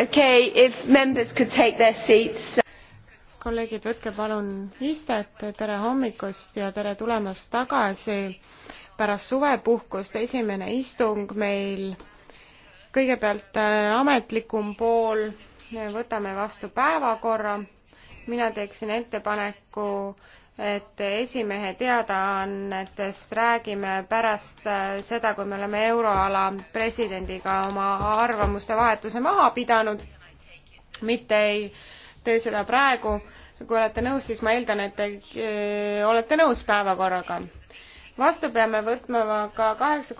Okay, if members could take their seats. kolleegid, võtke palun istet, tere hommikust ja tere tulemast tagasi pärast suvepuhkust, esimene istung meil. kõigepealt äh, ametlikum pool, võtame vastu päevakorra. mina teeksin ettepaneku et esimehe teadaannetest räägime pärast äh, seda, kui me oleme euroala presidendiga oma arvamuste vahetuse maha pidanud. mitte ei tee seda praegu. kui olete nõus, siis ma eeldan, et te äh, olete nõus päevakorraga. vastu peame võtma ka kaheksa,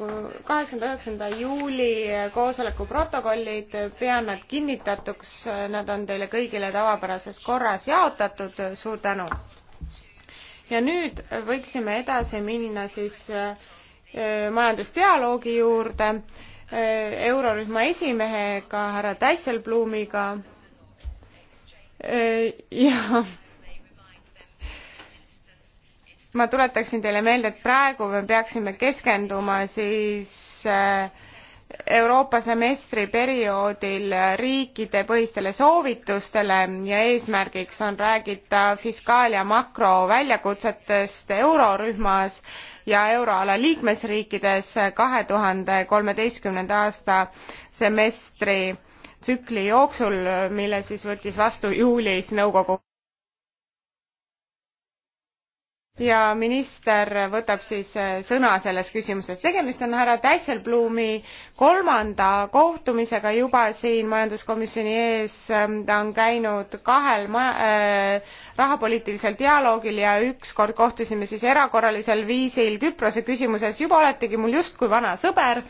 kaheksanda, üheksanda juuli koosoleku protokollid, pean nad kinnitatuks, nad on teile kõigile tavapärases korras jaotatud, suur tänu! ja nüüd võiksime edasi minna siis äh, majandusdialoogi juurde äh, eurorühma esimehega härra Dijsselblumiga äh, ja ma tuletaksin teile meelde, et praegu me peaksime keskenduma siis äh, Euroopa semestri perioodil riikide põhistele soovitustele ja eesmärgiks on räägida fiskaal- ja makroväljakutsetest eurorühmas ja euroala liikmesriikides kahe tuhande kolmeteistkümnenda aasta semestri tsükli jooksul mille siis võttis vastu juulis nõukogu. ja minister võtab siis äh, sõna selles küsimuses. tegemist on härra Tässelblumi kolmanda kohtumisega juba siin majanduskomisjoni ees. Ähm, ta on käinud kahel maja, äh, rahapoliitilisel dialoogil ja ükskord kohtusime siis erakorralisel viisil Küprose küsimuses. juba oletegi mul justkui vana sõber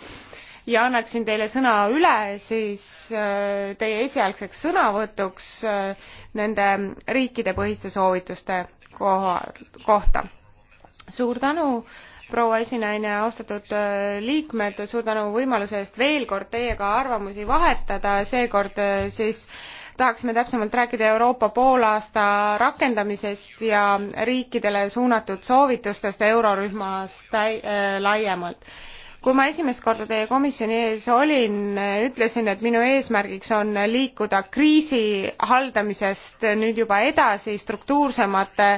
ja annaksin teile sõna üle siis äh, teie esialgseks sõnavõtuks äh, nende riikidepõhiste soovituste koha, kohta. suur tänu, proua esinaine, austatud äh, liikmed, suur tänu võimaluse eest veel kord teiega arvamusi vahetada, seekord äh, siis tahaksime täpsemalt rääkida Euroopa poolaasta rakendamisest ja riikidele suunatud soovitustest eurorühmas täi- äh,, laiemalt kui ma esimest korda teie komisjoni ees olin, ütlesin, et minu eesmärgiks on liikuda kriisi haldamisest nüüd juba edasi struktuursemate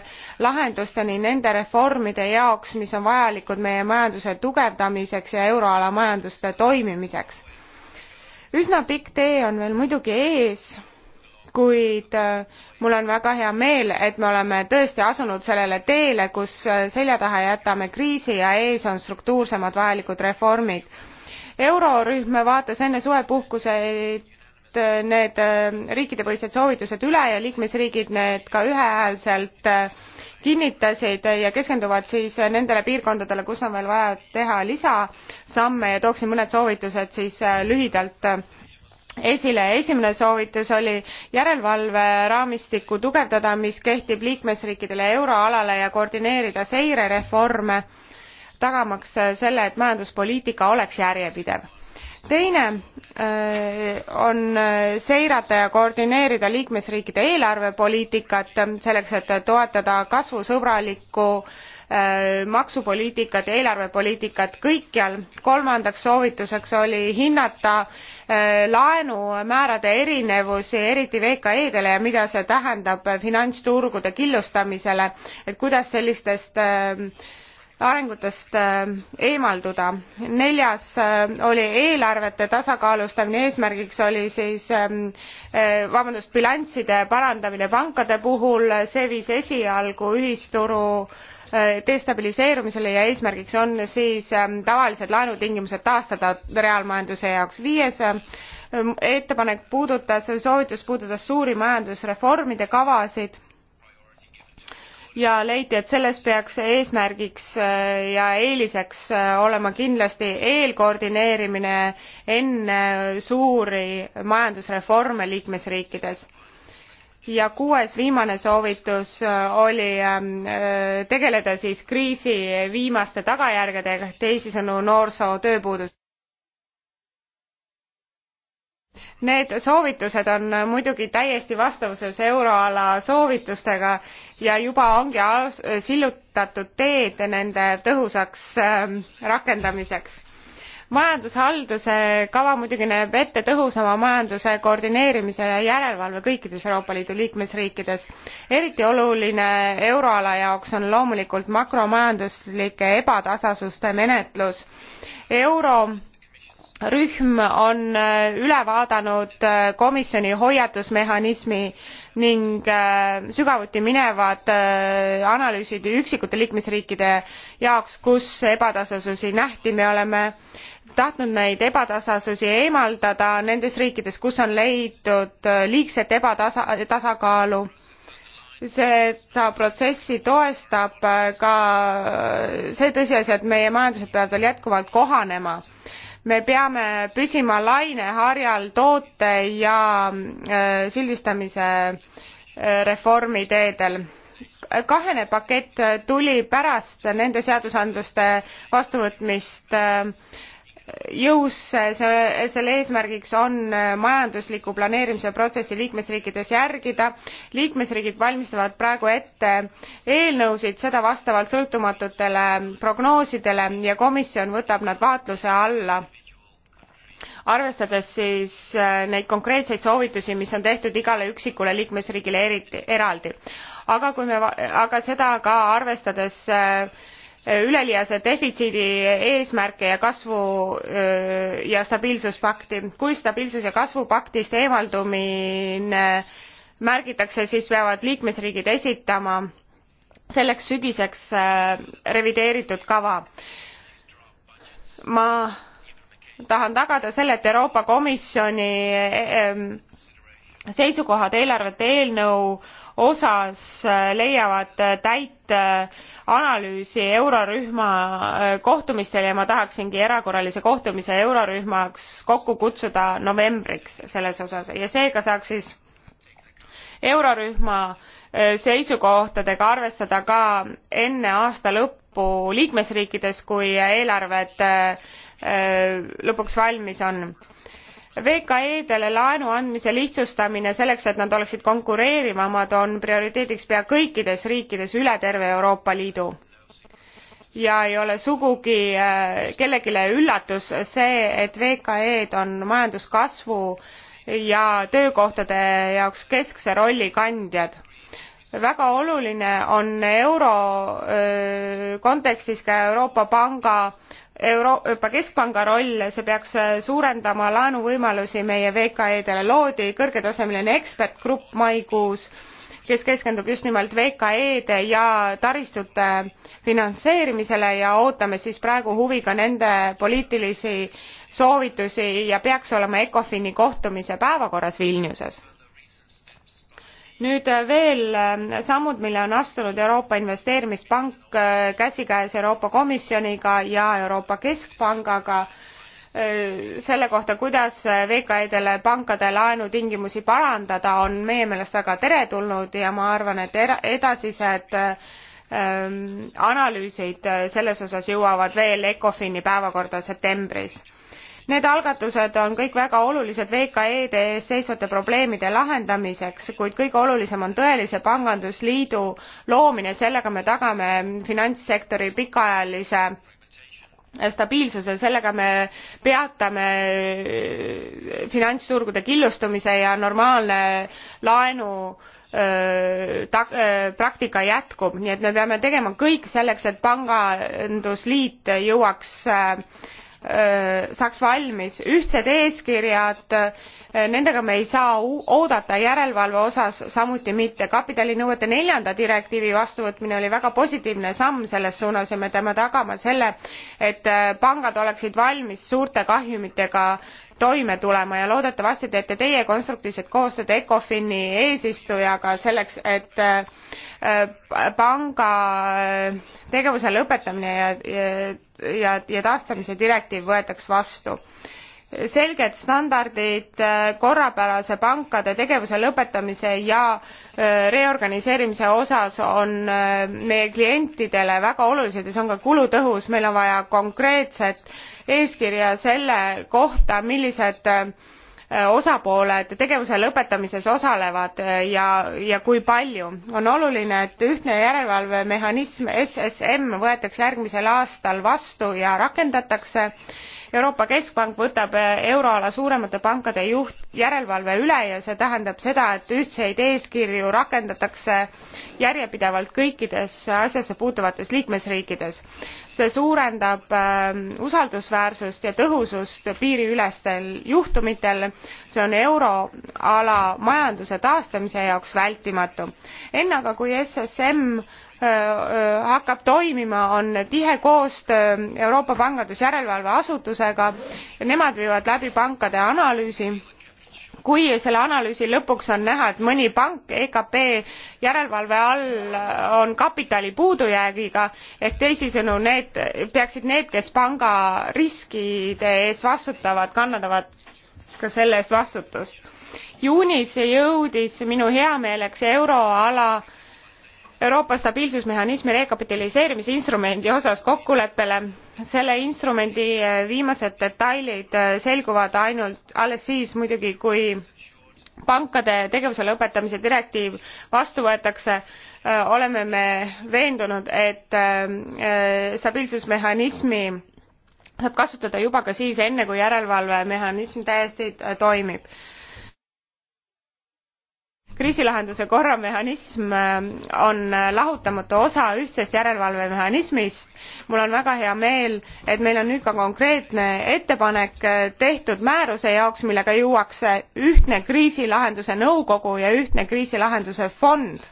lahendusteni nende reformide jaoks, mis on vajalikud meie majanduse tugevdamiseks ja euroala majanduste toimimiseks. üsna pikk tee on veel muidugi ees kuid äh, mul on väga hea meel, et me oleme tõesti asunud sellele teele, kus äh, selja taha jätame kriisi ja ees on struktuursemad vajalikud reformid. eurorühm vaatas enne suvepuhkuseid äh, need riikidepõhised soovitused üle ja liikmesriigid need ka ühehäälselt kinnitasid ja keskenduvad siis nendele piirkondadele, kus on veel vaja teha lisasamme ja tooksin mõned soovitused siis lühidalt esile esimene soovitus oli järelevalve raamistiku tugevdada mis kehtib liikmesriikidele euroalale ja koordineerida seirereforme tagamaks selle et majanduspoliitika oleks järjepidev teine äh, on seirata ja koordineerida liikmesriikide eelarvepoliitikat selleks et toetada kasvusõbralikku äh, maksupoliitikat ja eelarvepoliitikat kõikjal kolmandaks soovituseks oli hinnata Äh, laenumäärade erinevusi eriti VKE-dele ja mida see tähendab finantsturgude killustamisele, et kuidas sellistest äh, arengutest äh, eemalduda. neljas oli eelarvete tasakaalustamine, eesmärgiks oli siis ähm, vabandust, bilansside parandamine pankade puhul, see viis esialgu ühisturu Äh, destabiliseerumisele ja eesmärgiks on siis ähm, tavalised laenutingimused taastada reaalmajanduse jaoks. viies ähm, ettepanek puudutas, soovitus puudutas suuri majandusreformide kavasid ja leiti, et selles peaks eesmärgiks äh, ja eeliseks äh, olema kindlasti eelkoordineerimine enne suuri majandusreforme liikmesriikides ja kuues viimane soovitus äh, oli ähm, äh, tegeleda siis kriisi viimaste tagajärgedega ehk teisisõnu noorsoo tööpuudus. Need soovitused on muidugi täiesti vastavuses euroala soovitustega ja juba ongi sillutatud teed nende tõhusaks ähm, rakendamiseks majandushalduse kava muidugi näeb ette tõhusama majanduse koordineerimise ja järelevalve kõikides euroopa liidu liikmesriikides eriti oluline euroala jaoks on loomulikult makromajanduslike ebatasasuste menetlus euro rühm on äh, üle vaadanud äh, komisjoni hoiatusmehhanismi ning äh, sügavuti minevad analüüsid üksikute liikmesriikide jaoks kus ebatasasusi nähti me oleme tahtnud neid ebatasasusi eemaldada nendes riikides kus on leidnud äh, liigset ebatasa- tasakaalu seda protsessi toestab äh, ka äh, see tõsiasi et meie majandused peavad veel jätkuvalt kohanema me peame püsima laineharjal toote ja sildistamise reformi teedel kahene pakett tuli pärast nende seadusandluste vastuvõtmist äh, jõusse, see, selle eesmärgiks on äh, majandusliku planeerimise protsessi liikmesriikides järgida. liikmesriigid valmistavad praegu ette eelnõusid, seda vastavalt sõltumatutele prognoosidele ja komisjon võtab nad vaatluse alla arvestades siis äh, neid konkreetseid soovitusi mis on tehtud igale üksikule liikmesriigile eriti eraldi aga kui me aga seda ka arvestades äh, üleliiase defitsiidi eesmärke ja kasvu ja stabiilsuspakti. kui stabiilsus ja kasvupaktist eemaldumine märgitakse, siis peavad liikmesriigid esitama selleks sügiseks revideeritud kava. ma tahan tagada selle, et Euroopa Komisjoni seisukohad eelarvete eelnõu osas äh, leiavad äh, täit äh, analüüsi eurorühma kohtumistel ja ma tahaksingi erakorralise kohtumise eurorühmaks kokku kutsuda novembriks selles osas ja seega saaks siis eurorühma seisukohtadega arvestada ka enne aasta lõppu liikmesriikides kui eelarved lõpuks valmis on VKE-dele laenu andmise lihtsustamine selleks, et nad oleksid konkureerivamad, on prioriteediks pea kõikides riikides üle terve Euroopa Liidu. ja ei ole sugugi äh, kellelegi üllatus see, et VKE-d on majanduskasvu ja töökohtade jaoks keskse rolli kandjad väga oluline on euro äh, kontekstis ka Euroopa Panga Euroopa Keskpanga roll, see peaks äh, suurendama laenuvõimalusi meie VKE-dele, loodi kõrgetasemeline ekspertgrupp maikuus, kes keskendub just nimelt VKE-de ja taristute finantseerimisele ja ootame siis praegu huviga nende poliitilisi soovitusi ja peaks olema ECOFIN-i kohtumise päevakorras Vilniuses nüüd äh, veel äh, sammud, mille on astunud Euroopa Investeerimispank äh, käsikäes Euroopa Komisjoniga ja Euroopa Keskpangaga selle kohta, kuidas VKE-dele pankade laenutingimusi parandada, on meie meelest väga teretulnud ja ma arvan, et edasised ähm, analüüsid selles osas jõuavad veel ECOFIN-i päevakorda septembris Need algatused on kõik väga olulised VKE-de ees seisvate probleemide lahendamiseks, kuid kõige olulisem on tõelise pangandusliidu loomine, sellega me tagame finantssektori pikaajalise stabiilsuse, sellega me peatame äh, finantsturgude killustumise ja normaalne laenu äh, ta- äh, praktika jätkub nii et me peame tegema kõik selleks et pangandusliit jõuaks Äh, saaks valmis ühtsed eeskirjad äh, nendega me ei saa oodata järelevalve osas samuti mitte kapitalinõuete neljanda direktiivi vastuvõtmine oli väga positiivne samm selles suunas ja me peame tagama selle et äh, pangad oleksid valmis suurte kahjumitega toime tulema ja loodetavasti teete teie konstruktiivset koostööd ecofini eesistujaga selleks et Äh, panga äh, tegevuse lõpetamine ja, ja, ja taastamise direktiiv võetaks vastu selged standardid äh, korrapärase pankade tegevuse lõpetamise ja reorganiseerimise osas on meie klientidele väga olulised ja see on ka kulutõhus meil on vaja konkreetset eeskirja selle kohta millised Äh, osapooled tegevuse lõpetamises osalevad äh, ja, ja kui palju. on oluline, et ühtne järelevalvemehhanism SSM võetakse järgmisel aastal vastu ja rakendatakse Euroopa Keskpank võtab äh, euroala suuremate pankade juht järelevalve üle ja see tähendab seda, et ühtseid eeskirju rakendatakse järjepidevalt kõikides asjasse puutuvates liikmesriikides. see suurendab äh, usaldusväärsust ja tõhusust piiriülestel juhtumitel, see on euroala majanduse taastamise jaoks vältimatu. enne aga kui SSM Äh, äh, hakkab toimima on tihe koostöö euroopa pangandusjärelevalve asutusega nemad viivad läbi pankade analüüsi kui selle analüüsi lõpuks on näha et mõni pank ekp järelevalve all on kapitali puudujäägiga ehk teisisõnu need peaksid need kes panga riskide eest vastutavad kannatavad ka selle eest vastutust juunis jõudis minu heameeleks euroala euroopa stabiilsusmehhanismi rekapitaliseerimise instrumendi osas kokkuleppele. selle instrumendi eh, viimased detailid eh, selguvad ainult alles siis muidugi kui pankade tegevuse lõpetamise direktiiv vastu võetakse eh, oleme me veendunud et stabiilsusmehhanismi saab kasutada juba ka siis enne kui järelevalvemehhanism täiesti toimib kriisilahenduse korramehhanism äh, on äh, lahutamatu osa ühtsest järelevalvemehhanismist. mul on väga hea meel et meil on nüüd ka konkreetne ettepanek äh, tehtud määruse jaoks millega juuakse ühtne kriisilahenduse nõukogu ja ühtne kriisilahenduse fond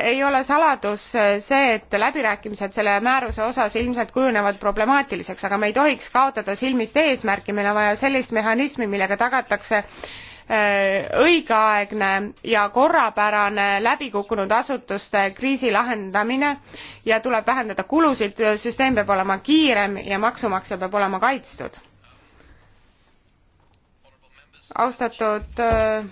ei ole saladus see et läbirääkimised selle määruse osas ilmselt kujunevad problemaatiliseks aga me ei tohiks kaotada silmist eesmärki meil on vaja sellist mehhanismi millega tagatakse Äh, õigeaegne ja korrapärane läbikukkunud asutuste kriisi lahendamine ja tuleb vähendada kulusid süsteem peab olema kiirem ja maksumaksja peab olema kaitstud austatud äh,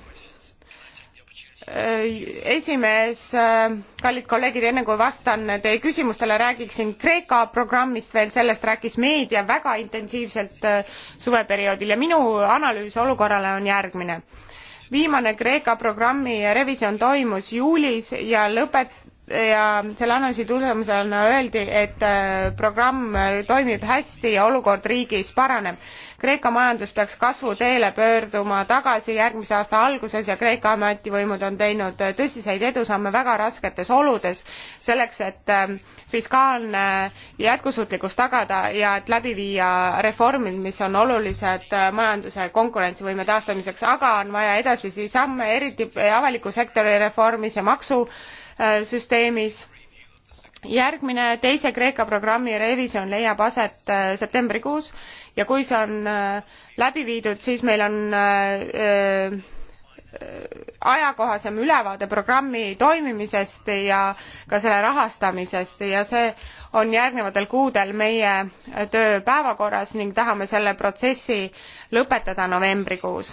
Äh, esimees äh, kallid kolleegid enne kui vastan teie küsimustele räägiksin kreeka programmist veel sellest rääkis meedia väga intensiivselt äh, suveperioodil ja minu analüüs olukorrale on järgmine viimane kreeka programmi revisjon toimus juulis ja lõpet- ja selle analüüsi tulemusena öeldi et programm toimib hästi ja olukord riigis paraneb Kreeka majandus peaks kasvuteele pöörduma tagasi järgmise aasta alguses ja Kreeka ametivõimud on teinud tõsiseid edusamme väga rasketes oludes selleks, et ähm, fiskaalne jätkusuutlikkus tagada ja et läbi viia reformid, mis on olulised äh, majanduse konkurentsivõime taastamiseks, aga on vaja edasisi samme, eriti avaliku sektori reformis ja maksusüsteemis järgmine teise kreeka programmi revisjon leiab aset äh, septembrikuus ja kui see on äh, läbi viidud, siis meil on äh, äh, ajakohasem ülevaade programmi toimimisest ja ka selle rahastamisest ja see on järgnevatel kuudel meie töö päevakorras ning tahame selle protsessi lõpetada novembrikuus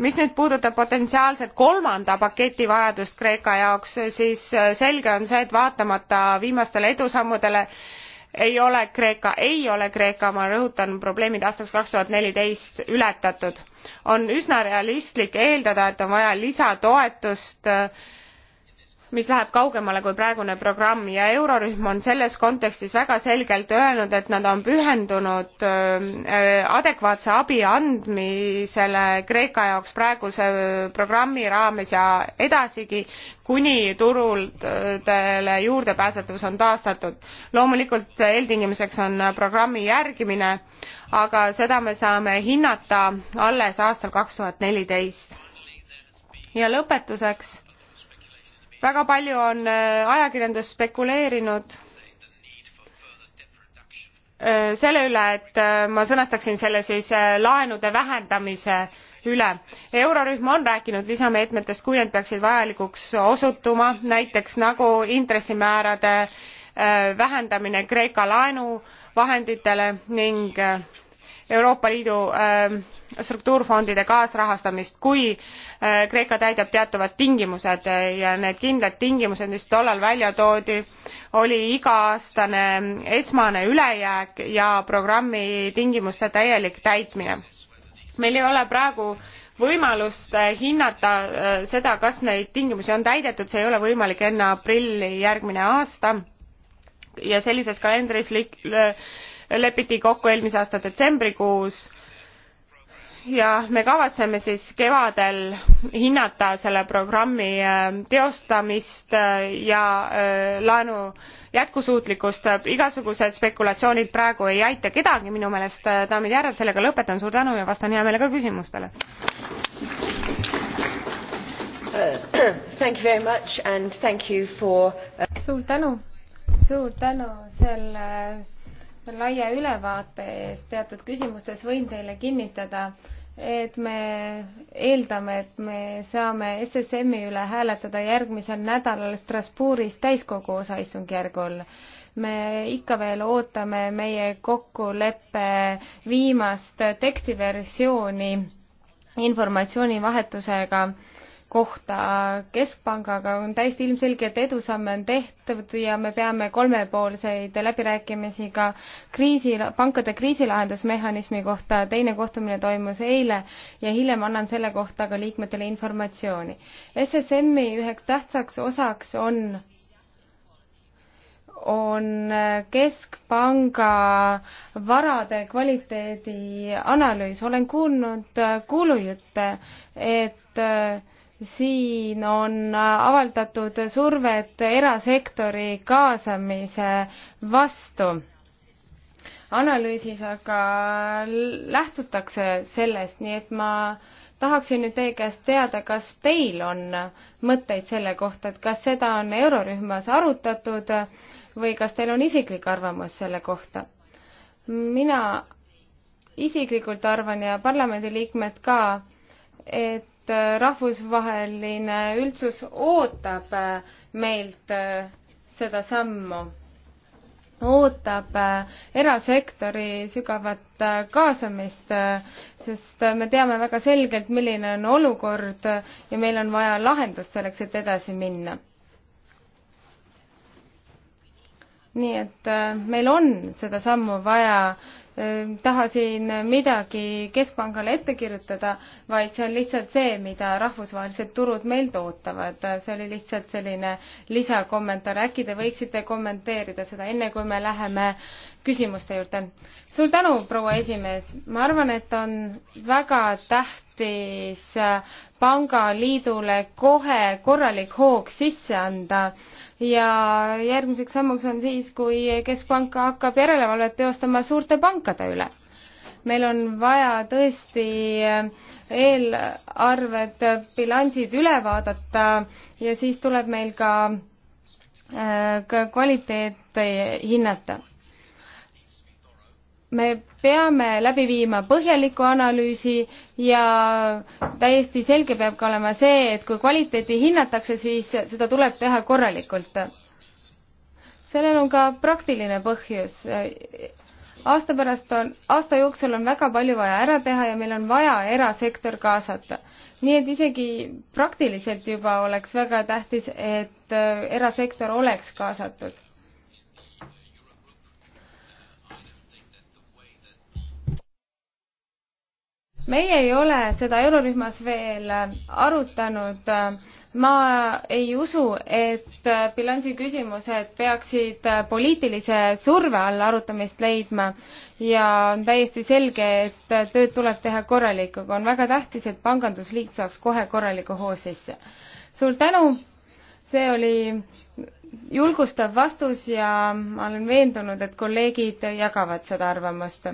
mis nüüd puudutab potentsiaalselt kolmanda paketi vajadust kreeka jaoks siis selge on see et vaatamata viimastele edusammudele ei ole Kreeka, ei ole Kreeka, ma rõhutan, probleemid aastaks kaks tuhat neliteist ületatud. on üsna realistlik eeldada, et on vaja lisatoetust äh, mis läheb kaugemale kui praegune programm ja eurorühm on selles kontekstis väga selgelt öelnud, et nad on pühendunud äh, adekvaatse abi andmisele Kreeka jaoks praeguse programmi raames ja edasigi, kuni turudele juurdepääsetavus on taastatud. loomulikult eeltingimuseks on programmi järgimine, aga seda me saame hinnata alles aastal kaks tuhat neliteist. ja lõpetuseks väga palju on äh, ajakirjandus spekuleerinud äh, selle üle, et äh, ma sõnastaksin selle siis laenude vähendamise üle. eurorühm on rääkinud lisameetmetest, kui need peaksid vajalikuks osutuma, näiteks nagu intressimäärade vähendamine Kreeka laenuvahenditele ning euroopa liidu ähm, struktuurfondide kaasrahastamist kui äh, kreeka täidab teatavad tingimused äh, ja need kindlad tingimused mis tollal välja toodi oli iga-aastane mm, esmane ülejääk ja programmi tingimuste täielik täitmine meil ei ole praegu võimalust äh, hinnata seda kas neid tingimusi on täidetud see ei ole võimalik enne aprilli järgmine aasta ja sellises kalendris lik- lepiti kokku eelmise aasta detsembrikuus ja me kavatseme siis kevadel hinnata selle programmi äh, teostamist äh, ja äh, laenu jätkusuutlikkust igasugused spekulatsioonid praegu ei aita kedagi minu meelest daamid ja härrad sellega lõpetan suur tänu ja vastan hea meelega küsimustele for... Uh suur tänu suur tänu selle laia ülevaate eest teatud küsimustes, võin teile kinnitada, et me eeldame, et me saame SSM-i üle hääletada järgmisel nädalal Strasbourgis täiskogu osaistungjärgul. me ikka veel ootame meie kokkuleppe viimast tekstiversiooni informatsioonivahetusega kohta Keskpangaga on täiesti ilmselge, et edusamme on tehtud ja me peame kolmepoolseid läbirääkimisi ka kriisi, pankade kriisilahendusmehhanismi kohta, teine kohtumine toimus eile ja hiljem annan selle kohta ka liikmetele informatsiooni. SSM-i üheks tähtsaks osaks on on Keskpanga varade kvaliteedi analüüs. olen kuulnud kuulujutte, et siin on avaldatud survet erasektori kaasamise vastu. analüüsis aga lähtutakse sellest, nii et ma tahaksin nüüd teie käest teada, kas teil on mõtteid selle kohta, et kas seda on eurorühmas arutatud või kas teil on isiklik arvamus selle kohta? mina isiklikult arvan ja parlamendiliikmed ka, et et äh, rahvusvaheline üldsus ootab äh, meilt äh, seda sammu, ootab erasektori sügavat kaasamist, sest me teame väga selgelt, milline on olukord ja meil on vaja lahendust selleks, et edasi minna. nii et meil on seda sammu vaja Ehm, taha siin midagi keskpangale ette kirjutada, vaid see on lihtsalt see, mida rahvusvahelised turud meilt ootavad. see oli lihtsalt selline lisakommentaar, äkki te võiksite kommenteerida seda, enne kui me läheme küsimuste juurde. suur tänu, proua esimees, ma arvan, et on väga tähtis pangaliidule kohe korralik hoog sisse anda ja järgmiseks sammuks on siis, kui Keskpank hakkab järelevalvet teostama suurte pankade üle. meil on vaja tõesti eelarved, bilansid üle vaadata ja siis tuleb meil ka äh, kvaliteeti hinnata me peame läbi viima põhjaliku analüüsi ja täiesti selge peab ka olema see, et kui kvaliteeti hinnatakse, siis seda tuleb teha korralikult. sellel on ka praktiline põhjus. aasta pärast on, aasta jooksul on väga palju vaja ära teha ja meil on vaja erasektor kaasata. nii et isegi praktiliselt juba oleks väga tähtis, et erasektor oleks kaasatud meie ei ole seda eurorühmas veel arutanud. ma ei usu, et bilansi küsimused peaksid poliitilise surve all arutamist leidma ja on täiesti selge, et tööd tuleb teha korralikuga. on väga tähtis, et pangandusliit saaks kohe korraliku hoo sisse. suur tänu, see oli julgustav vastus ja ma olen veendunud, et kolleegid jagavad seda arvamust.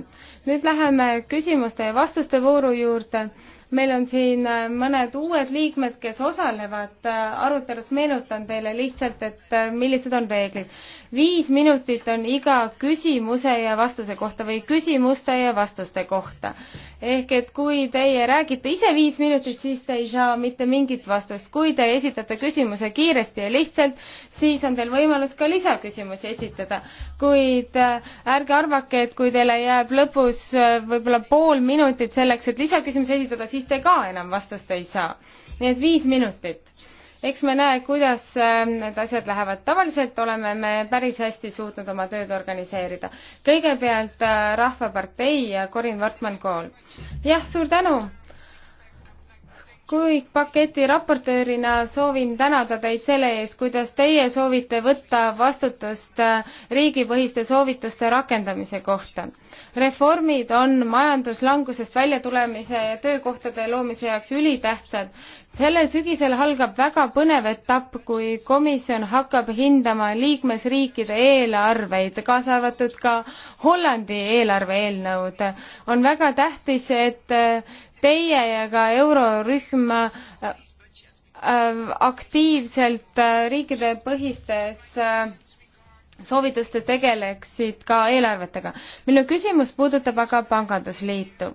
nüüd läheme küsimuste ja vastuste vooru juurde. meil on siin äh, mõned uued liikmed, kes osalevad äh, arutelus. meenutan teile lihtsalt, et äh, millised on reeglid viis minutit on iga küsimuse ja vastuse kohta või küsimuste ja vastuste kohta. ehk et kui teie räägite ise viis minutit, siis te ei saa mitte mingit vastust. kui te esitate küsimuse kiiresti ja lihtsalt, siis on teil võimalus ka lisaküsimusi esitada. kuid äh, ärge arvake, et kui teile jääb lõpus äh, võib-olla pool minutit selleks, et lisaküsimusi esitada, siis te ka enam vastust ei saa. nii et viis minutit eks me näe, kuidas ähm, need asjad lähevad. tavaliselt oleme me päris hästi suutnud oma tööd organiseerida. kõigepealt äh, Rahvapartei ja Corin Wortmann-Kool. jah, suur tänu kuid paketi raportöörina soovin tänada teid selle eest, kuidas teie soovite võtta vastutust äh, riigipõhiste soovituste rakendamise kohta. reformid on majanduslangusest väljatulemise ja töökohtade loomise jaoks ülitähtsad. sellel sügisel algab väga põnev etapp, kui komisjon hakkab hindama liikmesriikide eelarveid, kaasa arvatud ka Hollandi eelarve eelnõud. on väga tähtis, et äh, teie ja ka eurorühm äh, aktiivselt äh, riikide põhistes äh, soovitustes tegeleksid ka eelarvetega. minu küsimus puudutab aga pangandusliitu.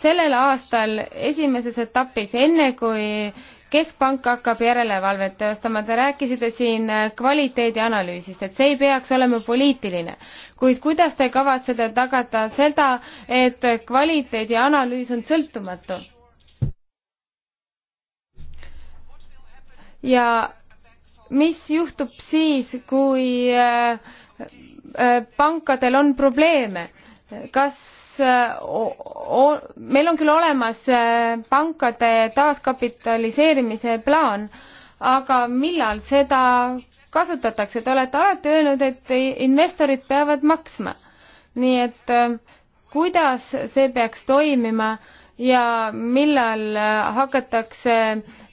sellel aastal esimeses etapis, enne kui keskpank hakkab järelevalvet teostama, te rääkisite siin äh, kvaliteedianalüüsist, et see ei peaks olema poliitiline. kuid kuidas te kavatsete tagada seda, et kvaliteedianalüüs on sõltumatu? ja mis juhtub siis, kui äh, äh, pankadel on probleeme? kas meil on küll olemas eh, pankade taaskapitaliseerimise plaan, aga millal seda kasutatakse, te olete alati öelnud, et investorid peavad maksma. nii et eh, kuidas see peaks toimima ja millal hakatakse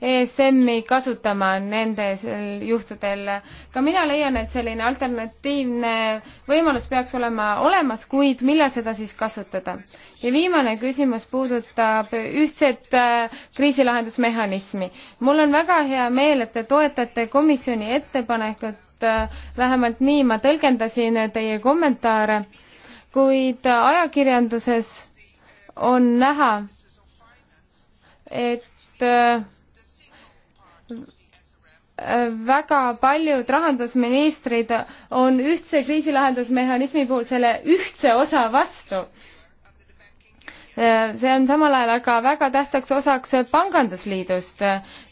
ESM-i kasutama nendel juhtudel. ka mina leian, et selline alternatiivne võimalus peaks olema olemas, kuid millal seda siis kasutada? ja viimane küsimus puudutab ühtset äh, kriisilahendusmehhanismi. mul on väga hea meel, et te toetate komisjoni ettepanekut, äh, vähemalt nii ma tõlgendasin teie kommentaare, kuid ajakirjanduses on näha, et äh, väga paljud rahandusministrid on ühtse kriisilahendusmehhanismi puhul selle ühtse osa vastu see on samal ajal aga väga tähtsaks osaks pangandusliidust.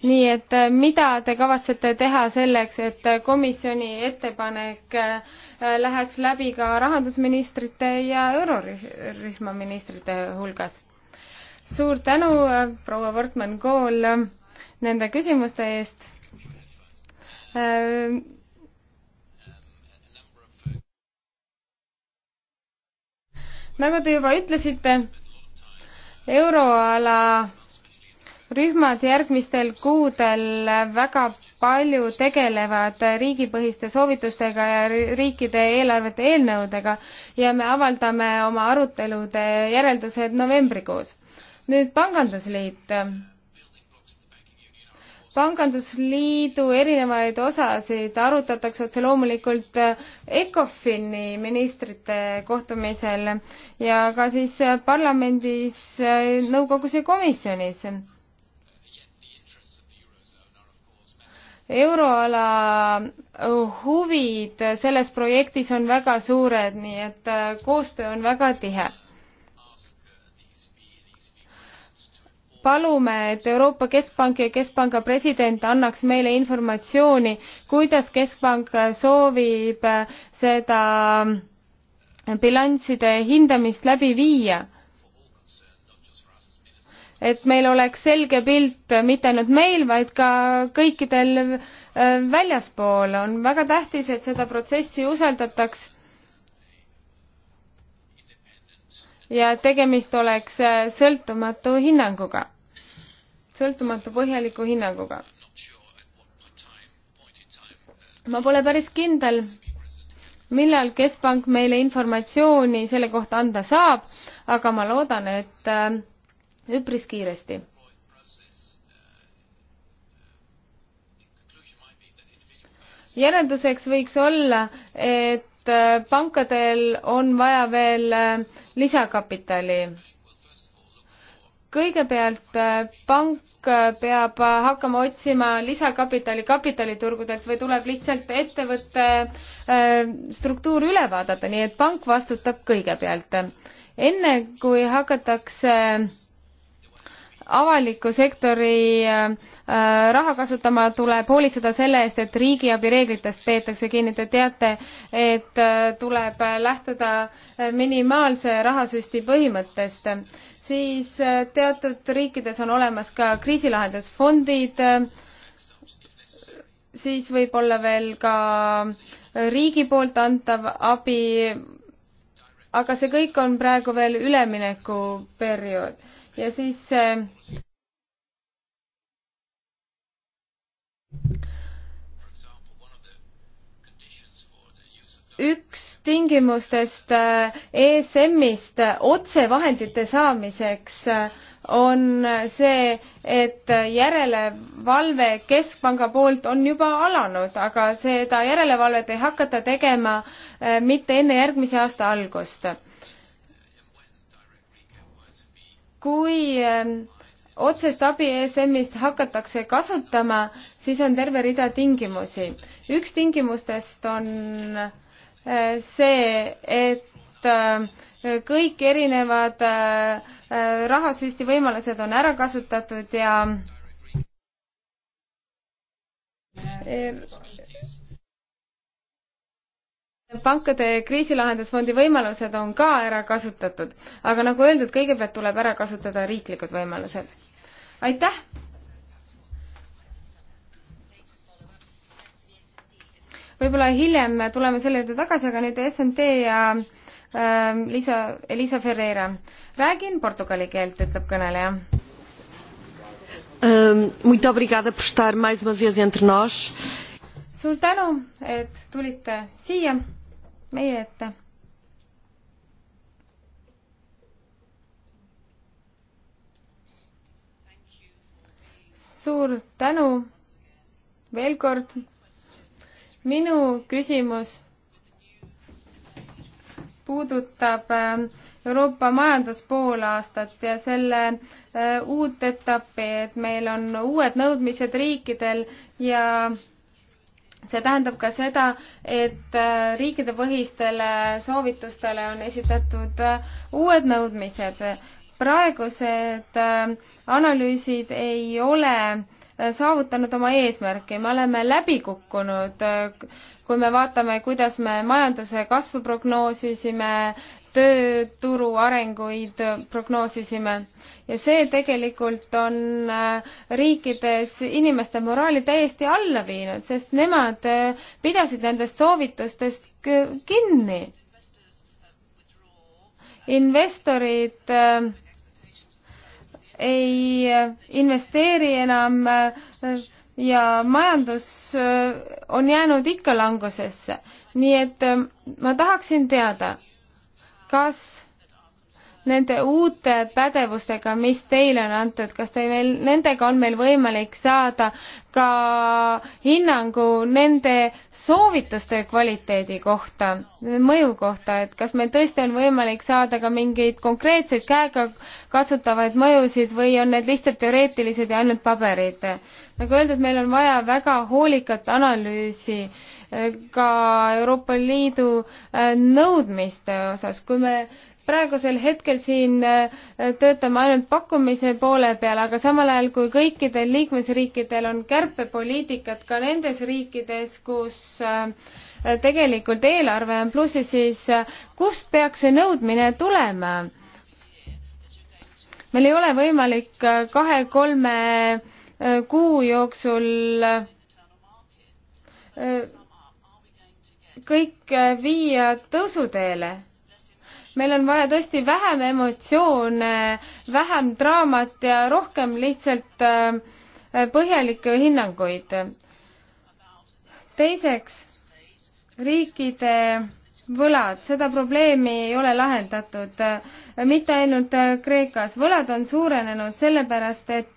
nii et eh, mida te kavatsete teha selleks, et komisjoni ettepanek eh, läheks läbi ka rahandusministrite ja eurorühma ministrite hulgas? suur tänu, eh, proua Wortmann Kool, nende küsimuste eest nagu te juba ütlesite, euroala rühmad järgmistel kuudel väga palju tegelevad riigipõhiste soovitustega ja riikide eelarvete eelnõudega ja me avaldame oma arutelude järeldused novembrikuus. nüüd Pangandusliit pangandusliidu erinevaid osasid arutatakse otse loomulikult äh, ECOFIN-i ministrite kohtumisel ja ka siis äh, parlamendis, äh, nõukogus ja komisjonis. euroala huvid selles projektis on väga suured, nii et koostöö on väga tihe palume, et Euroopa Keskpank ja Keskpanga president annaks meile informatsiooni, kuidas Keskpank soovib seda bilansside hindamist läbi viia. et meil oleks selge pilt mitte ainult meil, vaid ka kõikidel äh, väljaspool. on väga tähtis, et seda protsessi usaldataks ja tegemist oleks äh, sõltumatu hinnanguga sõltumatu põhjaliku hinnanguga. ma pole päris kindel, millal Keskpank meile informatsiooni selle kohta anda saab, aga ma loodan, et äh, üpris kiiresti. järelduseks võiks olla, et äh, pankadel on vaja veel äh, lisakapitali kõigepealt äh, pank äh, peab äh, hakkama otsima lisakapitali kapitaliturgudelt või tuleb lihtsalt ettevõtte struktuur üle vaadata, nii et pank vastutab kõigepealt. enne kui hakatakse avaliku sektori raha kasutama, tuleb hoolitseda selle eest, et riigiabi reeglitest peetakse kinni. Te teate, et tuleb lähtuda minimaalse rahasüsti põhimõttest siis äh, teatud riikides on olemas ka kriisilahendusfondid, äh, siis võib olla veel ka riigi poolt antav abi, aga see kõik on praegu veel üleminekuperiood ja siis äh, üks tingimustest äh, ESM-ist otsevahendite saamiseks äh, on see, et järelevalve Keskpanga poolt on juba alanud, aga seda järelevalvet ei hakata tegema äh, mitte enne järgmise aasta algust. kui ähm, otsest abi ESM-ist hakatakse kasutama, siis on terve rida tingimusi. üks tingimustest on äh, Eh, see, et eh, kõik erinevad eh, rahasüsti võimalused on ära kasutatud ja pankade kriisilahendusfondi võimalused on ka ära kasutatud, aga nagu öeldud, kõigepealt tuleb ära kasutada riiklikud võimalused. aitäh! võib-olla hiljem tuleme selle juurde tagasi, aga nüüd SMT ja äh, Liisa, Elisa Ferreira. räägin portugali keelt, ütleb kõneleja um,. Muito obrigada por estar mais uma vez entre nós. suur tänu, et tulite siia meie ette suur tänu veel kord minu küsimus puudutab äh, Euroopa majanduspoolaastat ja selle äh, uut etappi, et meil on uued nõudmised riikidel ja see tähendab ka seda, et äh, riikidepõhistele soovitustele on esitatud uued nõudmised. praegused analüüsid ei ole Äh, saavutanud oma eesmärki, me oleme läbi kukkunud, äh, kui me vaatame, kuidas me majanduse kasvu prognoosisime, tööturu arenguid prognoosisime ja see tegelikult on äh, riikides inimeste moraali täiesti alla viinud, sest nemad pidasid nendest soovitustest kinni. investorid ei investeeri enam ja majandus äh, on jäänud ikka langusesse. nii et äh, ma tahaksin teada, kas nende uute pädevustega, mis teile on antud, kas teil, nendega on meil võimalik saada ka hinnangu nende soovituste kvaliteedi kohta, mõju kohta, et kas meil tõesti on võimalik saada ka mingeid konkreetseid käega katsutavaid mõjusid või on need lihtsalt teoreetilised ja ainult paberid? nagu öeldud, meil on vaja väga hoolikat analüüsi eh, ka Euroopa Liidu eh, nõudmiste osas, kui me praegusel hetkel siin äh, töötame ainult pakkumise poole peal, aga samal ajal kui kõikidel liikmesriikidel on kärpepoliitikat ka nendes riikides, kus äh, tegelikult eelarve on plussis, siis äh, kust peaks see nõudmine tulema? meil ei ole võimalik kahe-kolme kuu jooksul kõik viia tõusuteele meil on vaja tõesti vähem emotsioone, vähem draamat ja rohkem lihtsalt äh, põhjalikke hinnanguid. teiseks, riikide võlad, seda probleemi ei ole lahendatud äh, mitte ainult äh, Kreekas, võlad on suurenenud sellepärast, et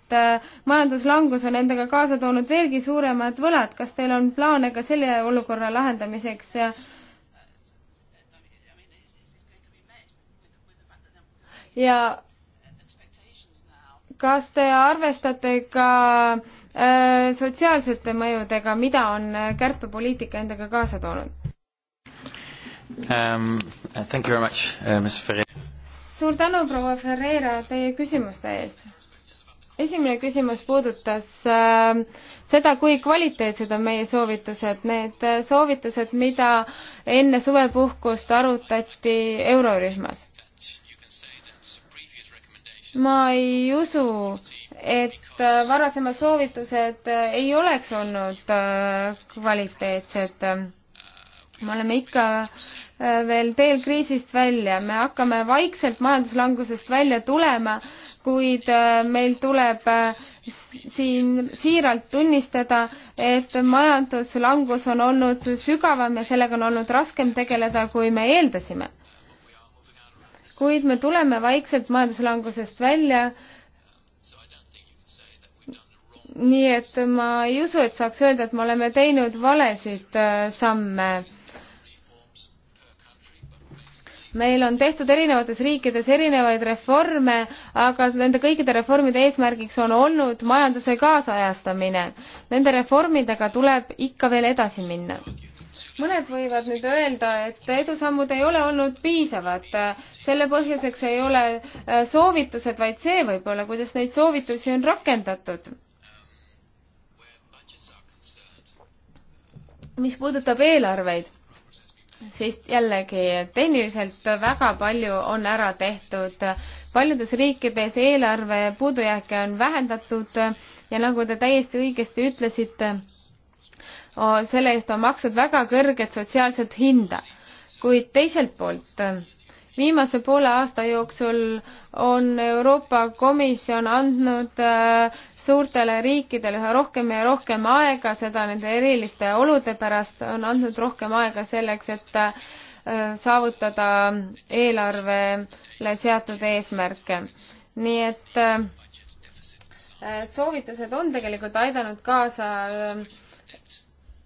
majanduslangus on endaga kaasa toonud veelgi suuremad võlad. kas teil on plaane ka selle olukorra lahendamiseks? ja kas te arvestate ka äh, sotsiaalsete mõjudega, mida on äh, kärpepoliitika endaga kaasa toonud um,? Uh, suur tänu, proua Ferreira, teie küsimuste eest. esimene küsimus puudutas äh, seda, kui kvaliteetsed on meie soovitused, need äh, soovitused, mida enne suvepuhkust arutati eurorühmas ma ei usu, et äh, varasemad soovitused äh, ei oleks olnud äh, kvaliteetsed. me oleme ikka veel teel kriisist välja, me hakkame vaikselt majanduslangusest välja tulema, kuid meil tuleb siin siiralt tunnistada, et majanduslangus on olnud sügavam ja sellega on olnud raskem tegeleda, kui me eeldasime kuid me tuleme vaikselt majanduslangusest välja. nii et ma ei usu, et saaks öelda, et me oleme teinud valesid äh, samme. meil on tehtud erinevates riikides erinevaid reforme, aga nende kõikide reformide eesmärgiks on olnud majanduse kaasajastamine. Nende reformidega tuleb ikka veel edasi minna mõned võivad nüüd öelda, et edusammud ei ole olnud piisavad. selle põhjuseks ei ole äh, soovitused, vaid see võib-olla, kuidas neid soovitusi on rakendatud. mis puudutab eelarveid, siis jällegi tehniliselt väga palju on ära tehtud. paljudes riikides eelarve puudujääke on vähendatud ja nagu te täiesti õigesti ütlesite, selle eest on maksnud väga kõrget sotsiaalset hinda. kuid teiselt poolt viimase poole aasta jooksul on Euroopa Komisjon andnud e, suurtele riikidele üha rohkem ja rohkem aega, seda nende eriliste olude pärast on andnud rohkem aega selleks, et e, saavutada eelarvele seatud eesmärke. nii et e, soovitused on tegelikult aidanud kaasa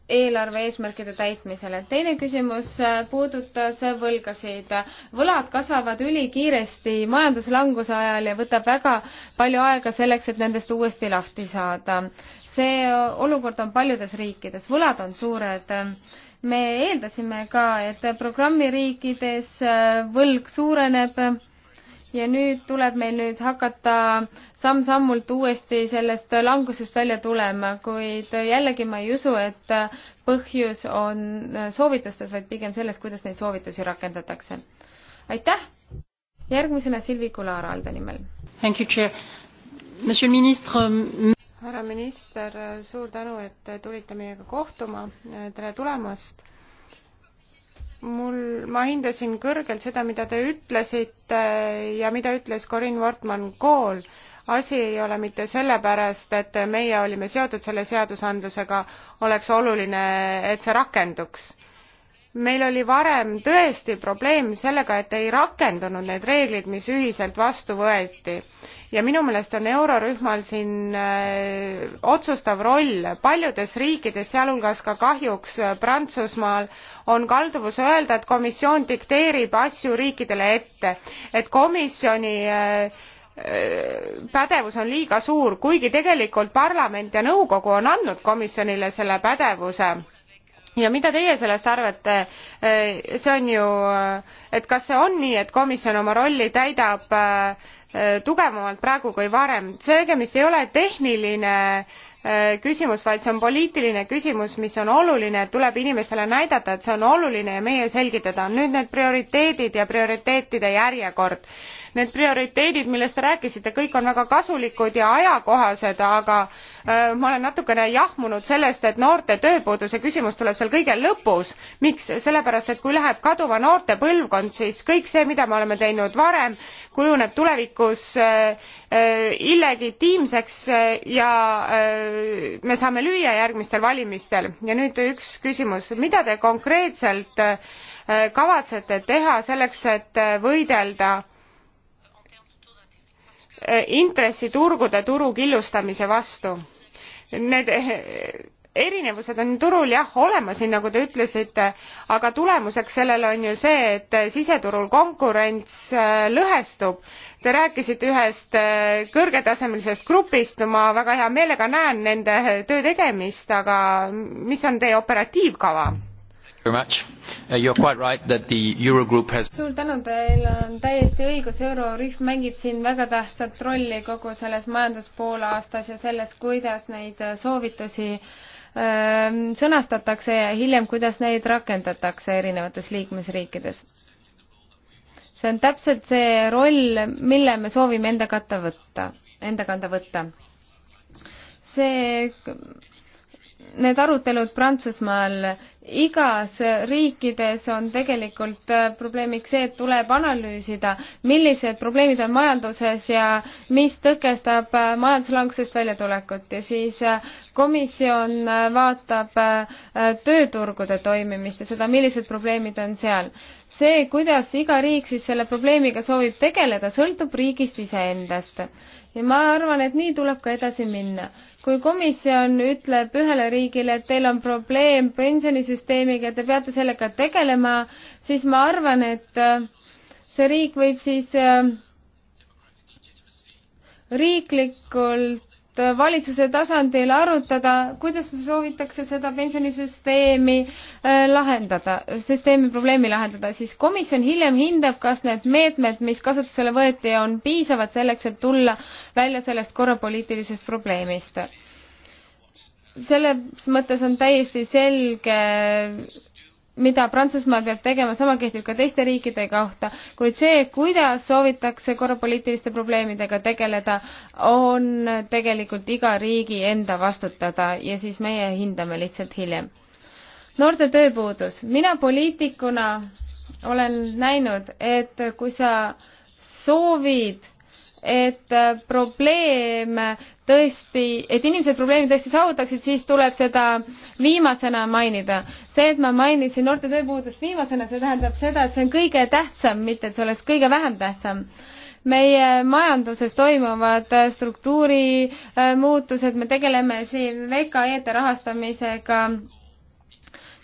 eelarve eesmärkide täitmisele. teine küsimus äh, puudutas võlgasid. võlad kasvavad ülikiiresti majanduslanguse ajal ja võtab väga palju aega selleks, et nendest uuesti lahti saada. see olukord on paljudes riikides, võlad on suured me eeldasime ka, et programmiriikides äh, võlg suureneb ja nüüd tuleb meil nüüd hakata samm-sammult uuesti sellest langusest välja tulema, kuid jällegi ma ei usu, et põhjus on soovitustes, vaid pigem selles, kuidas neid soovitusi rakendatakse. aitäh! järgmisena Silvi Kular Alde nimel. härra minister, suur tänu, et tulite meiega kohtuma, tere tulemast mul, ma hindasin kõrgelt seda, mida te ütlesite ja mida ütles Corinne Wortmann Kool. asi ei ole mitte sellepärast, et meie olime seotud selle seadusandlusega, oleks oluline, et see rakenduks. meil oli varem tõesti probleem sellega, et ei rakendunud need reeglid, mis ühiselt vastu võeti ja minu meelest on eurorühmal siin äh, otsustav roll. paljudes riikides, sealhulgas ka kahjuks äh, Prantsusmaal, on kalduvus öelda, et komisjon dikteerib asju riikidele ette, et komisjoni äh, pädevus on liiga suur, kuigi tegelikult parlament ja nõukogu on andnud komisjonile selle pädevuse ja mida teie sellest arvate, see on ju, et kas see on nii, et komisjon oma rolli täidab äh, Eh, tugevamalt praegu kui varem. tegemist ei ole tehniline eh, küsimus, vaid see on poliitiline küsimus, mis on oluline, et tuleb inimestele näidata, et see on oluline ja meie selgitada. nüüd need prioriteedid ja prioriteetide järjekord Need prioriteedid, millest te rääkisite, kõik on väga kasulikud ja ajakohased, aga äh, ma olen natukene jahmunud sellest, et noorte tööpuuduse küsimus tuleb seal kõige lõpus. miks? sellepärast, et kui läheb kaduma noorte põlvkond, siis kõik see, mida me oleme teinud varem, kujuneb tulevikus äh, äh, illegitiimseks äh, ja äh, me saame lüüa järgmistel valimistel. ja nüüd üks küsimus, mida te konkreetselt äh, kavatsete teha selleks, et võidelda intressiturgude turu killustamise vastu. Need eh, erinevused on turul jah olemas, nii nagu te ütlesite, aga tulemuseks sellele on ju see, et siseturul konkurents eh, lõhestub. Te rääkisite ühest eh, kõrgetasemelisest grupist, ma väga hea meelega näen nende töö tegemist, aga mis on teie operatiivkava? Uh, right has... suur tänu, teil on täiesti õigus, eurorühm mängib siin väga tähtsat rolli kogu selles majanduspoolaastas ja selles, kuidas neid äh, soovitusi öö, ähm, sõnastatakse ja hiljem, kuidas neid rakendatakse erinevates liikmesriikides. see on täpselt see roll, mille me soovime enda katta võtta, enda kanda võtta. see need arutelud Prantsusmaal, igas riikides on tegelikult äh, probleemiks see, et tuleb analüüsida, millised probleemid on majanduses ja mis tõkestab äh, majanduslangusest väljatulekut ja siis äh, komisjon vaatab tööturgude toimimist ja seda, millised probleemid on seal. see, kuidas iga riik siis selle probleemiga soovib tegeleda, sõltub riigist iseendast ja ma arvan, et nii tuleb ka edasi minna kui komisjon ütleb ühele riigile, et teil on probleem pensionisüsteemiga, te peate sellega tegelema, siis ma arvan, et äh, see riik võib siis äh, riiklikult valitsuse tasandil arutada, kuidas soovitakse seda pensionisüsteemi äh, lahendada, süsteemi probleemi lahendada, siis komisjon hiljem hindab, kas need meetmed, mis kasutusele võeti, on piisavad selleks, et tulla välja sellest korrapoliitilisest probleemist. selles mõttes on täiesti selge mida Prantsusmaa peab tegema, sama kehtib ka teiste riikide kohta, kuid see, kuidas soovitakse korrapoliitiliste probleemidega tegeleda, on tegelikult iga riigi enda vastutada ja siis meie hindame lihtsalt hiljem. noorte tööpuudus. mina poliitikuna olen näinud, et kui sa soovid et äh, probleem tõesti, et inimesed probleemi tõesti saavutaksid, siis tuleb seda viimasena mainida. see, et ma mainisin noorte tööpuudust viimasena, see tähendab seda, et see on kõige tähtsam, mitte et see oleks kõige vähem tähtsam meie majanduses toimuvad äh, struktuurimuutused, äh, me tegeleme siin VKE-de rahastamisega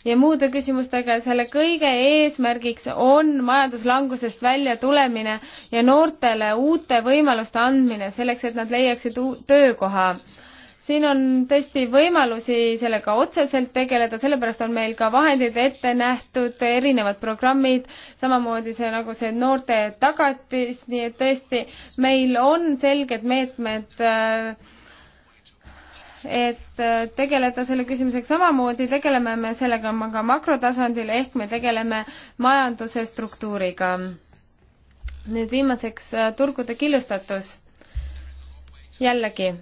ja muude küsimustega ja selle kõige eesmärgiks on majanduslangusest välja tulemine ja noortele uute võimaluste andmine selleks, et nad leiaksid töökoha siin on tõesti võimalusi sellega otseselt tegeleda, sellepärast on meil ka vahendid ette nähtud, erinevad programmid, samamoodi see nagu see noorte tagatis, nii et tõesti, meil on selged meetmed äh, et äh, tegeleda selle küsimusega, samamoodi tegeleme me sellega ka makrotasandil, ehk me tegeleme majanduse struktuuriga. nüüd viimaseks äh, turgude killustatus. jällegi.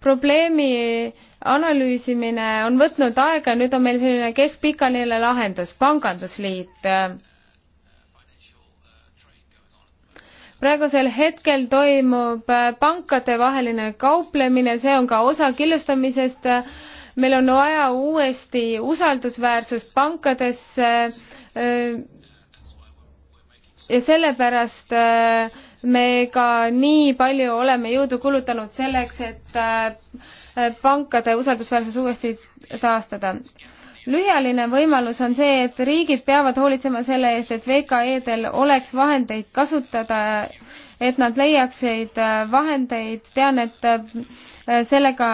probleemi analüüsimine on võtnud aega, nüüd on meil selline keskpikaline lahendus, pangandusliit praegusel hetkel toimub äh, pankadevaheline kauplemine, see on ka osa killustamisest. meil on vaja uuesti usaldusväärsust pankadesse. Äh, ja sellepärast äh, me ka nii palju oleme jõudu kulutanud selleks, et pankade usaldusväärsus uuesti taastada lühiajaline võimalus on see, et riigid peavad hoolitsema selle eest, et VKE-del oleks vahendeid kasutada, et nad leiaksid äh, vahendeid, tean, et äh, sellega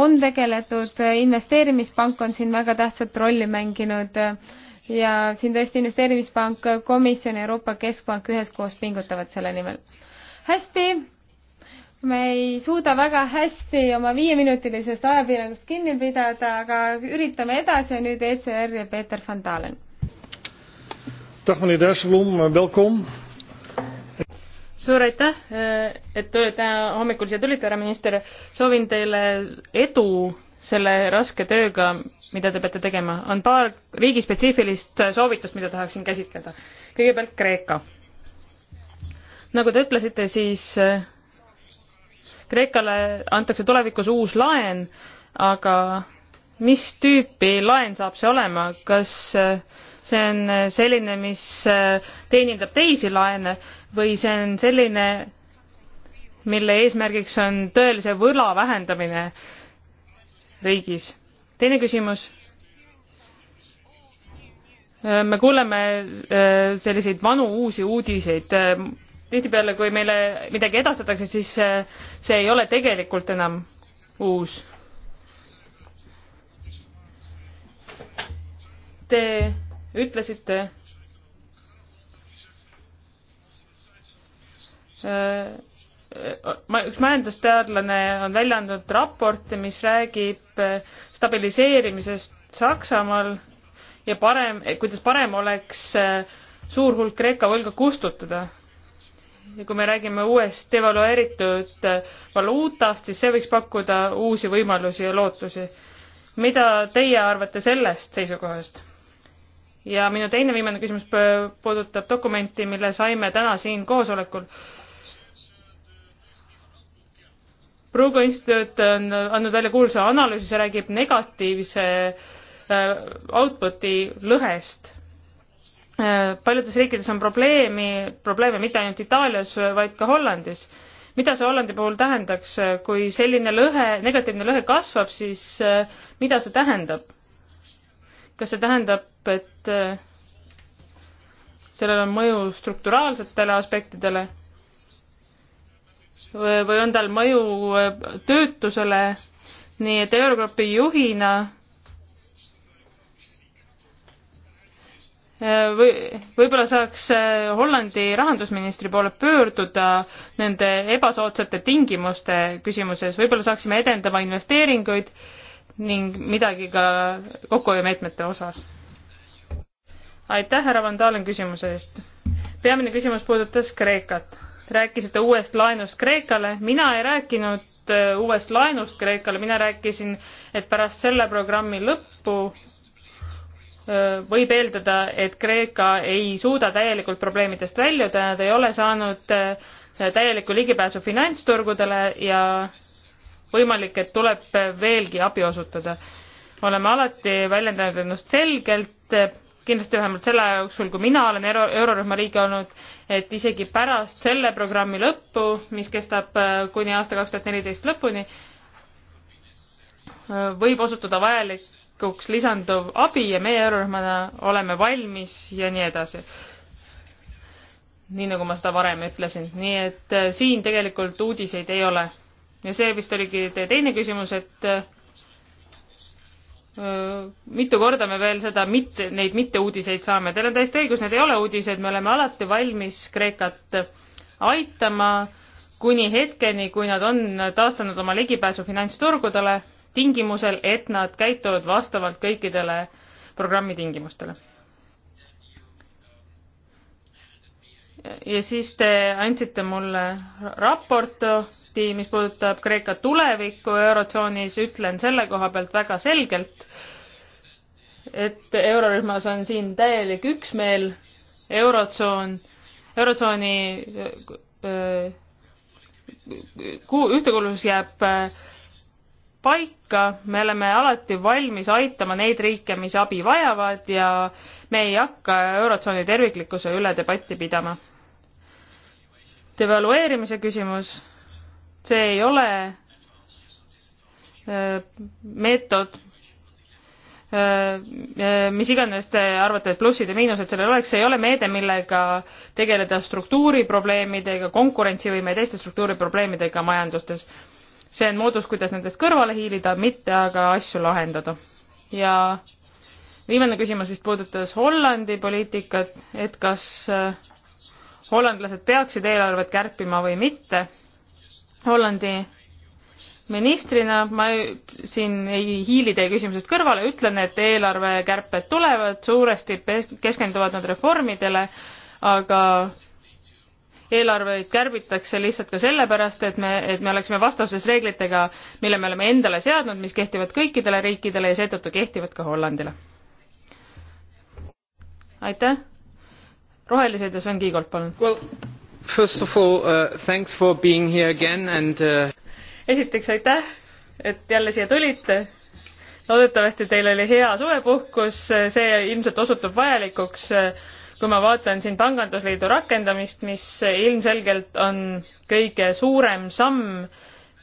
on tegeletud, investeerimispank on siin väga tähtsat rolli mänginud ja siin tõesti investeerimispank, komisjon ja Euroopa Keskpank üheskoos pingutavad selle nimel. hästi me ei suuda väga hästi oma viieminutilisest ajapiirangust kinni pidada, aga üritame edasi ja nüüd ECR ja Peeter van Dalen. Eh, suur aitäh, eh, et täna hommikul siia tulite, härra minister. soovin teile edu selle raske tööga, mida te peate tegema. on paar riigispetsiifilist soovitust, mida tahaksin käsitleda. kõigepealt Kreeka. nagu te ütlesite, siis eh, Kreekale antakse tulevikus uus laen, aga mis tüüpi laen saab see olema, kas äh, see on äh, selline, mis äh, teenindab teisi laene või see on selline, mille eesmärgiks on tõelise võla vähendamine riigis. teine küsimus. me kuuleme selliseid vanu uusi uudiseid tihtipeale, kui meile midagi edastatakse, siis eh, see ei ole tegelikult enam uus. Te ütlesite eh, ma, üks majandusteadlane on välja andnud raporti, mis räägib eh, stabiliseerimisest Saksamaal ja parem, kuidas parem oleks suur hulk Kreeka võlga kustutada kui me räägime uuest devalueeritud äh, valuutast, siis see võiks pakkuda uusi võimalusi ja lootusi. mida teie arvate sellest seisukohast? ja minu teine viimane küsimus puudutab dokumenti, mille saime täna siin koosolekul. Bruegel instituut on andnud välja kuulsa analüüsi, see räägib negatiivse äh, output'i lõhest paljudes riikides on probleemi, probleeme mitte ainult Itaalias, vaid ka Hollandis. mida see Hollandi puhul tähendaks, kui selline lõhe, negatiivne lõhe kasvab, siis äh, mida see tähendab? kas see tähendab, et äh, sellel on mõju strukturaalsetele aspektidele või on tal mõju äh, töötusele, nii et Eurogrupi juhina või võib-olla saaks äh, Hollandi rahandusministri poole pöörduda nende ebasoodsate tingimuste küsimuses, võib-olla saaksime edendada investeeringuid ning midagi ka kokkuhoiumeetmete osas. aitäh, härra Van Dalen küsimuse eest. peamine küsimus puudutas Kreekat. rääkisite uuest laenust Kreekale, mina ei rääkinud äh, uuest laenust Kreekale, mina rääkisin, et pärast selle programmi lõppu võib eeldada, et Kreeka ei suuda täielikult probleemidest väljuda, nad ei ole saanud täielikku ligipääsu finantsturgudele ja võimalik, et tuleb veelgi abi osutada. oleme alati väljendanud ennast selgelt, kindlasti vähemalt selle aja jooksul, kui mina olen euro, eurorühma liige olnud, et isegi pärast selle programmi lõppu, mis kestab kuni aasta kaks tuhat neliteist lõpuni, võib osutuda vajalik tulevikuks lisanduv abi ja meie eurorühmana oleme valmis ja nii edasi. nii nagu ma seda varem ütlesin, nii et äh, siin tegelikult uudiseid ei ole. ja see vist oligi teie teine küsimus, et äh, mitu korda me veel seda mitte, neid mitteuudiseid saame, teil on täiesti õigus, need ei ole uudised, me oleme alati valmis Kreekat aitama kuni hetkeni, kui nad on taastanud oma ligipääsu finantsturgudele tingimusel, et nad käituvad vastavalt kõikidele programmi tingimustele. ja siis te andsite mulle raporti, mis puudutab Kreeka tulevikku Eurotsoonis, ütlen selle koha pealt väga selgelt, et eurorühmas on siin täielik üksmeel, eurotsoon, eurotsooni äh, äh, kuu ühtekuuluvus jääb äh, paika, me oleme alati valmis aitama neid riike, mis abi vajavad ja me ei hakka Eurotsooni terviklikkuse üle debatti pidama. devalueerimise küsimus, see ei ole äh, meetod, äh, äh, mis iganes te arvate, et plussid ja miinused sellel oleks, see ei ole meede, millega tegeleda struktuuriprobleemidega, konkurentsivõime ja teiste struktuuriprobleemidega majandustes see on moodus, kuidas nendest kõrvale hiilida, mitte aga asju lahendada. ja viimane küsimus vist puudutas Hollandi poliitikat, et kas äh, hollandlased peaksid eelarvet kärpima või mitte. Hollandi ministrina ma siin ei hiili teie küsimusest kõrvale, ütlen, et eelarvekärped tulevad, suuresti keskenduvad nad reformidele, aga eelarveid kärbitakse lihtsalt ka sellepärast, et me, et me oleksime vastavuses reeglitega, mille me oleme endale seadnud, mis kehtivad kõikidele riikidele ja seetõttu kehtivad ka Hollandile. aitäh. rohelised ja Sven Kiigolt, palun well,. First of all uh, thanks for being here again and uh... esiteks aitäh, et jälle siia tulite loodetavasti teil oli hea suvepuhkus, see ilmselt osutub vajalikuks uh, kui ma vaatan siin Pangandusliidu rakendamist, mis ilmselgelt on kõige suurem samm,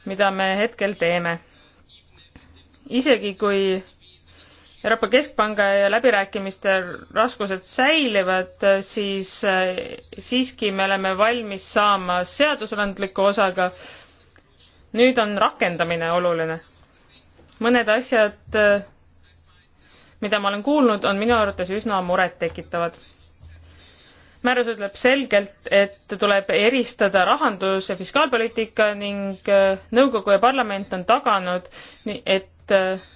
mida me hetkel teeme. isegi kui Euroopa Keskpanga ja läbirääkimiste raskused säilivad, siis eh, siiski me oleme valmis saama seadusandliku osaga. nüüd on rakendamine oluline. mõned asjad, eh, mida ma olen kuulnud, on minu arvates üsna murettekitavad määrus ütleb selgelt, et tuleb eristada rahandus- ja fiskaalpoliitika ning äh, nõukogu ja parlament on taganud, et äh,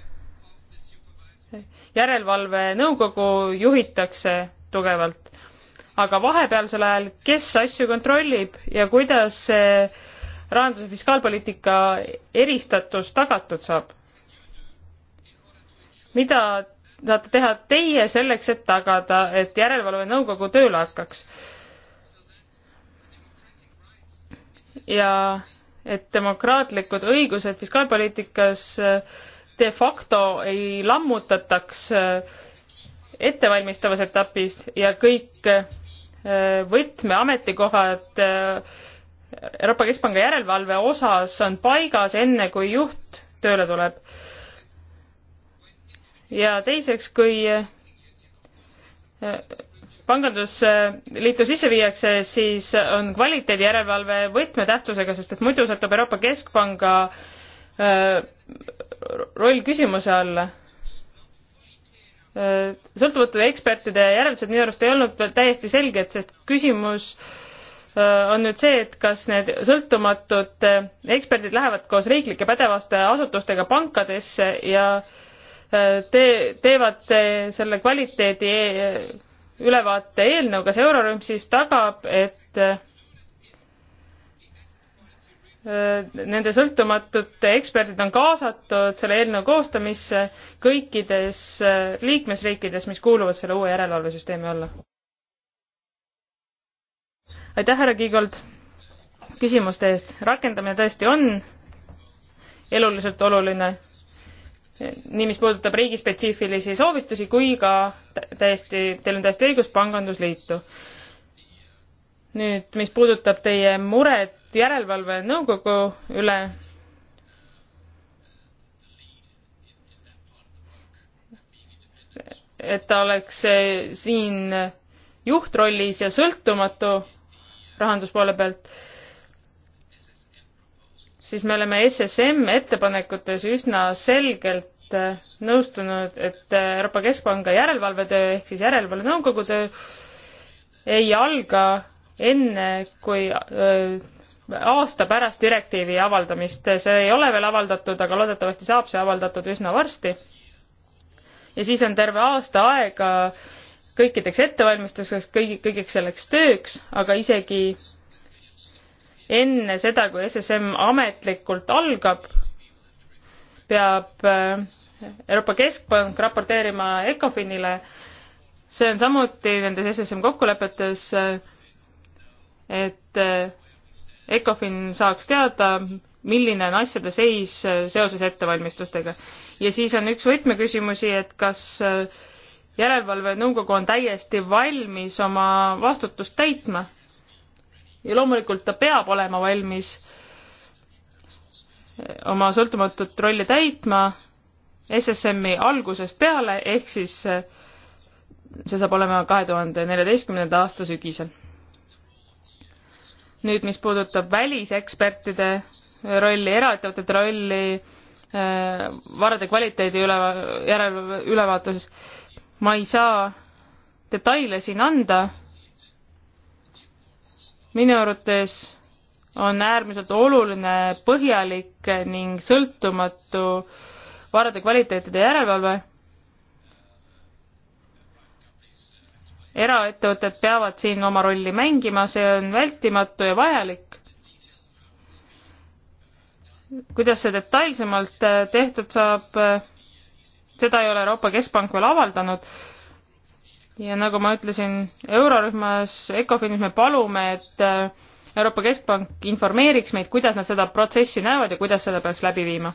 järelevalve nõukogu juhitakse tugevalt. aga vahepealsel ajal, kes asju kontrollib ja kuidas see rahandus- ja fiskaalpoliitika eristatus tagatud saab? mida saate teha teie selleks, et tagada, et järelevalve nõukogu tööle hakkaks? ja et demokraatlikud õigused fiskaalpoliitikas de facto ei lammutataks ettevalmistavas etapis ja kõik äh, võtmeametikohad äh, Euroopa Keskpanga järelevalve osas on paigas, enne kui juht tööle tuleb ja teiseks, kui äh, pangandusliitu sisse viiakse, siis on kvaliteedijärelevalve võtmetähtsusega, sest et muidu satub Euroopa Keskpanga äh, roll küsimuse alla. Äh, sõltumatute ekspertide järeldused minu arust ei olnud veel täiesti selged, sest küsimus on nüüd see, et kas need sõltumatud eksperdid lähevad koos riiklike pädevaste asutustega pankadesse ja äh, Äh, tee, teevad äh, selle kvaliteedi äh, ülevaate eelnõu, kas Eurorühm siis tagab, et nende sõltumatud eksperdid on kaasatud selle eelnõu koostamisse kõikides liikmesriikides, mis kuuluvad selle uue järelevalvesüsteemi alla? aitäh, härra Kiigold, küsimuste eest. rakendamine tõesti on eluliselt oluline nii mis puudutab riigispetsiifilisi soovitusi kui ka täiesti, teil on täiesti õigus, pangandusliitu. nüüd, mis puudutab teie muret järelevalve nõukogu üle, et ta oleks eh, siin juhtrollis ja sõltumatu rahanduspoole pealt siis me oleme SSM ettepanekutes üsna selgelt äh, nõustunud, et äh, Euroopa Keskpanga järelevalvetöö ehk siis järelevalvenõukogu töö ei alga enne, kui äh, aasta pärast direktiivi avaldamist. see ei ole veel avaldatud, aga loodetavasti saab see avaldatud üsna varsti. ja siis on terve aasta aega kõikideks ettevalmistuseks, kõigi, kõigeks selleks tööks, aga isegi enne seda, kui SSM ametlikult algab, peab äh, Euroopa Keskpank raporteerima ECOFINile. see on samuti nendes SSM kokkulepetes, äh, et äh, ECOFIN saaks teada, milline on asjade seis seoses ettevalmistustega. ja siis on üks võtmeküsimusi, et kas järelevalvenõukogu on täiesti valmis oma vastutust täitma ja loomulikult ta peab olema valmis eh, oma sõltumatut rolli täitma SSM-i algusest peale, ehk siis eh, see saab olema kahe tuhande neljateistkümnenda aasta sügisel. nüüd, mis puudutab välisekspertide rolli, eraettevõtete rolli eh, varade kvaliteedi üle, järeleülevaatuses, ma ei saa detaile siin anda minu arvates on äärmiselt oluline põhjalik ning sõltumatu varade kvaliteetide järelevalve. eraettevõtted peavad siin oma rolli mängima, see on vältimatu ja vajalik. kuidas see detailsemalt eh, tehtud saab, eh, seda ei ole Euroopa Keskpank veel avaldanud ja nagu ma ütlesin, eurorühmas ECOFINis me palume, et äh, Euroopa Keskpank informeeriks meid, kuidas nad seda protsessi näevad ja kuidas seda peaks läbi viima.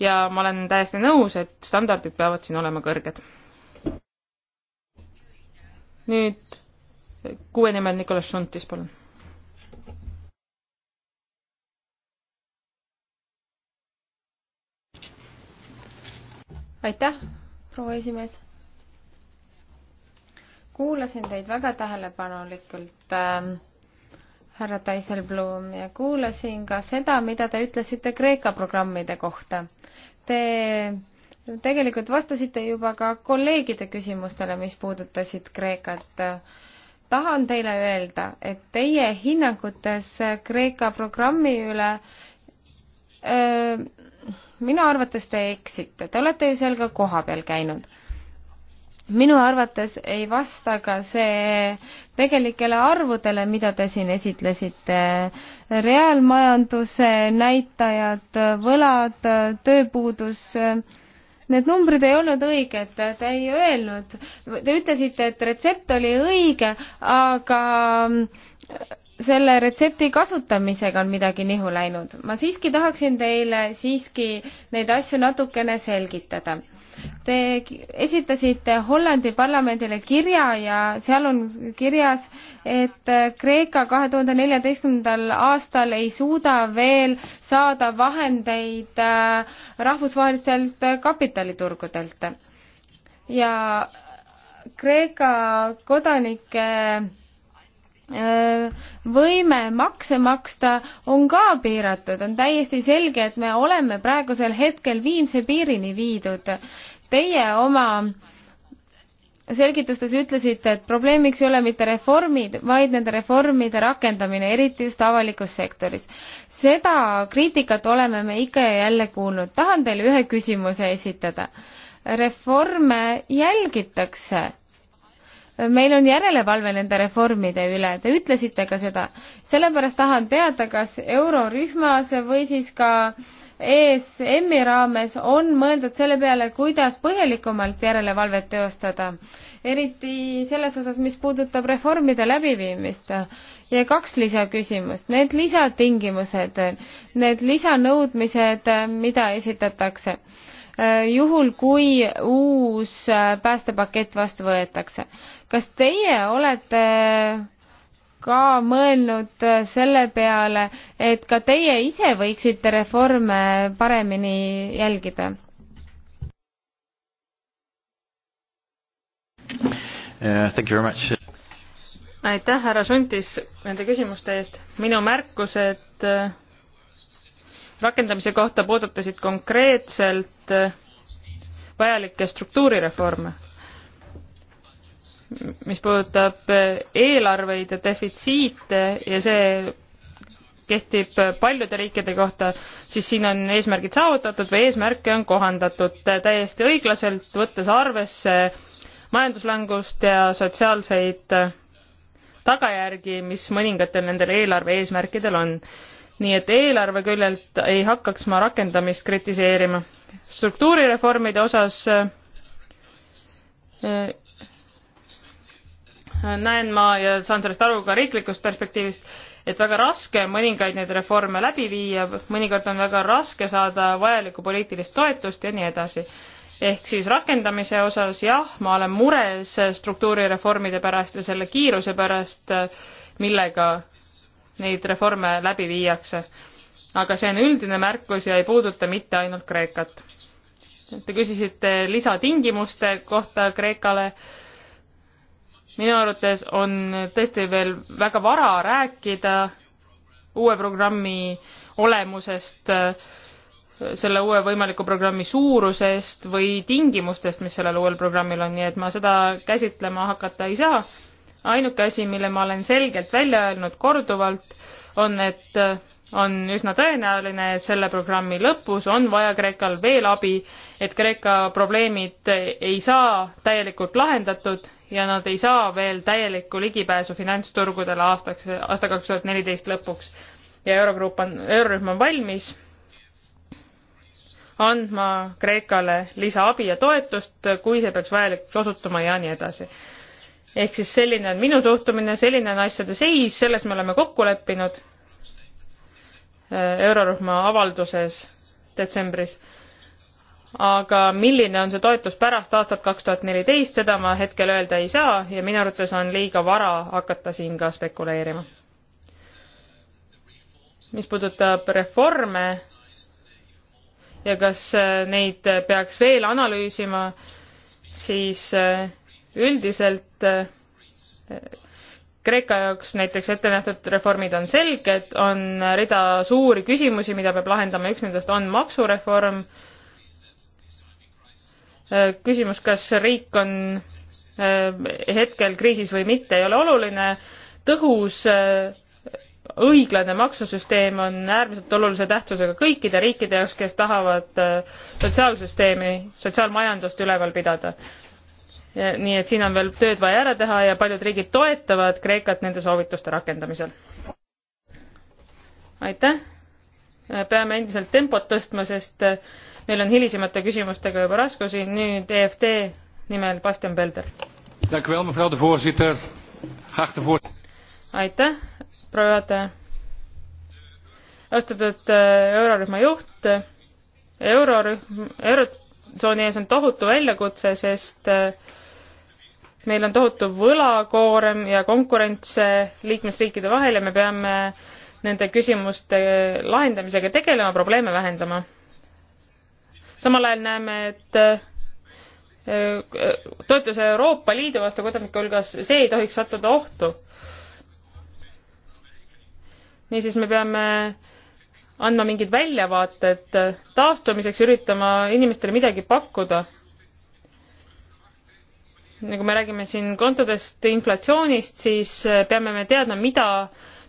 ja ma olen täiesti nõus, et standardid peavad siin olema kõrged. nüüd kuue nimel Nicolas Šuntis, palun. aitäh, proua esimees kuulasin teid väga tähelepanulikult äh,, härra Taiselblum, ja kuulasin ka seda, mida te ütlesite Kreeka programmide kohta. Te tegelikult vastasite juba ka kolleegide küsimustele, mis puudutasid Kreekat. tahan teile öelda, et teie hinnangutes Kreeka programmi üle öö, äh, minu arvates te eksite, te olete ju seal ka kohapeal käinud minu arvates ei vasta ka see tegelikele arvudele, mida te siin esitlesite. reaalmajanduse näitajad, võlad, tööpuudus, need numbrid ei olnud õiged, te ei öelnud, te ütlesite, et retsept oli õige, aga selle retsepti kasutamisega on midagi nihu läinud. ma siiski tahaksin teile siiski neid asju natukene selgitada Te esitasite Hollandi parlamendile kirja ja seal on kirjas, et Kreeka kahe tuhande neljateistkümnendal aastal ei suuda veel saada vahendeid äh, rahvusvahelistelt kapitaliturgudelt. ja Kreeka kodanike äh, võime makse maksta on ka piiratud, on täiesti selge, et me oleme praegusel hetkel viimse piirini viidud Teie oma selgitustes ütlesite, et probleemiks ei ole mitte reformid, vaid nende reformide rakendamine, eriti just avalikus sektoris. seda kriitikat oleme me ikka ja jälle kuulnud. tahan teile ühe küsimuse esitada. reforme jälgitakse. meil on järelevalve nende reformide üle, te ütlesite ka seda. sellepärast tahan teada, kas eurorühmas või siis ka äh, ESM-i raames on mõeldud selle peale, kuidas põhjalikumalt järelevalvet teostada, eriti selles osas, mis puudutab reformide läbiviimist ja kaks lisaküsimust, need lisatingimused, need lisanõudmised, mida esitatakse, juhul kui uus päästepakett vastu võetakse. kas teie olete ka mõelnud äh, selle peale, et ka teie ise võiksite reforme paremini jälgida? Uh, aitäh, härra Šuntis, nende küsimuste eest. minu märkused äh, rakendamise kohta puudutasid konkreetselt äh, vajalikke struktuurireforme mis puudutab eh, eelarveid ja defitsiite ja see kehtib paljude riikide kohta, siis siin on eesmärgid saavutatud või eesmärke on kohandatud täiesti õiglaselt, võttes arvesse majanduslangust ja sotsiaalseid tagajärgi, mis mõningatel nendel eelarve eesmärkidel on. nii et eelarve küljelt ei hakkaks ma rakendamist kritiseerima. struktuurireformide osas eh, näen ma ja saan sellest aru ka riiklikust perspektiivist, et väga raske on mõningaid neid reforme läbi viia, mõnikord on väga raske saada vajalikku poliitilist toetust ja nii edasi. ehk siis rakendamise osas jah, ma olen mures struktuurireformide pärast ja selle kiiruse pärast, millega neid reforme läbi viiakse. aga see on üldine märkus ja ei puuduta mitte ainult Kreekat. Te küsisite lisatingimuste kohta Kreekale minu arvates on tõesti veel väga vara rääkida uue programmi olemusest, selle uue võimaliku programmi suurusest või tingimustest, mis sellel uuel programmil on, nii et ma seda käsitlema hakata ei saa. ainuke asi, mille ma olen selgelt välja öelnud korduvalt, on, et on üsna tõenäoline, et selle programmi lõpus on vaja Kreekal veel abi, et Kreeka probleemid ei saa täielikult lahendatud ja nad ei saa veel täielikku ligipääsu finantsturgudele aastaks, aasta kaks tuhat neliteist lõpuks. ja Eurogrupp on, eurorühm on valmis andma Kreekale lisaabi ja toetust, kui see peaks vajalikuks osutuma ja nii edasi. ehk siis selline on minu suhtumine, selline on asjade seis, selles me oleme kokku leppinud äh, eurorühma avalduses detsembris aga milline on see toetus pärast aastat kaks tuhat neliteist, seda ma hetkel öelda ei saa ja minu arvates on liiga vara hakata siin ka spekuleerima. mis puudutab reforme ja kas äh, neid peaks veel analüüsima, siis äh, üldiselt äh, Kreeka jaoks näiteks ette nähtud reformid on selged, on rida suuri küsimusi, mida peab lahendama, üks nendest on maksureform Äh, küsimus, kas riik on äh, hetkel kriisis või mitte, ei ole oluline. tõhus äh, õiglane maksusüsteem on äärmiselt olulise tähtsusega kõikide riikide jaoks, kes tahavad sotsiaalsüsteemi, sotsiaalmajandust üleval pidada. nii et siin on veel tööd vaja ära teha ja paljud riigid toetavad Kreekat nende soovituste rakendamisel. aitäh! peame endiselt tempot tõstma, sest meil on hilisemate küsimustega juba raskusi, nüüd EFT nimel Bastian Pelder. aitäh, proua juhataja. austatud äh, eurorühma juht, eurorühm, eurotsooni ees on tohutu väljakutse, sest äh, meil on tohutu võlakoorem ja konkurents liikmesriikide vahel ja me peame nende küsimuste äh, lahendamisega tegelema, probleeme vähendama samal ajal näeme, et äh, toetuse Euroopa Liidu vastu kodanike hulgas, see ei tohiks sattuda ohtu. niisiis me peame andma mingid väljavaated taastumiseks, üritama inimestele midagi pakkuda. nagu me räägime siin kontodest, inflatsioonist, siis peame me teadma, mida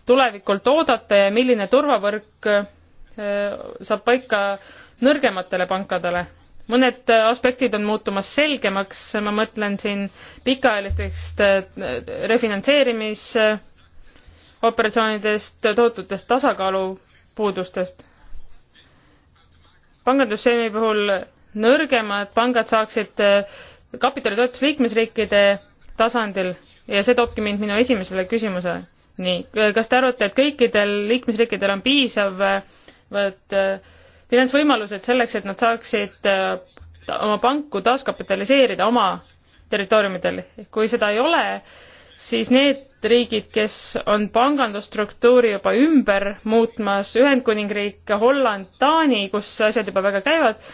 tulevikult oodata ja milline turvavõrk äh, saab paika nõrgematele pankadele. mõned aspektid on muutumas selgemaks, ma mõtlen siin pikaajalistest äh, refinantseerimisoperatsioonidest, tohututest tasakaalupuudustest. pangandussüsteemi puhul nõrgemad pangad saaksid äh, kapitalitoetust liikmesriikide tasandil ja see toobki mind minu esimesele küsimusele. nii, kas te arvate, et kõikidel liikmesriikidel on piisavad äh, äh finantsvõimalused selleks, et nad saaksid äh, oma panku taaskapitaliseerida oma territooriumidel. kui seda ei ole, siis need riigid, kes on pangandusstruktuuri juba ümber muutmas, Ühendkuningriik, Holland, Taani, kus asjad juba väga käivad,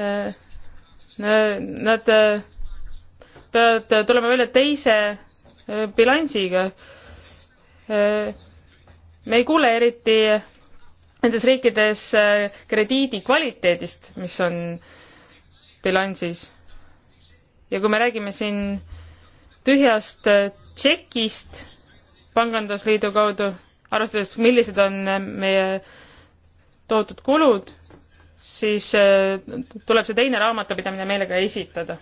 äh, nad äh, peavad tulema välja teise bilansiga. me ei kuule eriti nendes riikides äh, krediidi kvaliteedist, mis on bilansis. ja kui me räägime siin tühjast äh, tšekist pangandusliidu kaudu, arvestades, millised on äh, meie toodud kulud, siis tuleb see teine raamatupidamine meile ka esitada.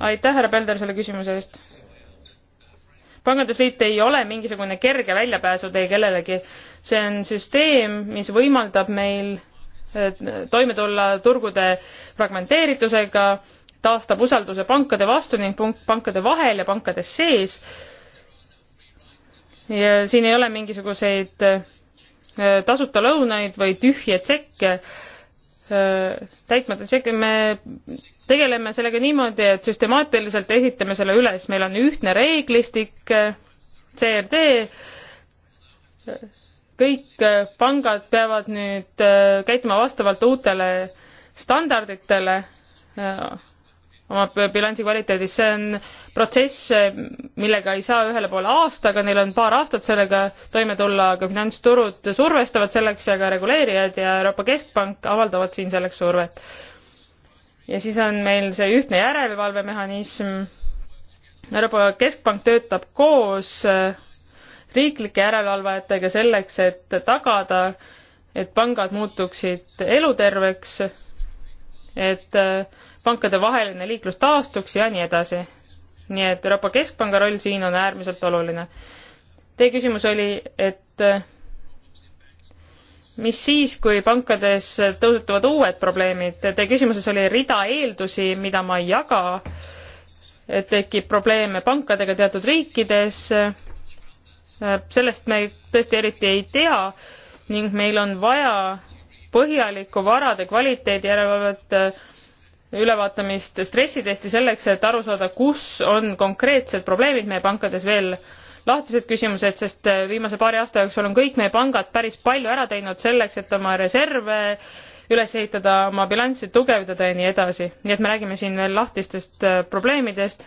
aitäh, härra Pelder, selle küsimuse eest! pangandusliit ei ole mingisugune kerge väljapääsutee kellelegi. see on süsteem, mis võimaldab meil toime tulla turgude fragmenteeritusega, taastab usalduse pankade vastu ning pankade vahel ja pankade sees. ja siin ei ole mingisuguseid äh, tasuta lõunaid või tühje tsekke, äh, täitmata tšekke, me tegeleme sellega niimoodi, et süstemaatiliselt esitame selle üles, meil on ühtne reeglistik, CRD, kõik pangad peavad nüüd käituma vastavalt uutele standarditele oma bilansi kvaliteedis, see on protsess, millega ei saa ühele poole aastaga, neil on paar aastat sellega toime tulla, aga finantsturud survestavad selleks ja ka reguleerijad ja Euroopa Keskpank avaldavad siin selleks survet ja siis on meil see ühtne järelevalvemehhanism. Euroopa Keskpank töötab koos äh, riiklike järelevalvajatega selleks, et tagada, et pangad muutuksid eluterveks, et äh, pankade vaheline liiklus taastuks ja nii edasi. nii et Euroopa Keskpanga roll siin on äärmiselt oluline. Teie küsimus oli, et äh, mis siis, kui pankades tõusetuvad uued probleemid? Teie küsimuses oli rida eeldusi, mida ma ei jaga, et tekib probleeme pankadega teatud riikides, sellest me tõesti eriti ei tea ning meil on vaja põhjalikku varade kvaliteedi järelevalvet, ülevaatamist, stressitesti selleks, et aru saada, kus on konkreetsed probleemid meie pankades veel lahtised küsimused, sest äh, viimase paari aasta jooksul on kõik meie pangad päris palju ära teinud selleks, et oma reserve üles ehitada, oma bilanssi tugevdada ja nii edasi. nii et me räägime siin veel lahtistest äh, probleemidest.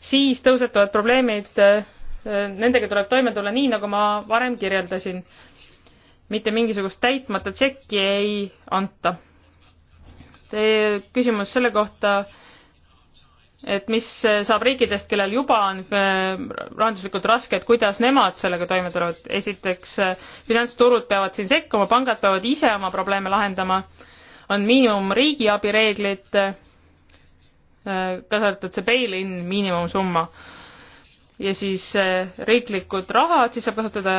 siis tõusetuvad probleemid, äh, nendega tuleb toime tulla nii, nagu ma varem kirjeldasin. mitte mingisugust täitmata tšekki ei anta. Teie küsimus selle kohta et mis saab riikidest, kellel juba on äh, rahanduslikult raske, et kuidas nemad sellega toime tulevad. esiteks, äh, finantsturud peavad siin sekkuma, pangad peavad ise oma probleeme lahendama, on miinimum riigiabi reeglid, äh, kaasa arvatud see bail-in miinimumsumma. ja siis riiklikud rahad, siis saab kasutada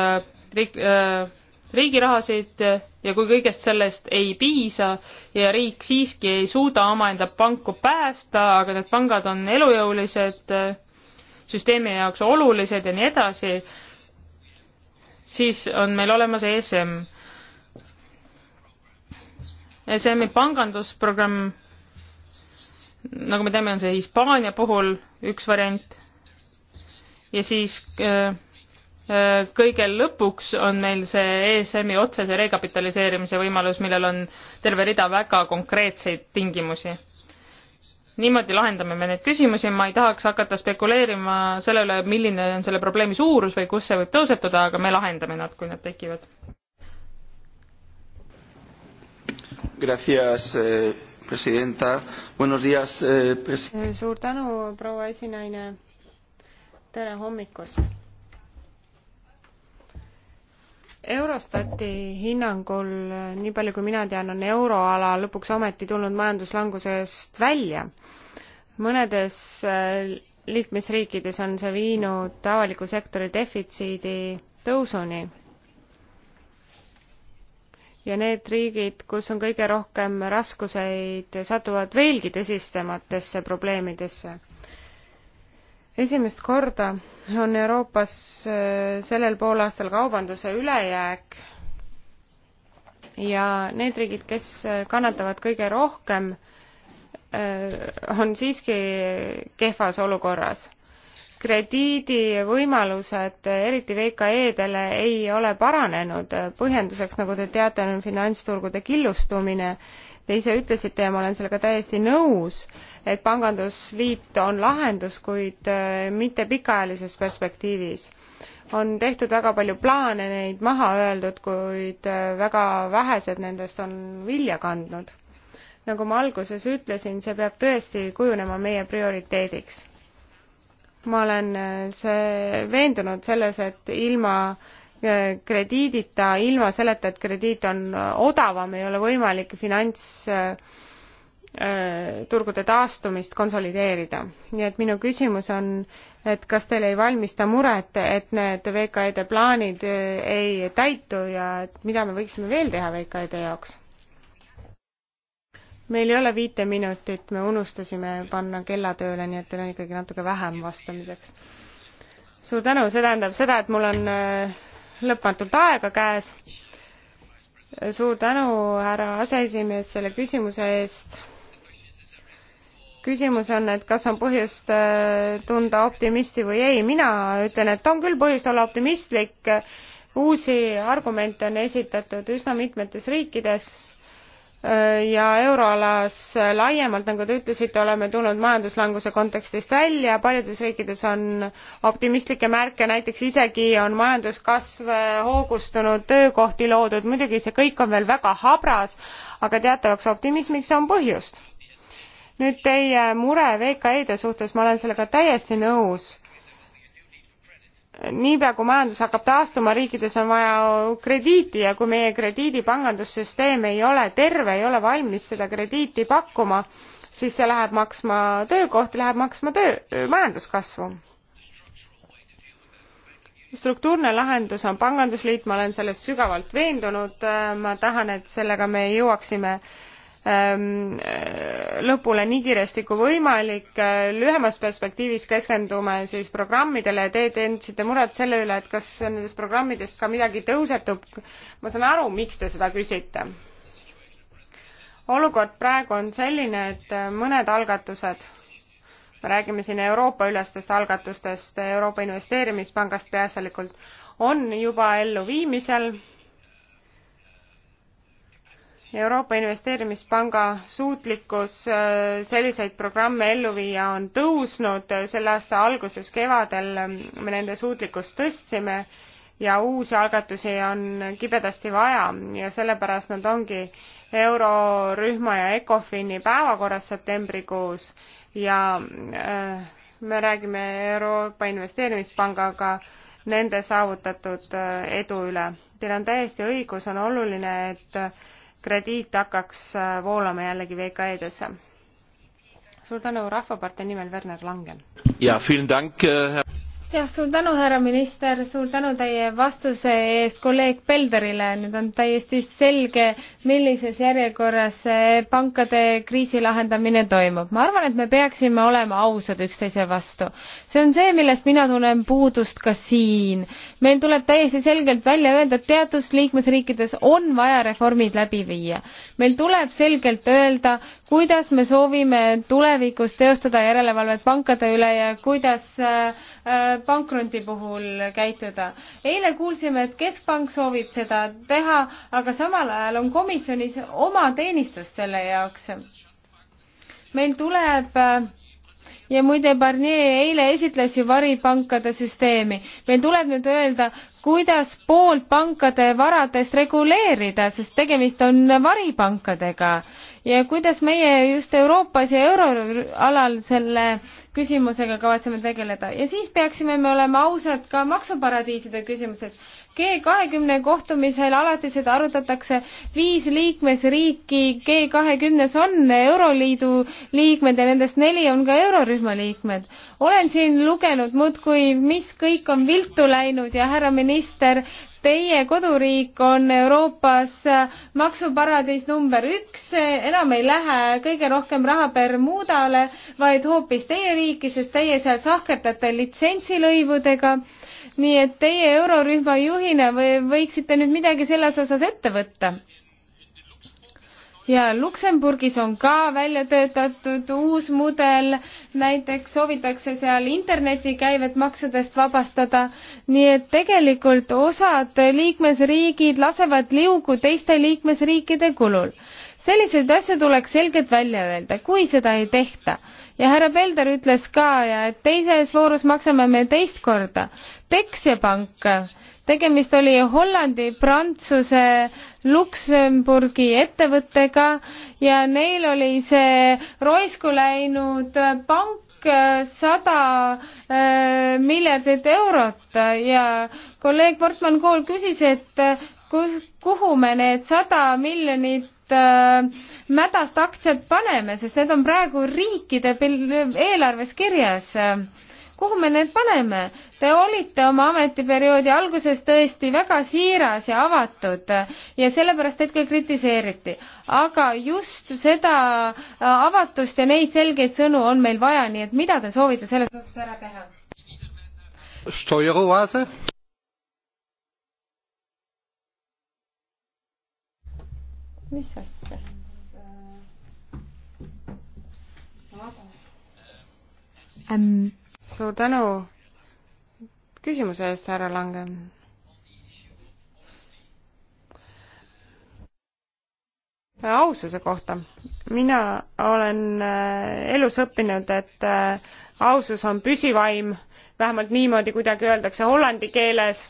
riik äh,, riigi rahasid ja kui kõigest sellest ei piisa ja riik siiski ei suuda omaenda panku päästa, aga need pangad on elujõulised, süsteemi jaoks olulised ja nii edasi, siis on meil olemas ESM. ESM-i pangandusprogramm, nagu me teame, on see Hispaania puhul üks variant ja siis äh, kõige lõpuks on meil see ESM-i otsese rekapitaliseerimise võimalus, millel on terve rida väga konkreetseid tingimusi. niimoodi lahendame me neid küsimusi, ma ei tahaks hakata spekuleerima selle üle, milline on selle probleemi suurus või kus see võib tõusetuda, aga me lahendame nad, kui nad tekivad. Gracias, eh, presidenta. Buenos días, eh, pres-. suur tänu, proua esinaine. tere hommikust Eurostati hinnangul, nii palju kui mina tean, on euroala lõpuks ometi tulnud majanduslangusest välja. mõnedes äh, liikmesriikides on see viinud avaliku sektori defitsiidi tõusuni. ja need riigid, kus on kõige rohkem raskuseid, satuvad veelgi tõsisematesse probleemidesse esimest korda on Euroopas äh, sellel poolaastal kaubanduse ülejääk ja need riigid, kes äh, kannatavad kõige rohkem, äh, on siiski kehvas olukorras. krediidivõimalused, eriti VKE-dele, ei ole paranenud. põhjenduseks, nagu te teate, on finantsturgude killustumine te ise ütlesite ja ma olen sellega täiesti nõus, et pangandusliit on lahendus, kuid äh, mitte pikaajalises perspektiivis. on tehtud väga palju plaane, neid maha öeldud, kuid äh, väga vähesed nendest on vilja kandnud. nagu ma alguses ütlesin, see peab tõesti kujunema meie prioriteediks. ma olen äh, see, veendunud selles, et ilma krediidita, ilma selleta, et krediit on odavam, ei ole võimalik finantsturgude äh, äh, taastumist konsolideerida. nii et minu küsimus on, et kas teil ei valmista muret, et need VKE-de plaanid äh, ei täitu ja et mida me võiksime veel teha VKE-de jaoks? meil ei ole viite minutit, me unustasime panna kella tööle, nii et teil on ikkagi natuke vähem vastamiseks. suur tänu, see tähendab seda, et mul on äh, lõpmatult aega käes. suur tänu, härra aseesimees, selle küsimuse eest. küsimus on, et kas on põhjust äh, tunda optimisti või ei. mina ütlen, et on küll põhjust olla optimistlik. uusi argumente on esitatud üsna mitmetes riikides ja euroalas laiemalt, nagu te ütlesite, oleme tulnud majanduslanguse kontekstist välja, paljudes riikides on optimistlikke märke, näiteks isegi on majanduskasv hoogustunud, töökohti loodud, muidugi see kõik on veel väga habras, aga teatavaks optimismiks on põhjust. nüüd teie mure VKE-de suhtes, ma olen sellega täiesti nõus niipea kui majandus hakkab taastuma riikides on vaja krediiti ja kui meie krediidipangandussüsteem ei ole terve ei ole valmis seda krediiti pakkuma siis see läheb maksma töökohti läheb maksma töö majanduskasvu struktuurne lahendus on pangandusliit ma olen selles sügavalt veendunud ma tahan et sellega me jõuaksime Ähm, lõpule nii kiiresti kui võimalik. lühemas perspektiivis keskendume siis programmidele ja te tundsite muret selle üle, et kas nendest programmidest ka midagi tõusetub. ma saan aru, miks te seda küsite. olukord praegu on selline, et mõned algatused me räägime siin Euroopa ülestest algatustest, Euroopa Investeerimispangast peaasjalikult, on juba elluviimisel Euroopa Investeerimispanga suutlikkus äh, selliseid programme ellu viia on tõusnud, selle aasta alguses kevadel ähm, me nende suutlikkust tõstsime ja uusi algatusi on kibedasti vaja ja sellepärast nad ongi eurorühma ja ECOFIN-i päevakorras septembrikuus ja äh, me räägime Euroopa Investeerimispangaga nende saavutatud äh, edu üle. Teil on täiesti õigus, on oluline, et krediit hakkaks äh, voolama jällegi VKE-desse. suur tänu, Rahvapartei nimel Werner Langen. jaa, vielen Dank äh,, härra jah, suur tänu, härra minister, suur tänu teie vastuse eest kolleeg Pelderile. nüüd on täiesti selge, millises järjekorras pankade kriisi lahendamine toimub. ma arvan, et me peaksime olema ausad üksteise vastu. see on see, millest mina tunnen puudust ka siin. meil tuleb täiesti selgelt välja öelda, et teatud liikmesriikides on vaja reformid läbi viia. meil tuleb selgelt öelda, kuidas me soovime tulevikus teostada järelevalvet pankade üle ja kuidas äh, Äh, pankrondi puhul käituda. eile kuulsime, et Keskpank soovib seda teha, aga samal ajal on komisjonis oma teenistus selle jaoks. meil tuleb äh, ja muide, Barnier eile esitles ju varipankade süsteemi. meil tuleb nüüd öelda, kuidas poolt pankade varadest reguleerida, sest tegemist on varipankadega ja kuidas meie just Euroopas ja euroalal selle küsimusega kavatseme tegeleda ja siis peaksime me olema ausad ka maksuparadiiside küsimuses. G kahekümne kohtumisel alati seda arutatakse, viis liikmesriiki G kahekümnes on Euroliidu liikmed ja nendest neli on ka eurorühma liikmed. olen siin lugenud muudkui, mis kõik on viltu läinud ja härra minister, teie koduriik on Euroopas maksuparadiis number üks, enam ei lähe kõige rohkem raha Bermudale, vaid hoopis teie riiki, sest teie seal sahkerdate litsentsilõivudega nii et teie eurorühma juhina või võiksite nüüd midagi selles osas ette võtta? ja Luksemburgis on ka välja töötatud uus mudel, näiteks soovitakse seal internetikäivet maksudest vabastada, nii et tegelikult osad liikmesriigid lasevad liugu teiste liikmesriikide kulul. selliseid asju tuleks selgelt välja öelda, kui seda ei tehta ja härra Pelder ütles ka ja et teises voorus maksame me teist korda. Dexia pank. tegemist oli Hollandi, Prantsuse, Luksemburgi ettevõttega ja neil oli see roisku läinud pank sada eh, miljardit eurot ja kolleeg Portman Kool küsis, et eh, kus, kuhu me need sada miljonit eh, mädast aktsiat paneme, sest need on praegu riikide eelarves kirjas kuhu me need paneme? Te olite oma ametiperioodi alguses tõesti väga siiras ja avatud ja sellepärast teid ka kritiseeriti. aga just seda äh, avatust ja neid selgeid sõnu on meil vaja, nii et mida te soovite selles osas ära teha? mis asja? ähm, suur tänu küsimuse eest, härra Langen. aususe kohta. mina olen äh, elus õppinud, et äh, ausus on püsivaim, vähemalt niimoodi kuidagi öeldakse hollandi keeles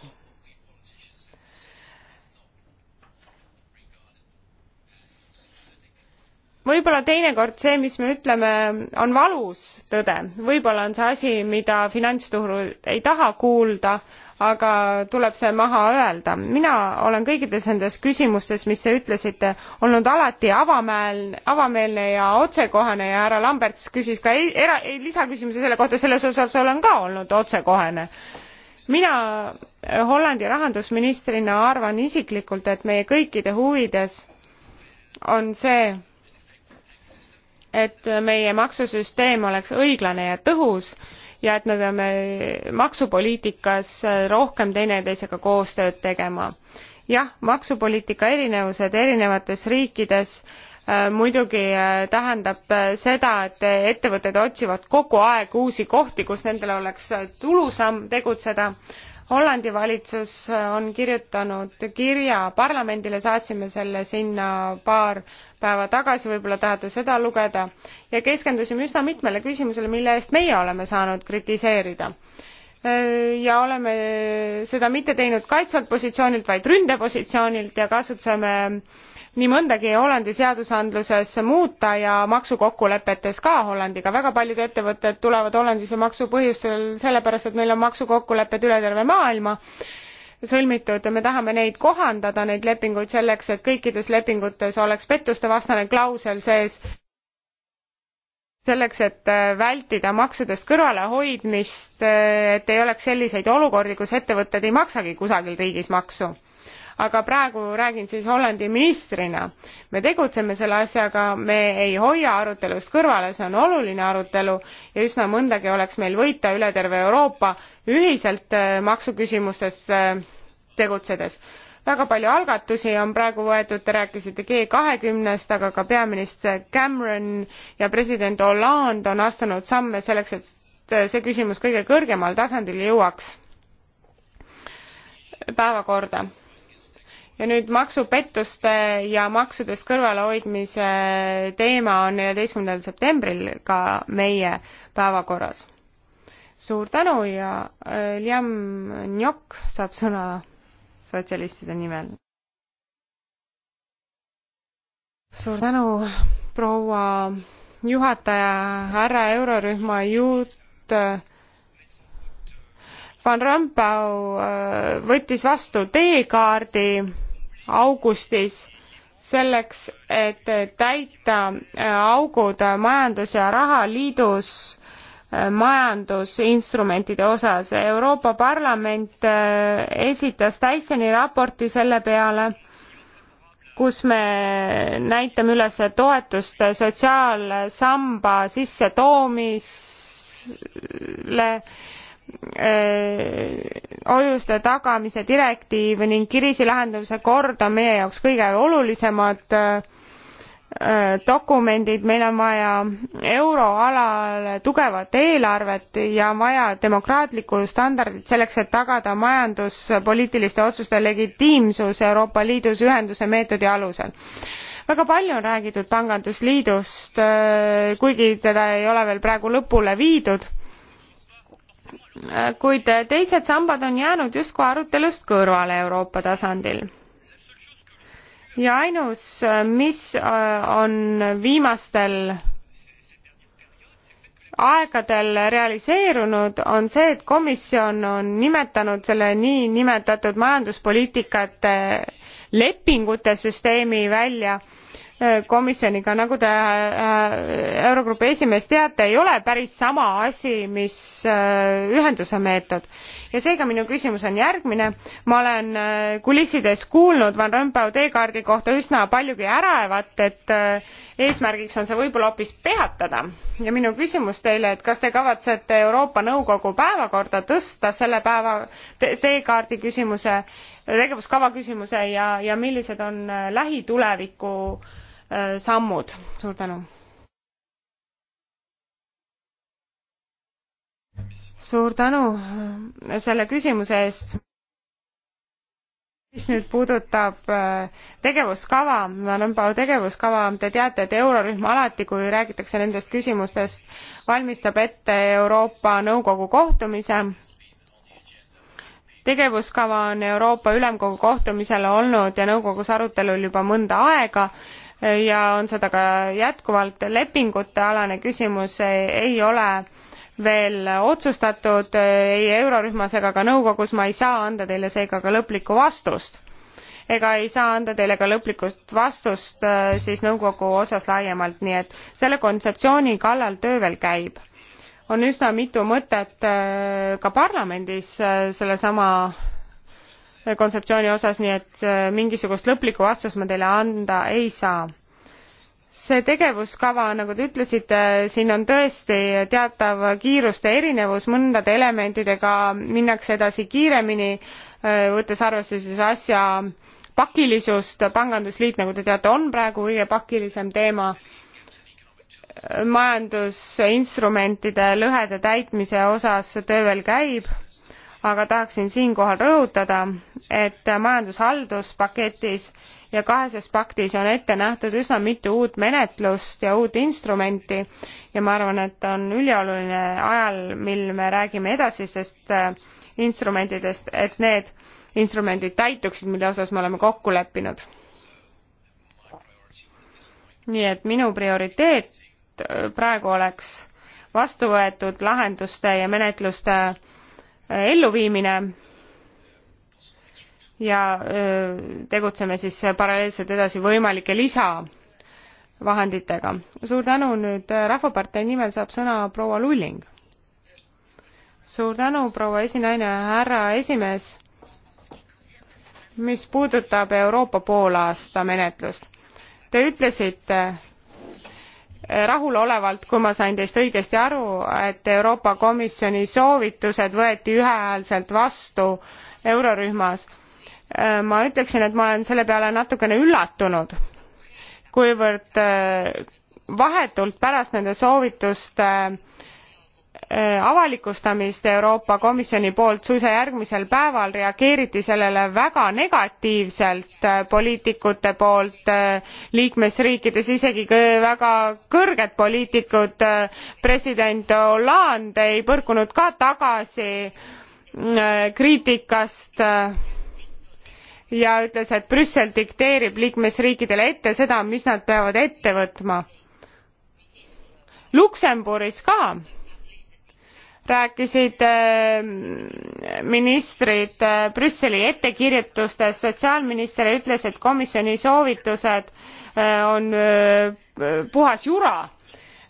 võib-olla teinekord see mis me ütleme on valus tõde võib-olla on see asi mida finantsturud ei taha kuulda aga tuleb see maha öelda mina olen kõikides nendes küsimustes mis te ütlesite olnud alati avamäel- avameelne ja otsekohene ja härra lamberts küsis ka era- lisaküsimuse selle kohta selles osas olen ka olnud otsekohene mina eh, hollandi rahandusministrina arvan isiklikult et meie kõikide huvides on see et meie maksusüsteem oleks õiglane ja tõhus ja et me peame maksupoliitikas rohkem teineteisega koostööd tegema. jah, maksupoliitika erinevused erinevates riikides äh, muidugi äh, tähendab äh, seda, et ettevõtted otsivad kogu aeg uusi kohti, kus nendel oleks äh, tulusam tegutseda, Hollandi valitsus äh, on kirjutanud kirja parlamendile, saatsime selle sinna paar päeva tagasi, võib-olla tahate seda lugeda, ja keskendusime üsna mitmele küsimusele, mille eest meie oleme saanud kritiseerida. Äh, ja oleme seda mitte teinud kaitsvalt positsioonilt, vaid ründepositsioonilt ja kasutasime nii mõndagi Hollandi seadusandluses muuta ja maksukokkulepetes ka Hollandiga. väga paljud ettevõtted tulevad Hollandisse maksupõhjustel sellepärast, et meil on maksukokkulepped üle terve maailma sõlmitud ja me tahame neid kohandada, neid lepinguid selleks, et kõikides lepingutes oleks pettustevastane klausel sees selleks, et äh, vältida maksudest kõrvalehoidmist, äh, et ei oleks selliseid olukordi, kus ettevõtted ei maksagi kusagil riigis maksu aga praegu räägin siis Hollandi ministrina. me tegutseme selle asjaga, me ei hoia arutelust kõrvale, see on oluline arutelu ja üsna mõndagi oleks meil võita üle terve Euroopa ühiselt äh, maksuküsimustes äh, tegutsedes väga palju algatusi on praegu võetud te rääkisite g st aga ka peaminister cameron ja president hollande on astunud samme selleks et see küsimus kõige kõrgemal tasandil jõuaks päevakorda ja nüüd maksupettuste ja maksudest kõrvalehoidmise teema on neljateistkümnendal septembril ka meie päevakorras. suur tänu ja äh, Liam Njok saab sõna sotsialistide nimel. suur tänu, proua juhataja, härra eurorühma juht Van Rompuy äh, võttis vastu teekaardi augustis selleks, et täita äh, augud majandus- ja rahaliidus äh, majandusinstrumentide osas. Euroopa Parlament äh, esitas Dysoni raporti selle peale, kus me näitame üles toetust sotsiaalsamba sissetoomisele hoiuste äh, tagamise direktiiv ning kriisi lahendamise kord on meie jaoks kõige olulisemad äh, dokumendid, meil on vaja euroalale tugevat eelarvet ja on vaja demokraatlikku standardit selleks, et tagada majanduspoliitiliste otsuste legitiimsus Euroopa Liidus ühenduse meetodi alusel väga palju on räägitud pangandusliidust, äh, kuigi teda ei ole veel praegu lõpule viidud kuid teised sambad on jäänud justkui arutelust kõrvale Euroopa tasandil. ja ainus, mis äh, on viimastel aegadel realiseerunud, on see, et komisjon on nimetanud selle niinimetatud majanduspoliitikate lepingute süsteemi välja äh, komisjoniga, nagu te äh, Eurogrupi esimees teate, ei ole päris sama asi, mis äh, ühenduse meetod. ja seega minu küsimus on järgmine. ma olen äh, kulissides kuulnud Van Rompuy teekaardi kohta üsna paljugi äraevat, et eesmärgiks on see võib-olla hoopis peatada. ja minu küsimus teile, et kas te kavatsete Euroopa Nõukogu päevakorda tõsta selle päeva te teekaardi küsimuse tegevuskava küsimuse ja, ja millised on lähituleviku äh, Äh, sammud. suur tänu. suur tänu äh, selle küsimuse eest mis nüüd puudutab äh, tegevuskava, Nõmpao tegevuskava, te teate, et eurorühm alati, kui räägitakse nendest küsimustest, valmistab ette Euroopa Nõukogu kohtumise. tegevuskava on Euroopa Ülemkogu kohtumisel olnud ja nõukogus arutelul juba mõnda aega ja on seda ka jätkuvalt. lepingute alane küsimus ei ole veel otsustatud ei eurorühmas ega ka nõukogus, ma ei saa anda teile seega ka lõplikku vastust ega ei saa anda teile ka lõplikust vastust äh, siis nõukogu osas laiemalt, nii et selle kontseptsiooni kallal töö veel käib. on üsna mitu mõtet äh, ka parlamendis äh, sellesama kontseptsiooni osas, nii et äh, mingisugust lõplikku vastust ma teile anda ei saa. see tegevuskava, nagu te ütlesite, siin on tõesti teatav kiiruste erinevus, mõndade elementidega minnakse edasi kiiremini, äh, võttes arvesse siis asja pakilisust, pangandusliit, nagu te teate, on praegu kõige pakilisem teema majandusinstrumentide lõhede täitmise osas töö veel käib aga tahaksin siinkohal rõhutada, et majandushalduspaketis ja kaheses paktis on ette nähtud üsna mitu uut menetlust ja uut instrumenti ja ma arvan, et on ülioluline ajal, mil me räägime edasistest äh, instrumentidest, et need instrumendid täituksid, mille osas me oleme kokku leppinud. nii et minu prioriteet äh, praegu oleks vastu võetud lahenduste ja menetluste elluviimine ja tegutseme siis paralleelselt edasi võimalike lisavahenditega. suur tänu, nüüd äh, Rahvapartei nimel saab sõna proua Lulling. suur tänu, proua esinaine, härra esimees. mis puudutab Euroopa poolaasta menetlust, te ütlesite, rahulolevalt, kui ma sain teist õigesti aru, et Euroopa Komisjoni soovitused võeti ühehäälselt vastu eurorühmas. ma ütleksin, et ma olen selle peale natukene üllatunud, kuivõrd eh, vahetult pärast nende soovituste äh, Äh, avalikustamist Euroopa Komisjoni poolt suisa järgmisel päeval reageeriti sellele väga negatiivselt äh, poliitikute poolt äh, liikmesriikides, isegi väga kõrged poliitikud, president Hollande ei põrkunud ka tagasi kriitikast ja ütles, et Brüssel dikteerib liikmesriikidele ette seda, mis nad peavad ette võtma. Luksemburis ka rääkisid ehm, ministrid eh, Brüsseli ettekirjutustest, sotsiaalminister ütles, et komisjoni soovitused eh, on eh, puhas jura.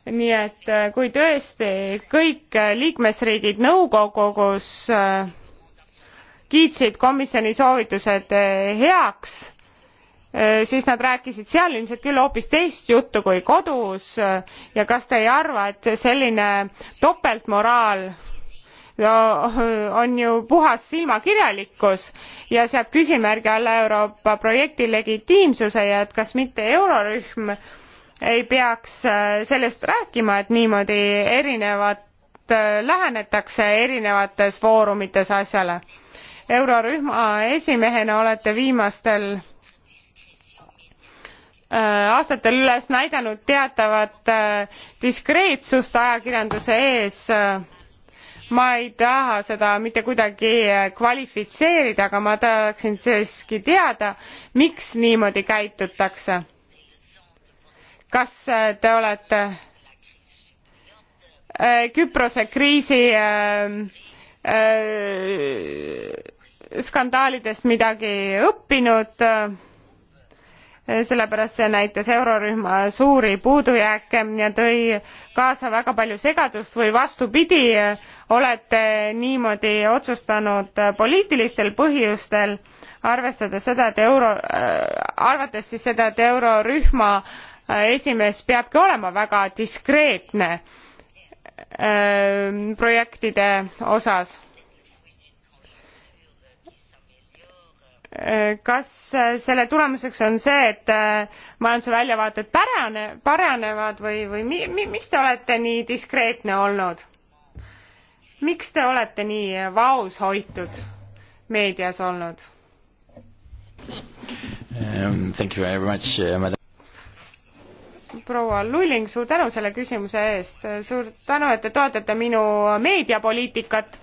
nii et kui tõesti kõik liikmesriigid nõukogus kiitsid komisjoni soovitused heaks, Äh, siis nad rääkisid seal ilmselt küll hoopis teist juttu kui kodus äh, ja kas te ei arva et selline topeltmoraal äh, on ju puhas silmakirjalikkus ja seab küsimärgi alla euroopa projekti legitiimsuse ja et kas mitte eurorühm ei peaks sellest rääkima et niimoodi erinevat lähenetakse erinevates foorumites asjale eurorühma esimehena olete viimastel Äh, aastatel üles näidanud teatavat äh, diskreetsust ajakirjanduse ees äh, ma ei taha seda mitte kuidagi kvalifitseerida aga ma tahaksin siiski teada miks niimoodi käitutakse kas te olete küprose kriisi skandaalidest midagi õppinud Eh, sellepärast see näitas eurorühma suuri puudujääke ja tõi kaasa väga palju segadust või vastupidi olete niimoodi otsustanud poliitilistel põhjustel arvestades seda et euro äh, arvates siis seda et eurorühma äh, esimees peabki olema väga diskreetne äh, projektide osas Äh, kas äh, selle tulemuseks on see, et äh, majanduse väljavaated pärane, paranevad või, või mi, mi, miks te olete nii diskreetne olnud? miks te olete nii vaoshoitud meedias olnud um,? Thank you very much uh,, madam proua Lulling, suur tänu selle küsimuse eest, suur tänu, et te toetate minu meediapoliitikat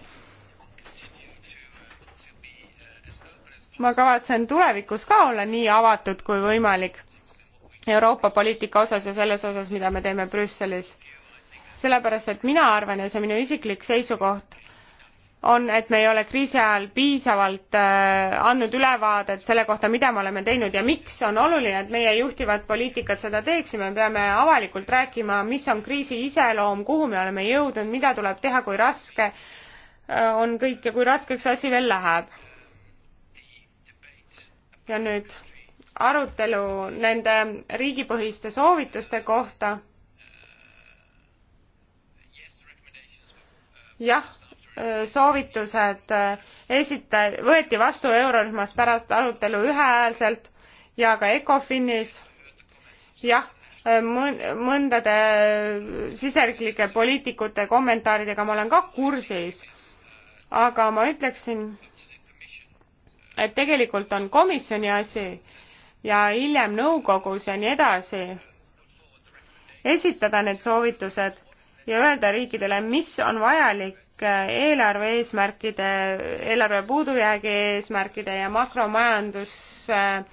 ma kavatsen tulevikus ka olla nii avatud kui võimalik Euroopa poliitika osas ja selles osas, mida me teeme Brüsselis. sellepärast, et mina arvan ja see minu isiklik seisukoht, on, et me ei ole kriisi ajal piisavalt äh, andnud ülevaadet selle kohta, mida me oleme teinud ja miks on oluline, et meie juhtivad poliitikad seda teeksime, me peame avalikult rääkima, mis on kriisi iseloom, kuhu me oleme jõudnud, mida tuleb teha, kui raske äh, on kõik ja kui raskeks asi veel läheb ja nüüd arutelu nende riigipõhiste soovituste kohta. jah, soovitused äh, esita-, võeti vastu eurorühmas pärast arutelu ühehäälselt ja ka ECOFINis. jah, äh, mõndade äh, siseriiklike poliitikute kommentaaridega ma olen ka kursis, aga ma ütleksin, et tegelikult on komisjoni asi ja hiljem nõukogus ja nii edasi esitada need soovitused ja öelda riikidele, mis on vajalik äh, eelarve eesmärkide, eelarve puudujäägi eesmärkide ja makromajandus äh,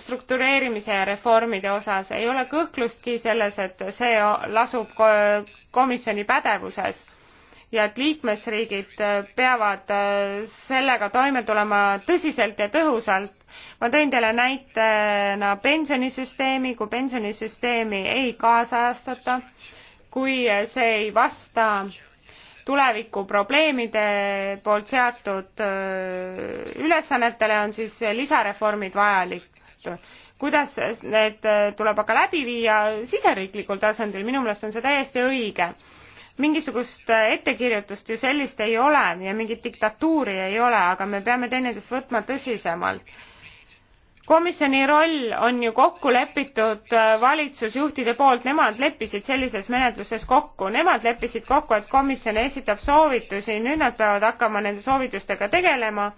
struktureerimise ja reformide osas. ei ole kõhklustki selles, et see lasub komisjoni pädevuses ja et liikmesriigid äh, peavad äh, sellega toime tulema tõsiselt ja tõhusalt. ma tõin teile näitena pensionisüsteemi, kui pensionisüsteemi ei kaasajastata, kui see ei vasta tuleviku probleemide poolt seatud äh, ülesannetele, on siis lisareformid vajalikud kuidas need tuleb aga läbi viia siseriiklikul tasandil, minu meelest on see täiesti õige mingisugust ettekirjutust ju sellist ei ole ja mingit diktatuuri ei ole, aga me peame teineteist võtma tõsisemalt. komisjoni roll on ju kokku lepitud äh, valitsusjuhtide poolt, nemad leppisid sellises menetluses kokku, nemad leppisid kokku, et komisjon esitab soovitusi, nüüd nad peavad hakkama nende soovitustega tegelema,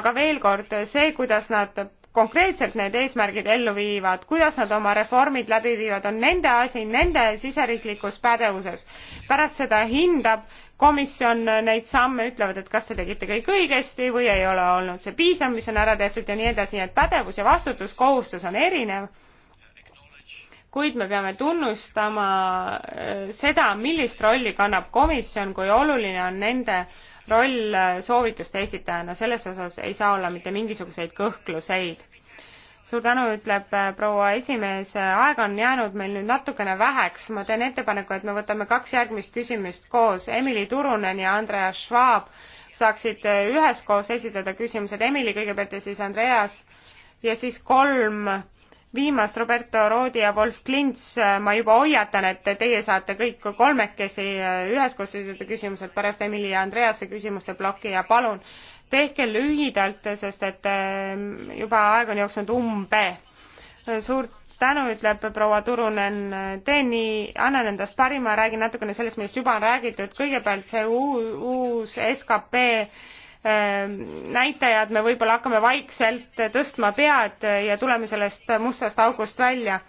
aga veel kord, see, kuidas nad konkreetselt need eesmärgid ellu viivad, kuidas nad oma reformid läbi viivad, on nende asi, nende siseriiklikus pädevuses. pärast seda hindab komisjon neid samme, ütlevad, et kas te tegite kõik õigesti või ei ole olnud see piisav, mis on ära tehtud ja nii edasi, nii et pädevus ja vastutuskohustus on erinev kuid me peame tunnustama äh, seda, millist rolli kannab komisjon, kui oluline on nende roll äh, soovituste esitajana, selles osas ei saa olla mitte mingisuguseid kõhkluseid. suur tänu, ütleb äh, proua esimees, aega on jäänud meil nüüd natukene väheks, ma teen ettepaneku, et me võtame kaks järgmist küsimust koos, Emily Turunen ja Andreas Schwab saaksid üheskoos esitada küsimused, Emily kõigepealt ja siis Andreas ja siis kolm viimast Roberto Roodi ja Wolf Klints, äh, ma juba hoiatan, et teie saate kõik kolmekesi äh, üheskoos esitada küsimused pärast Emily ja Andrease küsimuste ploki ja palun tehke lühidalt, sest et ähm, juba aeg on jooksnud umbe. Äh, suurt tänu, ütleb proua Turunen, teen nii, annan endast parima, räägin natukene sellest, millest juba on räägitud, kõigepealt see uus, uus skp Ehm, näitajad, me võib-olla hakkame vaikselt tõstma pead ja tuleme sellest mustast august välja.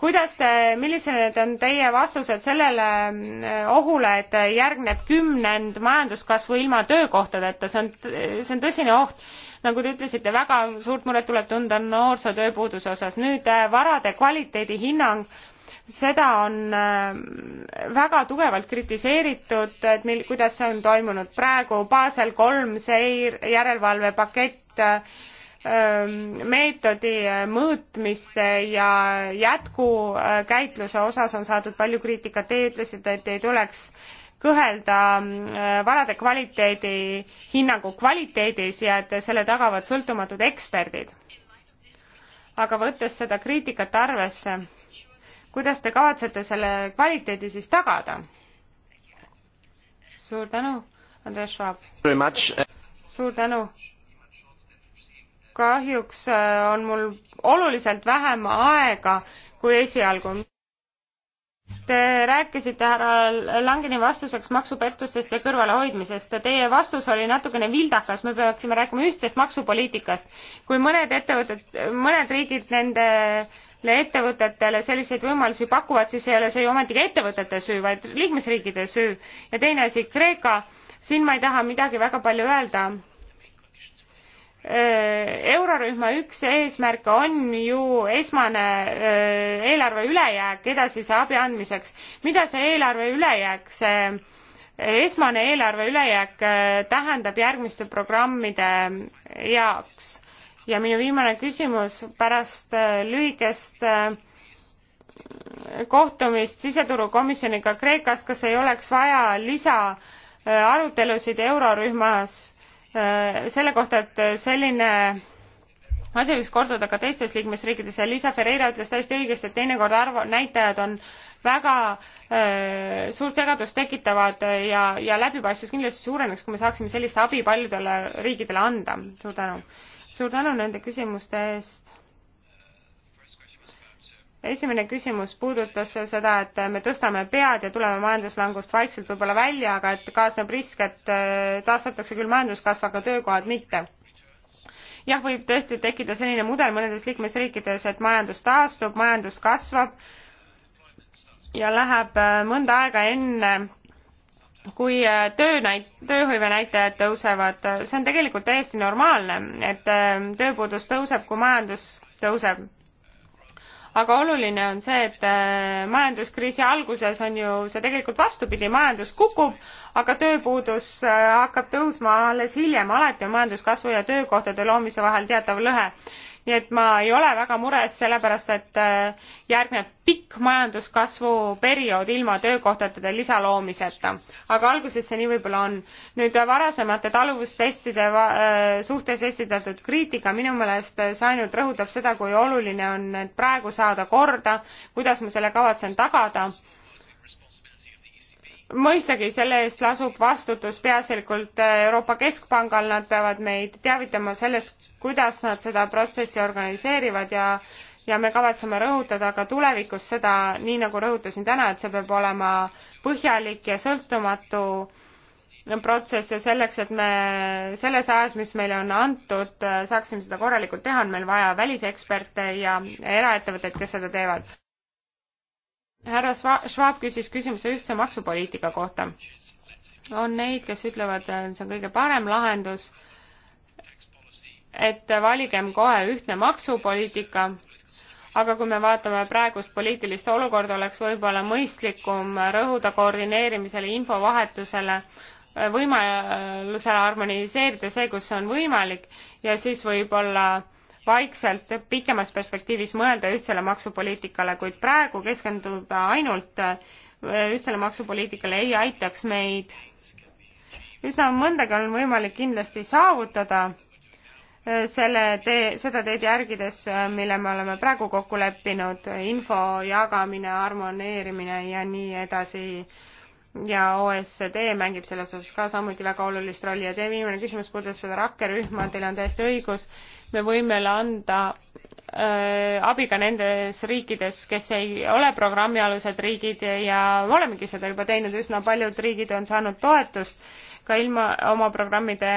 kuidas te, millised on teie vastused sellele ehm, ohule, et järgneb kümnend majanduskasvu ilma töökohtadeta, see on, see on tõsine oht. nagu te ütlesite, väga suurt muret tuleb tunda noorsootööpuuduse osas. nüüd eh, varade kvaliteedihinnang seda on äh, väga tugevalt kritiseeritud, et mil-, kuidas see on toimunud praegu, Basel kolm, see järelevalvepakett, ähm, meetodi äh, mõõtmiste ja jätkukäitluse osas on saadud palju kriitikat, teie ütlesite, et ei tuleks kõhelda äh, varade kvaliteedi hinnangu kvaliteedis ja et selle tagavad sõltumatud eksperdid. aga võttes seda kriitikat arvesse kuidas te kavatsete selle kvaliteedi siis tagada? suur tänu, Andres Schwab. suur tänu. kahjuks äh, on mul oluliselt vähem aega kui esialgu. Te rääkisite härra Langeni vastuseks maksupettustest ja kõrvalehoidmisest. Teie vastus oli natukene vildakas, me peaksime rääkima ühtsest maksupoliitikast. kui mõned ettevõtted, mõned riigid nende äh, ettevõtetele selliseid võimalusi pakuvad, siis ei ole see ju ometigi ettevõtete süü, vaid liikmesriikide süü. ja teine asi, Kreeka, siin ma ei taha midagi väga palju öelda. Äh, eurorühma üks eesmärke on ju esmane äh, eelarve ülejääk edasise abi andmiseks. mida see eelarve ülejääk, see äh, esmane eelarve ülejääk tähendab järgmiste programmide jaoks ja minu viimane küsimus pärast äh, lühikest äh, kohtumist siseturukomisjoniga Kreekas, kas ei oleks vaja lisaarutelusid äh, eurorühmas selle kohta, et selline asi võiks korduda ka teistes liikmesriikides ja Liisa Ferreira ütles täiesti õigesti, et teinekord arv, näitajad on väga äh, suurt segadust tekitavad ja, ja läbipaistvus kindlasti suureneks, kui me saaksime sellist abi paljudele riikidele anda. suur tänu suur tänu nende küsimuste eest. esimene küsimus puudutas seda, et me tõstame pead ja tuleme majanduslangust vaikselt võib-olla välja, aga et kaasneb risk, et äh, taastatakse küll majanduskasv, aga töökohad mitte jah, võib tõesti tekkida selline mudel mõnedes liikmesriikides, et majandus taastub, majandus kasvab ja läheb äh, mõnda aega enne kui äh, töönäit-, tööhõivenäitajad tõusevad, see on tegelikult täiesti normaalne, et äh, tööpuudus tõuseb, kui majandus tõuseb. aga oluline on see, et äh, majanduskriisi alguses on ju see tegelikult vastupidi, majandus kukub, aga tööpuudus hakkab tõusma alles hiljem, alati on majanduskasvu ja töökohtade loomise vahel teatav lõhe nii et ma ei ole väga mures, sellepärast et äh, järgneb pikk majanduskasvu periood ilma töökohtade lisaloomiseta. aga alguses see nii võib-olla on. nüüd äh, varasemate taluvustestide äh, suhtes esitatud kriitika minu meelest see ainult rõhutab seda, kui oluline on praegu saada korda, kuidas ma selle kavatsen tagada mõistagi, selle eest lasub vastutus peaasjalikult äh, Euroopa Keskpangal, nad peavad meid teavitama sellest, kuidas nad seda protsessi organiseerivad ja ja me kavatseme rõhutada ka tulevikus seda, nii nagu rõhutasin täna, et see peab olema põhjalik ja sõltumatu protsess ja selleks, et me selles ajas, mis meile on antud, äh, saaksime seda korralikult teha, on meil vaja väliseksperte ja eraettevõtteid, kes seda teevad härra Schwab küsis küsimuse ühtse maksupoliitika kohta. on neid, kes ütlevad, see on kõige parem lahendus, et valigem kohe ühtne maksupoliitika, aga kui me vaatame praegust poliitilist olukorda, oleks võib-olla mõistlikum rõhuda koordineerimisele, infovahetusele, võimalusele harmoniseerida see, kus on võimalik ja siis võib-olla vaikselt pikemas perspektiivis mõelda ühtsele maksupoliitikale, kuid praegu keskenduda ainult äh, ühtsele maksupoliitikale ei aitaks meid. üsna mõndagi on võimalik kindlasti saavutada äh, selle tee, seda teed järgides, äh, mille me oleme praegu kokku leppinud, info jagamine, harmoneerimine ja nii edasi. ja OSCD mängib selles osas ka samuti väga olulist rolli ja teie viimane küsimus puudutas seda rakkerühma, teil on täiesti õigus me võime anda äh, abi ka nendes riikides, kes ei ole programmi alused riigid ja me olemegi seda juba teinud, üsna paljud riigid on saanud toetust ka ilma oma programmide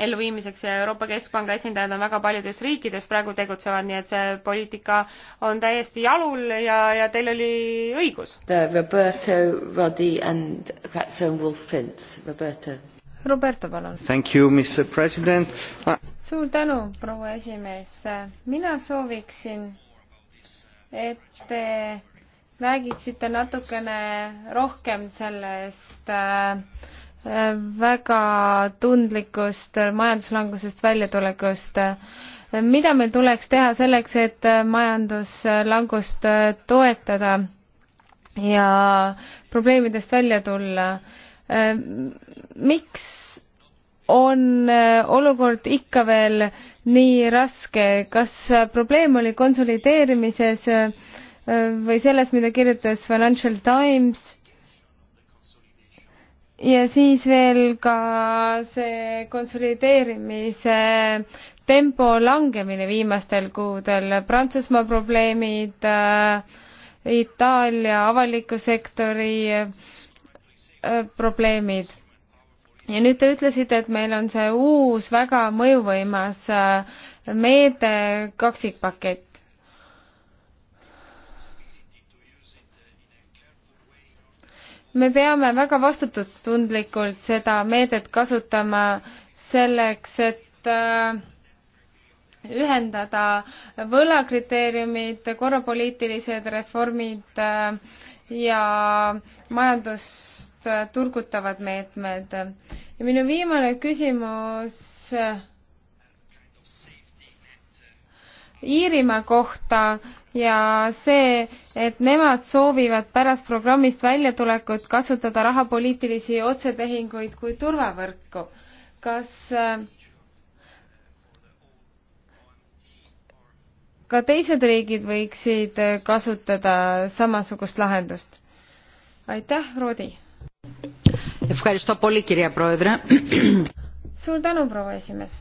elluviimiseks ja Euroopa Keskpanga esindajad on väga paljudes riikides praegu tegutsevad, nii et see poliitika on täiesti jalul ja, ja teil oli õigus. Roberto Roddi and Katson Wolf-Prints, Roberto Roberto, palun. Uh, suur tänu, proua esimees. mina sooviksin, et te räägiksite natukene rohkem sellest äh, väga tundlikust majanduslangusest väljatulekust. mida meil tuleks teha selleks, et majanduslangust toetada ja probleemidest välja tulla? Äh, miks on äh, olukord ikka veel nii raske, kas äh, probleem oli konsolideerimises või selles, mida kirjutas Financial Times? ja siis veel ka see konsolideerimise tempo langemine viimastel kuudel, Prantsusmaa probleemid, Itaalia avaliku sektori äh, Äh, probleemid. ja nüüd te ütlesite, et meil on see uus väga mõjuvõimas äh, meede, kaksikpakett. me peame väga vastutustundlikult seda meedet kasutama selleks, et äh, ühendada võlakriteeriumid, korrapoliitilised reformid äh, ja majandust turust äh, turgutavad meetmed. ja minu viimane küsimus äh, Iirimaa kohta ja see, et nemad soovivad pärast programmist väljatulekut kasutada rahapoliitilisi otsetehinguid kui turvavõrku. kas äh, ka teised riigid võiksid kasutada samasugust lahendust? aitäh, Roodi! suur tänu, proua esimees.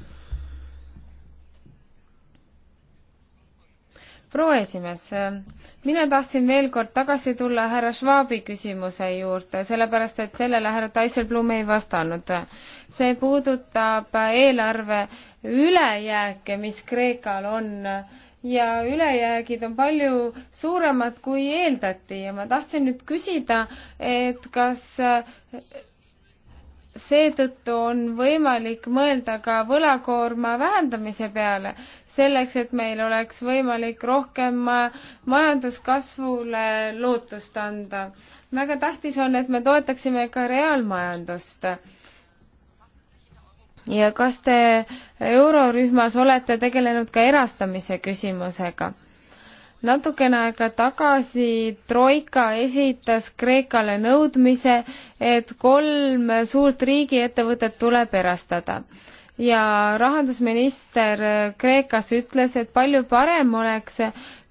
proua esimees, mina tahtsin veel kord tagasi tulla härra Schwabi küsimuse juurde, sellepärast et sellele härra Teiselblum ei vastanud. see puudutab eelarve ülejääke, mis Kreekal on ja ülejäägid on palju suuremad, kui eeldati ja ma tahtsin nüüd küsida, et kas seetõttu on võimalik mõelda ka võlakoorma vähendamise peale, selleks et meil oleks võimalik rohkem majanduskasvule lootust anda. väga tähtis on, et me toetaksime ka reaalmajandust ja kas te eurorühmas olete tegelenud ka erastamise küsimusega? natukene aega tagasi Troika esitas Kreekale nõudmise, et kolm suurt riigiettevõtet tuleb erastada ja rahandusminister Kreekas ütles, et palju parem oleks,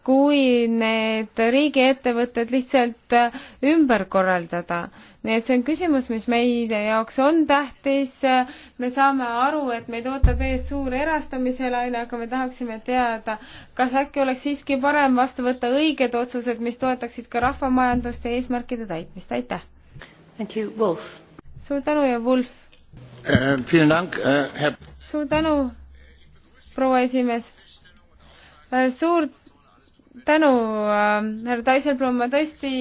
kui need riigiettevõtted lihtsalt äh, ümber korraldada. nii et see on küsimus, mis meie jaoks on tähtis, me saame aru, et meid ootab ees suur erastamise laine, aga me tahaksime teada, kas äkki oleks siiski parem vastu võtta õiged otsused, mis toetaksid ka rahvamajanduste eesmärkide täitmist, aitäh! suur tänu ja Wolf äh,! Äh, suur tänu, proua esimees! Eh, suurt tänu, äh, härra Taiselblom, ma tõesti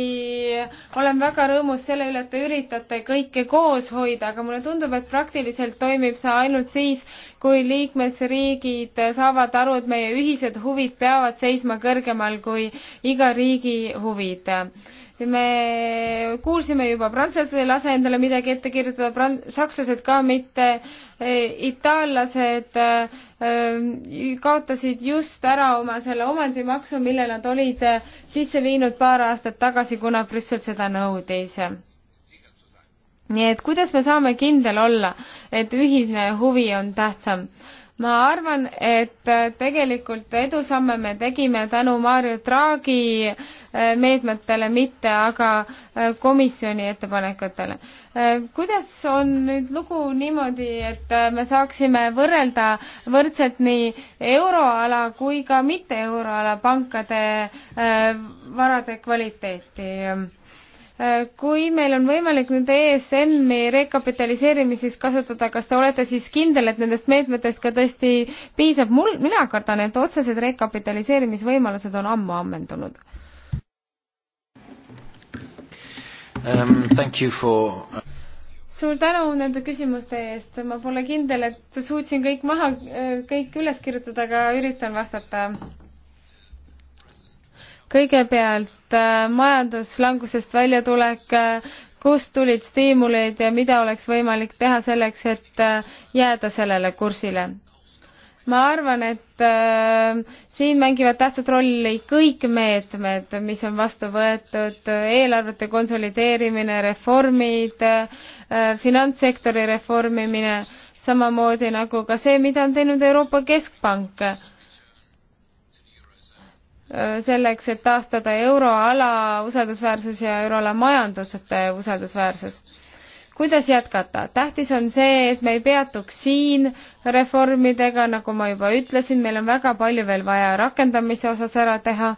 olen väga rõõmus selle üle, et te üritate kõike koos hoida, aga mulle tundub, et praktiliselt toimib see ainult siis, kui liikmesriigid saavad aru, et meie ühised huvid peavad seisma kõrgemal kui iga riigi huvid me kuulsime juba, prantslased ei lase endale midagi ette kirjutada, prant-, sakslased ka mitte, e, itaallased e, e, kaotasid just ära oma selle omandimaksu, mille nad olid sisse viinud paar aastat tagasi, kuna Brüssel seda nõudis. nii et kuidas me saame kindel olla, et ühine huvi on tähtsam? ma arvan, et äh, tegelikult edusamme me tegime tänu Mario Draghi äh, meetmetele, mitte aga äh, komisjoni ettepanekutele. kuidas on nüüd lugu niimoodi, et me saaksime võrrelda võrdselt nii euroala kui ka mitte euroala pankade varade kvaliteeti? Äh, kui meil on võimalik nüüd ESM-i rekapitaliseerimises kasutada, kas te olete siis kindel, et nendest meetmetest ka tõesti piisab? mul, mina kardan, et otsesed rekapitaliseerimisvõimalused on ammu ammendunud um,. For... Uh, suur tänu nende küsimuste eest, ma pole kindel, et suutsin kõik maha, kõik üles kirjutada, aga üritan vastata kõigepealt äh, majanduslangusest väljatulek, äh, kust tulid stiimulid ja mida oleks võimalik teha selleks, et äh, jääda sellele kursile? ma arvan, et äh, siin mängivad tähtsat rolli kõik meetmed, mis on vastu võetud, eelarvete konsolideerimine, reformid äh,, finantssektori reformimine, samamoodi nagu ka see, mida on teinud Euroopa Keskpank äh, Äh, selleks, et taastada euroala usaldusväärsus ja euroala majanduste usaldusväärsus. kuidas jätkata? tähtis on see, et me ei peatuks siin reformidega, nagu ma juba ütlesin, meil on väga palju veel vaja rakendamise osas ära teha.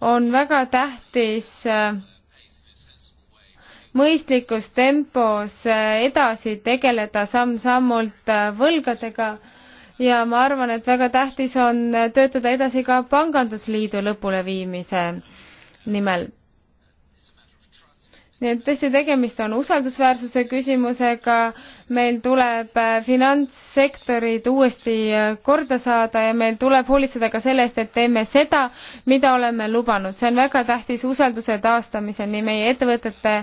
on väga tähtis äh, mõistlikus tempos äh, edasi tegeleda samm-sammult võlgadega ja ma arvan, et väga tähtis on töötada edasi ka pangandusliidu lõpuleviimise nimel. nii et tõesti, tegemist on usaldusväärsuse küsimusega, meil tuleb äh, finantssektorid uuesti äh, korda saada ja meil tuleb hoolitseda ka selle eest, et teeme seda, mida oleme lubanud. see on väga tähtis usalduse taastamisel nii meie ettevõtete,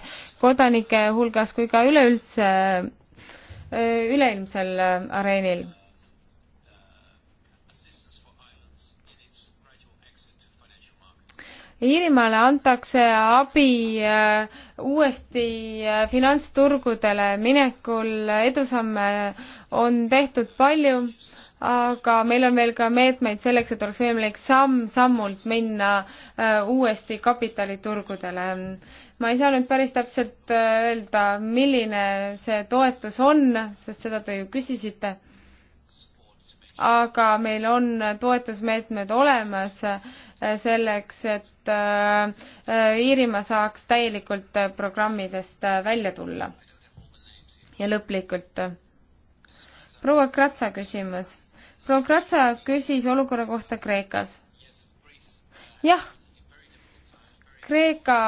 kodanike hulgas kui ka üleüldse äh, üleilmsel areenil Iirimaale antakse abi äh, uuesti äh, finantsturgudele minekul, edusamme on tehtud palju, aga meil on veel ka meetmeid selleks, et oleks võimalik samm-sammult minna äh, uuesti kapitaliturgudele. ma ei saa nüüd päris täpselt öelda, milline see toetus on, sest seda te ju küsisite aga meil on toetusmeetmed olemas Äh, selleks, et äh, Iirimaa saaks täielikult äh, programmidest välja tulla. ja lõplikult proua Kratsa küsimus. proua Kratsa küsis olukorra kohta Kreekas. jah, Kreeka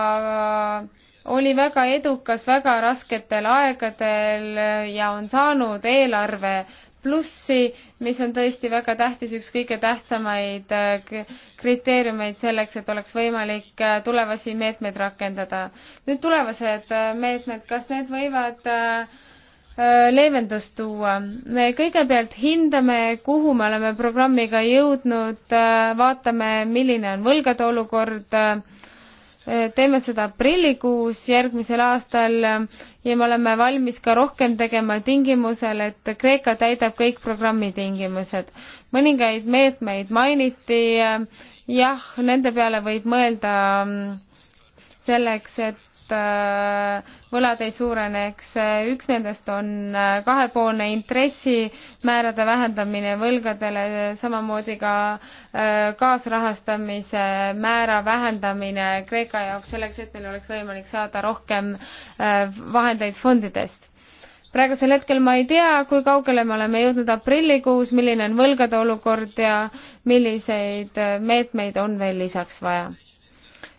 oli väga edukas väga rasketel aegadel ja on saanud eelarve plussi, mis on tõesti väga tähtis, üks kõige tähtsamaid äh, kriteeriumeid selleks, et oleks võimalik äh, tulevasi meetmeid rakendada. nüüd tulevased äh, meetmed, kas need võivad leevendust tuua. me kõigepealt hindame, kuhu me oleme programmiga jõudnud, vaatame, milline on võlgade olukord, Eh, teeme seda aprillikuus järgmisel aastal ja me oleme valmis ka rohkem tegema tingimusel, et Kreeka täidab kõik programmi tingimused. mõningaid meetmeid mainiti, jah, nende peale võib mõelda mm, selleks, et äh, võlad ei suureneks. üks nendest on äh, kahepoolne intressimäärade vähendamine võlgadele, samamoodi ka äh, kaasrahastamise määra vähendamine Kreeka jaoks selleks, et neil oleks võimalik saada rohkem vahendeid fondidest praegusel hetkel ma ei tea, kui kaugele me oleme jõudnud aprillikuus, milline on võlgade olukord ja milliseid meetmeid on veel lisaks vaja.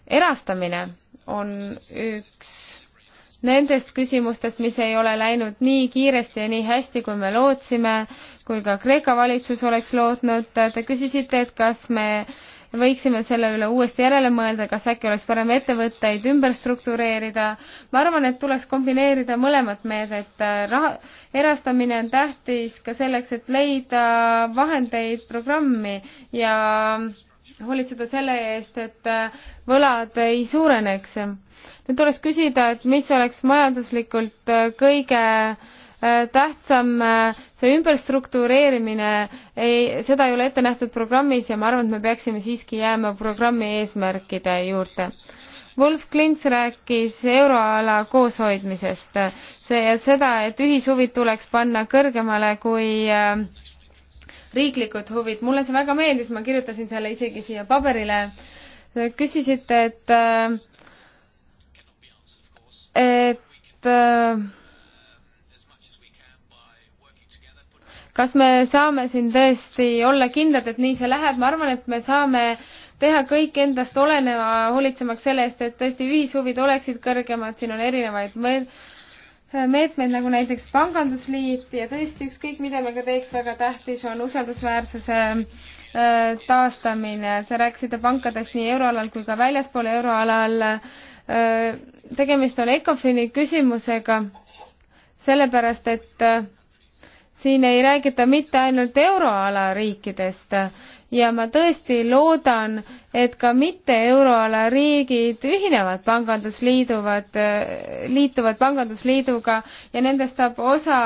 erastamine on üks nendest küsimustest, mis ei ole läinud nii kiiresti ja nii hästi, kui me lootsime, kui ka Kreeka valitsus oleks lootnud. Te küsisite, et kas me võiksime selle üle uuesti järele mõelda, kas äkki oleks parem ettevõtteid ümber struktureerida. ma arvan, et tuleks kombineerida mõlemat meedet. raha, erastamine on tähtis ka selleks, et leida vahendeid programmi ja äh, hoolitseda selle eest, et äh, võlad ei suureneks. nüüd tuleks küsida, et mis oleks majanduslikult äh, kõige äh, tähtsam see ümberstruktureerimine, ei, seda ei ole ette nähtud programmis ja ma arvan, et me peaksime siiski jääma programmi eesmärkide juurde. Wolf Klints rääkis euroala kooshoidmisest see ja seda, et ühishuvid tuleks panna kõrgemale kui äh, riiklikud huvid. mulle see väga meeldis, ma kirjutasin selle isegi siia paberile. küsisite, et, et kas me saame siin tõesti olla kindlad, et nii see läheb, ma arvan, et me saame teha kõik endast oleneva, hoolitsemaks selle eest, et tõesti ühishuvid oleksid kõrgemad, siin on erinevaid mõõd-, meetmeid nagu näiteks Pangandusliit ja tõesti, ükskõik mida me ka teeks, väga tähtis on usaldusväärsuse äh, taastamine. sa rääkisid pankadest nii euroalal kui ka väljaspool euroalal. Äh, tegemist on ECOFIN-i küsimusega, sellepärast et äh, siin ei räägita mitte ainult euroala riikidest ja ma tõesti loodan, et ka mitte euroala riigid ühinevad pangandusliiduvad, liituvad pangandusliiduga ja nendest saab osa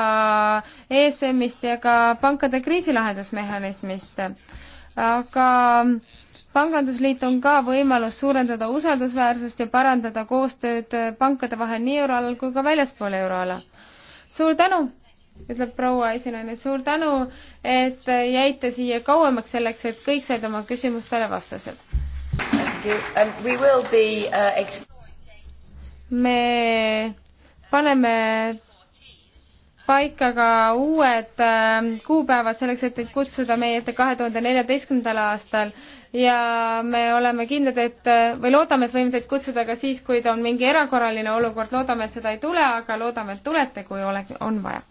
ESM-ist ja ka pankade kriisilahendusmehhanismist. aga pangandusliit on ka võimalus suurendada usaldusväärsust ja parandada koostööd pankade vahel nii euroalal kui ka väljaspool euroala. suur tänu! ütleb proua esinaine, suur tänu, et jäite siia kauemaks selleks, et kõik said oma küsimustele vastused. Um, uh, me paneme paika ka uued ähm, kuupäevad selleks, et teid kutsuda meie ette kahe tuhande neljateistkümnendal aastal ja me oleme kindlad, et äh, või loodame, et võime teid kutsuda ka siis, kui ta on mingi erakorraline olukord, loodame, et seda ei tule, aga loodame, et tulete, kui ole, on vaja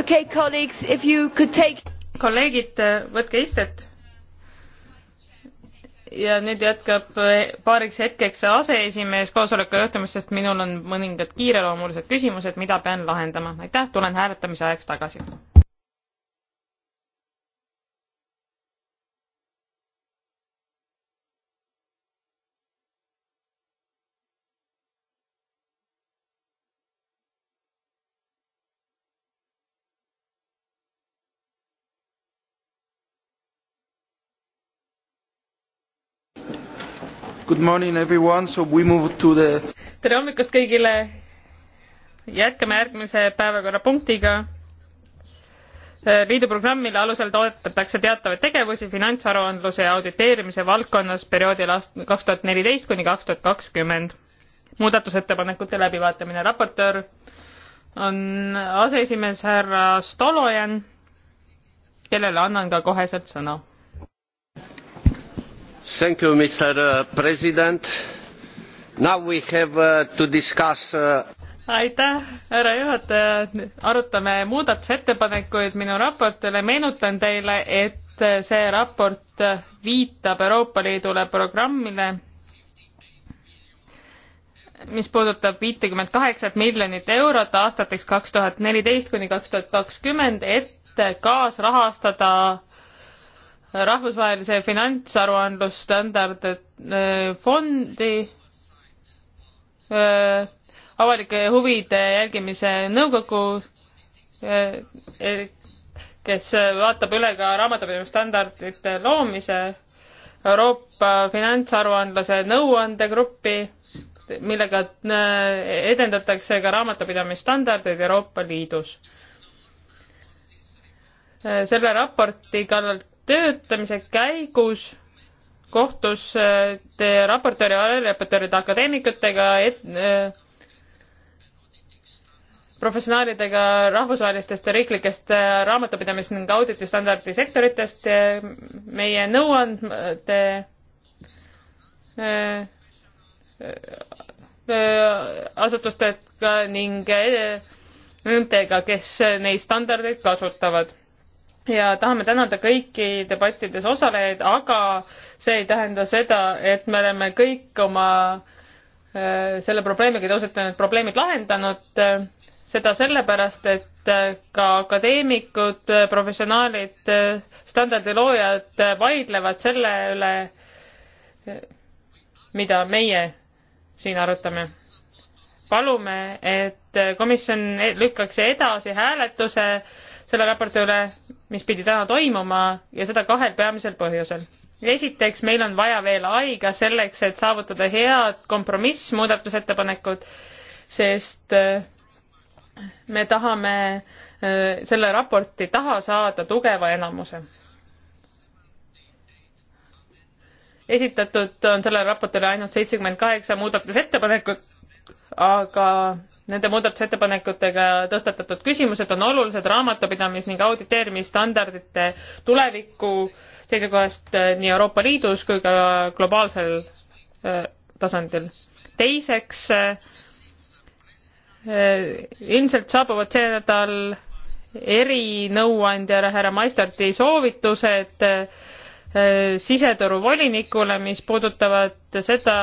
Okay, colleagues, if you could take... kolleegid, võtke istet. ja nüüd jätkab eh, paariks hetkeks aseesimees koosoleku juhtimist, sest minul on mõningad kiireloomulised küsimused, mida pean lahendama. aitäh, tulen hääletamise ajaks tagasi. Good morning everyone, so we move to the tere hommikust kõigile! jätkame järgmise päevakorrapunktiga. Äh, liidu programmile alusel toodetakse teatavaid tegevusi finantsaruandluse ja auditeerimise valdkonnas perioodil kaks tuhat neliteist kuni kaks tuhat kakskümmend. muudatusettepanekute läbivaatamine, raportöör on aseesimees härra Stolojan, kellele annan ka koheselt sõna Thank you, Mr uh, President. Now we have uh, to discuss uh, aitäh, härra juhataja, arutame muudatusettepanekuid minu raportile, meenutan teile, et see raport viitab Euroopa Liidule programmile, mis puudutab viitekümmet kaheksat miljonit eurot aastateks kaks tuhat neliteist kuni kaks tuhat kakskümmend, et kaasrahastada rahvusvahelise finantsaruandlusstandard äh, fondi äh, avalike huvide jälgimise nõukogu, äh, er-, kes vaatab üle ka raamatupidamisstandardite loomise, Euroopa finantsaruandluse nõuandegruppi, millega edendatakse ka raamatupidamisstandardeid Euroopa Liidus. selle raporti kallal töötamise käigus kohtus teie äh, raportööri ja allraportööride akadeemikutega et, äh, professionaalidega rahvusvahelistest ja riiklikest äh, raamatupidamis- ning auditistandardi sektoritest, meie nõuandmete asutustega ning nendega, kes neid standardeid kasutavad ja tahame tänada kõiki debattides osalejaid, aga see ei tähenda seda, et me oleme kõik oma äh, selle probleemiga tõusetunud probleemid lahendanud. Äh, seda sellepärast, et äh, ka akadeemikud, professionaalid, standardiloojad vaidlevad selle üle, mida meie siin arutame. palume, et komisjon lükkaks edasi hääletuse selle raporti üle, mis pidi täna toimuma ja seda kahel peamisel põhjusel. esiteks, meil on vaja veel aega selleks, et saavutada head kompromissmuudatusettepanekud, sest äh, me tahame äh, selle raporti taha saada tugeva enamuse. esitatud on sellele raportile ainult seitsekümmend kaheksa muudatusettepanekut, aga Nende muudatusettepanekutega tõstatatud küsimused on olulised raamatupidamis- ning auditeerimisstandardite tuleviku seisukohast äh, nii Euroopa Liidus kui ka globaalsel äh, tasandil. teiseks, äh, ilmselt saabuvad see nädal erinõuandja härra Maistarti soovitused siseturu volinikule, mis puudutavad seda,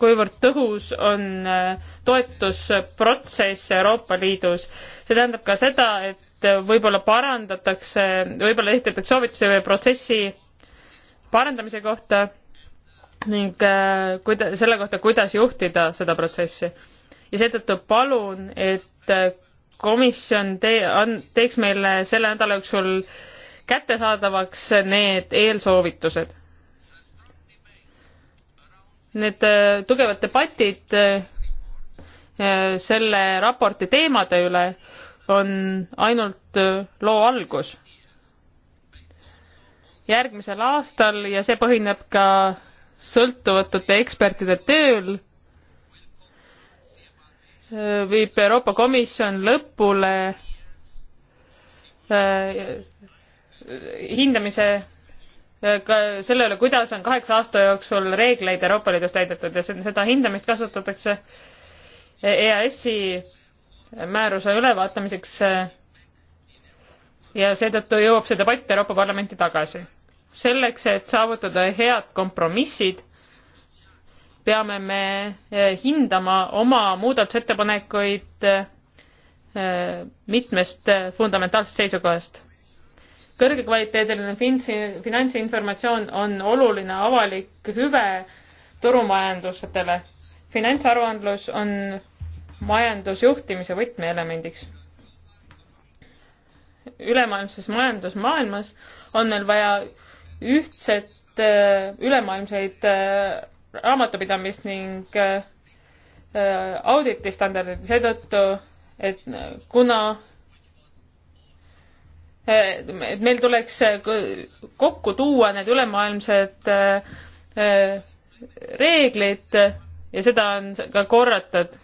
kuivõrd tõhus on äh, toetusprotsess Euroopa Liidus. see tähendab ka seda, et äh, võib-olla parandatakse, võib-olla esitatakse soovitusi või protsessi parandamise kohta ning äh, kuida-, selle kohta, kuidas juhtida seda protsessi. ja seetõttu palun, et komisjon tee-, an-, teeks meile selle nädala jooksul kättesaadavaks need eelsoovitused need äh, tugevad debatid äh, äh, selle raporti teemade üle on ainult loo algus. järgmisel aastal ja see põhineb ka sõltuvatute ekspertide tööl, viib Euroopa Komisjon lõpule hindamise ka selle üle, kuidas on kaheksa aasta jooksul reegleid Euroopa Liidus täidetud ja seda hindamist kasutatakse EAS-i määruse ülevaatamiseks ja seetõttu jõuab see debatt Euroopa Parlamenti tagasi. selleks, et saavutada head kompromissid, peame me eh, hindama oma muudatusettepanekuid eh, mitmest fundamentaalsest seisukohast kõrgekvaliteediline finantsi, finantsinformatsioon on oluline avalik hüve turumajandusele. finantsaruandlus on majandusjuhtimise võtmeelemendiks. ülemaailmses majandusmaailmas on meil vaja ühtset äh, ülemaailmseid äh, raamatupidamist ning äh, auditistandardid seetõttu, et kuna et meil tuleks äh, kokku tuua need ülemaailmsed äh, äh, reeglid ja seda on ka korratud.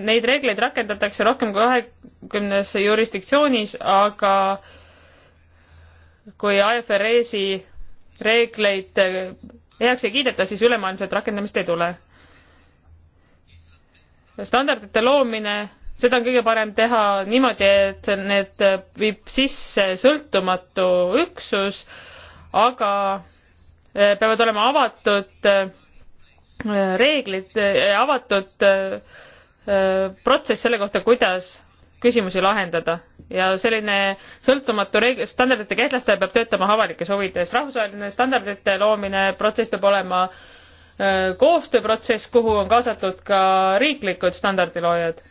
Neid reegleid rakendatakse rohkem kui kahekümnes jurisdiktsioonis, aga kui IFRS-i reegleid heaks ei kiideta, siis ülemaailmset rakendamist ei tule. standardite loomine seda on kõige parem teha niimoodi, et need viib sisse sõltumatu üksus, aga eh, peavad olema avatud eh, reeglid, eh, avatud protsess selle kohta, kuidas küsimusi lahendada ja selline sõltumatu reeg-, standardite kehtestaja peab töötama avalikes huvides. rahvusvaheline standardite loomine, protsess peab olema koostööprotsess, kuhu on kaasatud ka riiklikud standardiloojad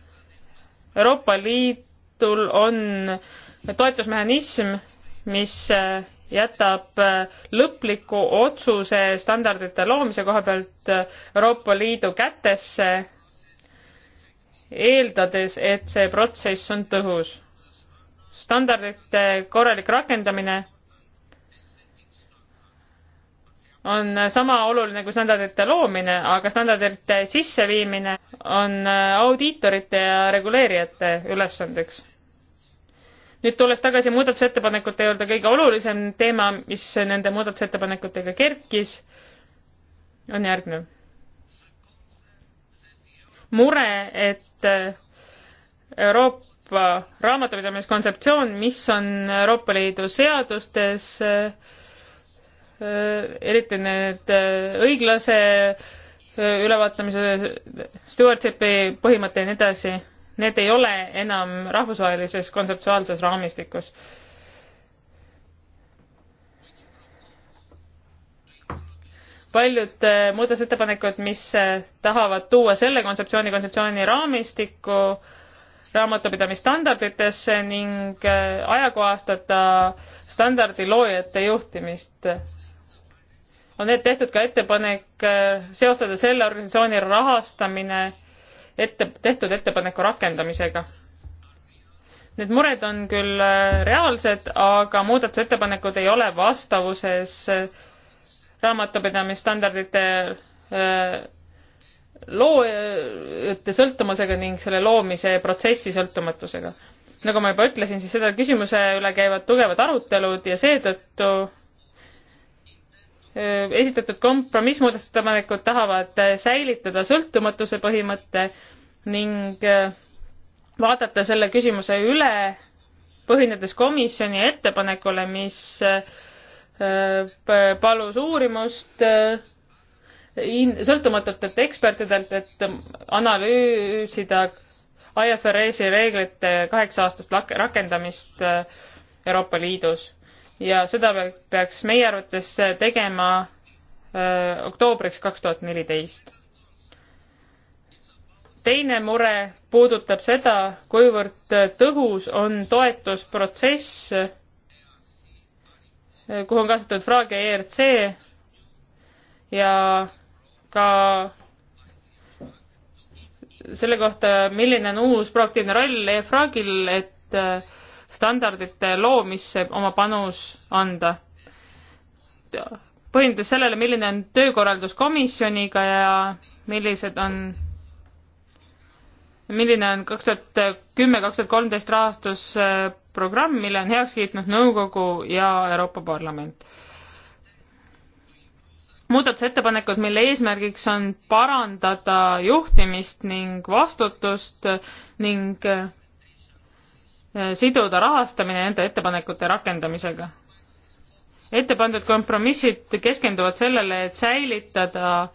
Euroopa Liidul on toetusmehhanism, mis eh, jätab eh, lõpliku otsuse standardite loomise koha pealt eh, Euroopa Liidu kätesse, eeldades, et see protsess on tõhus. standardite korralik rakendamine on sama oluline kui standardite loomine, aga standardite sisseviimine on audiitorite ja reguleerijate ülesandeks. nüüd tulles tagasi muudatusettepanekute juurde, kõige olulisem teema, mis nende muudatusettepanekutega kerkis, on järgnev. mure, et Euroopa raamatupidamiskontseptsioon, mis on Euroopa Liidu seadustes äh, eriti need äh, õiglase äh, ülevaatamise, stewardship'i põhimõte ja nii edasi, need ei ole enam rahvusvahelises kontseptuaalses raamistikus. paljud äh, muudatusettepanekud, mis tahavad tuua selle kontseptsiooni kontseptsiooni raamistikku, raamatupidamisstandarditesse ning ajakohastada standardi loojate juhtimist on tehtud ka ettepanek äh, seostada selle organisatsiooni rahastamine ette, tehtud ettepaneku rakendamisega. Need mured on küll äh, reaalsed, aga muudatusettepanekud ei ole vastavuses äh, raamatupidamisstandardite loojate sõltumusega ning selle loomise protsessi sõltumatusega. nagu ma juba ütlesin, siis selle küsimuse üle käivad tugevad arutelud ja seetõttu Äh, esitatud kompromissmuudatusettepanekud tahavad äh, säilitada sõltumatuse põhimõtte ning äh, vaadata selle küsimuse üle, põhinedes komisjoni ettepanekule, mis palus uurimust sõltumatutelt ekspertidelt, et analüüsida IFRS-i reeglite kaheksa aastast rakendamist Euroopa Liidus ja seda peaks meie arvates tegema öö, oktoobriks kaks tuhat neliteist. teine mure puudutab seda, kuivõrd tõhus on toetusprotsess, kuhu on kaasatud Fraag ja ERC ja ka selle kohta, milline on uus proaktiivne roll EFRAGil, et äh, standardite loomisse oma panus anda. põhjendades sellele, milline on töökorraldus komisjoniga ja millised on, milline on kaks tuhat kümme, kaks tuhat kolmteist rahastusprogramm, mille on heaks kiitnud Nõukogu ja Euroopa Parlament muudatusettepanekud, mille eesmärgiks on parandada juhtimist ning vastutust ning Äh, siduda rahastamine nende ettepanekute rakendamisega. ette pandud kompromissid keskenduvad sellele, et säilitada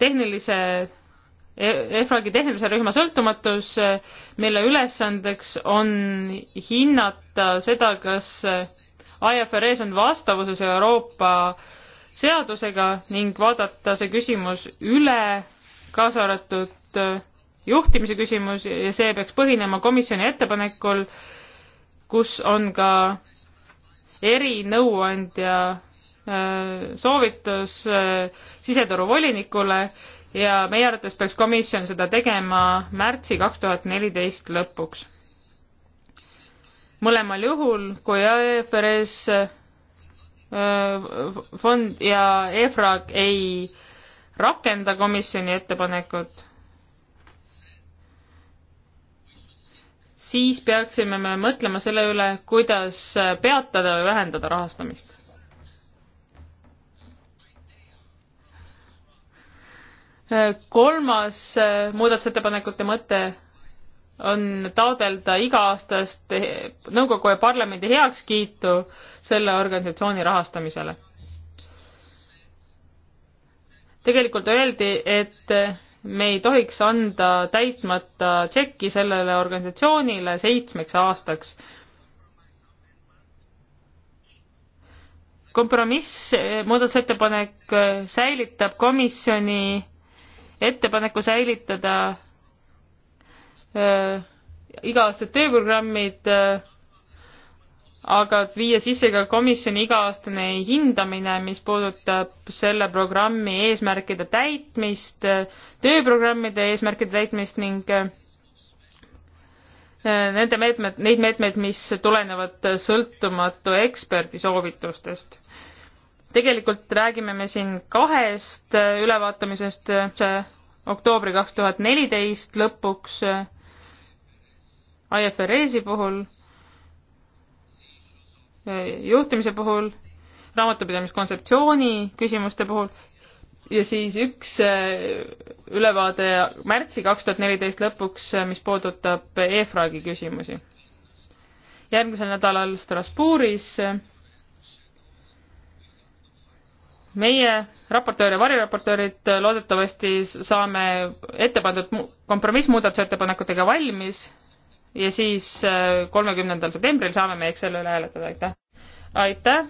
tehnilise e-, EFRAGi tehnilise rühma sõltumatus, mille ülesandeks on hinnata seda, kas IFRS on vastavuses Euroopa seadusega ning vaadata see küsimus üle, kaasa arvatud juhtimise küsimus ja see peaks põhinema komisjoni ettepanekul, kus on ka erinõuandja äh, soovitus äh, siseturu volinikule ja meie arvates peaks komisjon seda tegema märtsi kaks tuhat neliteist lõpuks. mõlemal juhul, kui EFRS äh, fond ja EFRAG ei rakenda komisjoni ettepanekut, siis peaksime me mõtlema selle üle, kuidas peatada või vähendada rahastamist. kolmas muudatusettepanekute mõte on taodelda iga-aastast nõukogu ja parlamendi heakskiitu selle organisatsiooni rahastamisele. tegelikult öeldi, et me ei tohiks anda täitmata tšekki sellele organisatsioonile seitsmeks aastaks. kompromiss, muudatusettepanek säilitab komisjoni ettepaneku säilitada äh, iga-aastased tööprogrammid äh, aga viia sisse ka komisjoni iga-aastane hindamine, mis puudutab selle programmi eesmärkide täitmist, tööprogrammide eesmärkide täitmist ning äh, nende meetmed, neid meetmeid, mis tulenevad sõltumatu eksperdi soovitustest. tegelikult räägime me siin kahest äh, ülevaatamisest, äh, see oktoobri kaks tuhat neliteist lõpuks IFRS-i puhul juhtimise puhul, raamatupidamiskontseptsiooni küsimuste puhul ja siis üks äh, ülevaade märtsi kaks tuhat neliteist lõpuks, äh, mis puudutab EFRAGi küsimusi. järgmisel nädalal Strasbourgis äh, meie raportöör ja variraportöörid loodetavasti saame ette pandud kompromissmuudatusettepanekutega valmis ja siis äh, kolmekümnendal septembril saame me eks selle üle hääletada, aitäh. aitäh,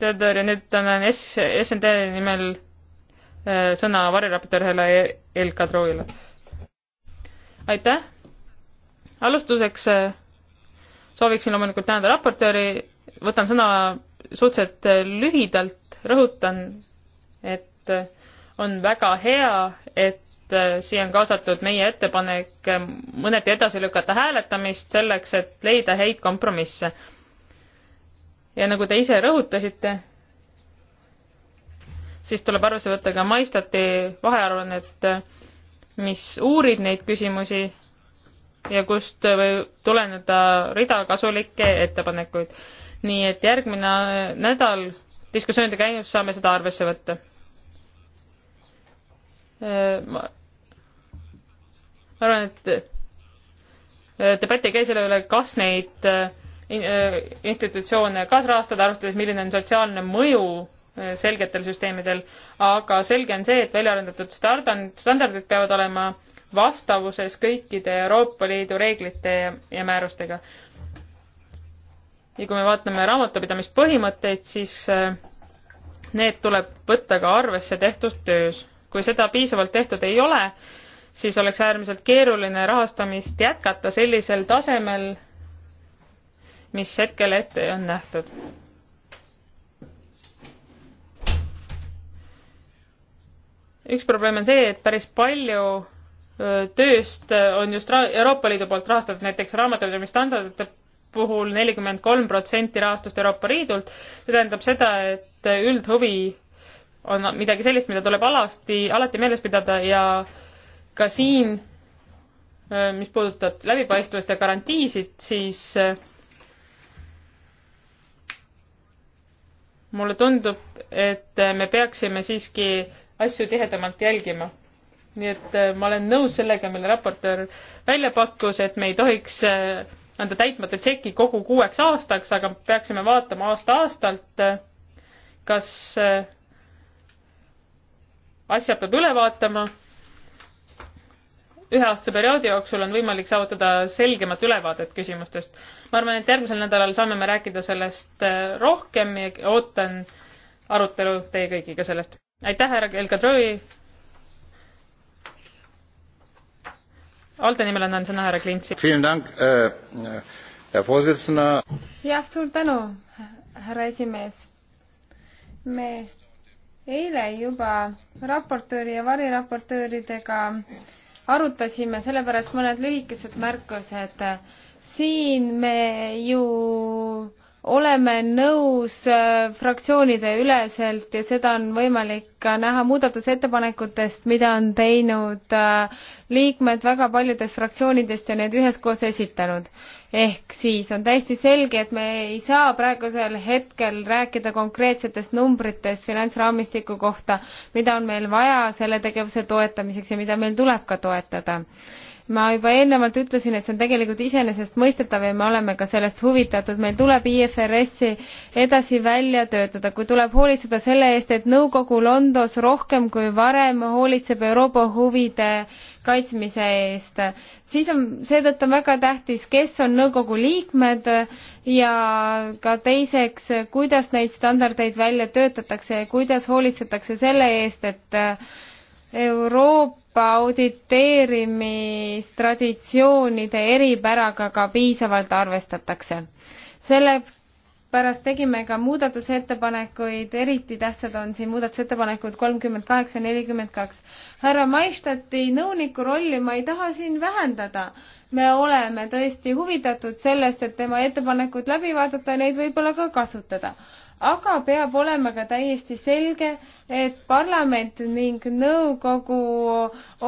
Theodor ja nüüd annan S-, SND nimel äh, sõna variraportöörile e, Elka Truuile. aitäh! alustuseks äh, sooviksin loomulikult tänada raportööri, võtan sõna suhteliselt lühidalt, rõhutan, et on väga hea, et Äh, siia on kaasatud meie ettepanek äh, mõneti edasi lükata hääletamist selleks, et leida häid kompromisse. ja nagu te ise rõhutasite, siis tuleb arvesse võtta ka maistati vahearuannet, mis uurib neid küsimusi ja kust võib tuleneda rida kasulikke ettepanekuid. nii et järgmine nädal diskussioonide käigus saame seda arvesse võtta. Äh, ma ma arvan, et äh, debatt ei käi selle üle, kas neid äh, äh, institutsioone kaasrahastada, arvestades, milline on sotsiaalne mõju selgetel süsteemidel, aga selge on see, et välja arendatud standard, standardid peavad olema vastavuses kõikide Euroopa Liidu reeglite ja määrustega. ja kui me vaatame raamatupidamispõhimõtteid, siis need tuleb võtta ka arvesse tehtud töös. kui seda piisavalt tehtud ei ole, siis oleks äärmiselt keeruline rahastamist jätkata sellisel tasemel, mis hetkel ette on nähtud. üks probleem on see, et päris palju tööst on just Euroopa Liidu poolt rahastatud, näiteks raamatupidamisstandardite puhul nelikümmend kolm protsenti rahastust Euroopa Liidult. see tähendab seda, et üldhuvi on midagi sellist, mida tuleb alasti, alati meeles pidada ja äh, ka siin, äh, mis puudutab läbipaistvust ja garantiisid, siis äh, mulle tundub, et äh, me peaksime siiski asju tihedamalt jälgima. nii et ma olen nõus sellega, mille raportöör välja pakkus, et me ei tohiks anda täitmata tšeki kogu kuueks aastaks, aga peaksime vaatama aasta-aastalt, kas asja peab üle vaatama üheaastase perioodi jooksul on võimalik saavutada selgemat ülevaadet küsimustest. ma arvan, et järgmisel nädalal saame me rääkida sellest äh, rohkem ja ootan arutelu teie kõigiga sellest. aitäh, härra Elkadrovi. Alde nimel annan sõna härra Klintsi. Äh, jah, suur tänu, härra esimees. me eile juba raportööri ja variraportööridega arutasime, sellepärast mõned lühikesed märkused. siin me ju oleme nõus äh, fraktsioonide üleselt ja seda on võimalik ka näha muudatusettepanekutest, mida on teinud äh, liikmed väga paljudest fraktsioonidest ja need üheskoos esitanud. ehk siis on täiesti selge, et me ei saa praegusel hetkel rääkida konkreetsetest numbritest finantsraamistiku kohta, mida on meil vaja selle tegevuse toetamiseks ja mida meil tuleb ka toetada ma juba eelnevalt ütlesin, et see on tegelikult iseenesestmõistetav ja me oleme ka sellest huvitatud, meil tuleb IFRS-i edasi välja töötada, kui tuleb hoolitseda selle eest, et nõukogu Londos rohkem kui varem hoolitseb Euroopa huvide kaitsmise eest, siis on, seetõttu on väga tähtis, kes on nõukogu liikmed ja ka teiseks, kuidas neid standardeid välja töötatakse ja kuidas hoolitsetakse selle eest, et Euroopa auditeerimistraditsioonide eripäraga ka piisavalt arvestatakse. sellepärast tegime ka muudatusettepanekuid, eriti tähtsad on siin muudatusettepanekud kolmkümmend kaheksa, nelikümmend kaks. härra Maistati nõuniku rolli ma ei taha siin vähendada me oleme tõesti huvitatud sellest, et tema ettepanekud läbi vaadata ja neid võib-olla ka kasutada aga peab olema ka täiesti selge, et parlament ning nõukogu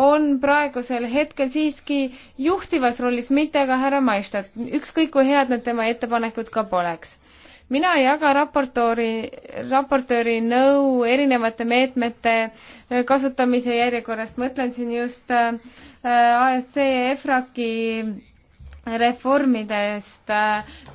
on praegusel hetkel siiski juhtivas rollis, mitte aga härra Maistat, ükskõik kui head need tema ettepanekud ka poleks. mina ei jaga raportööri, raportööri nõu erinevate meetmete kasutamise järjekorrast, mõtlen siin just äh, ASC ja e EFRAK-i reformidest.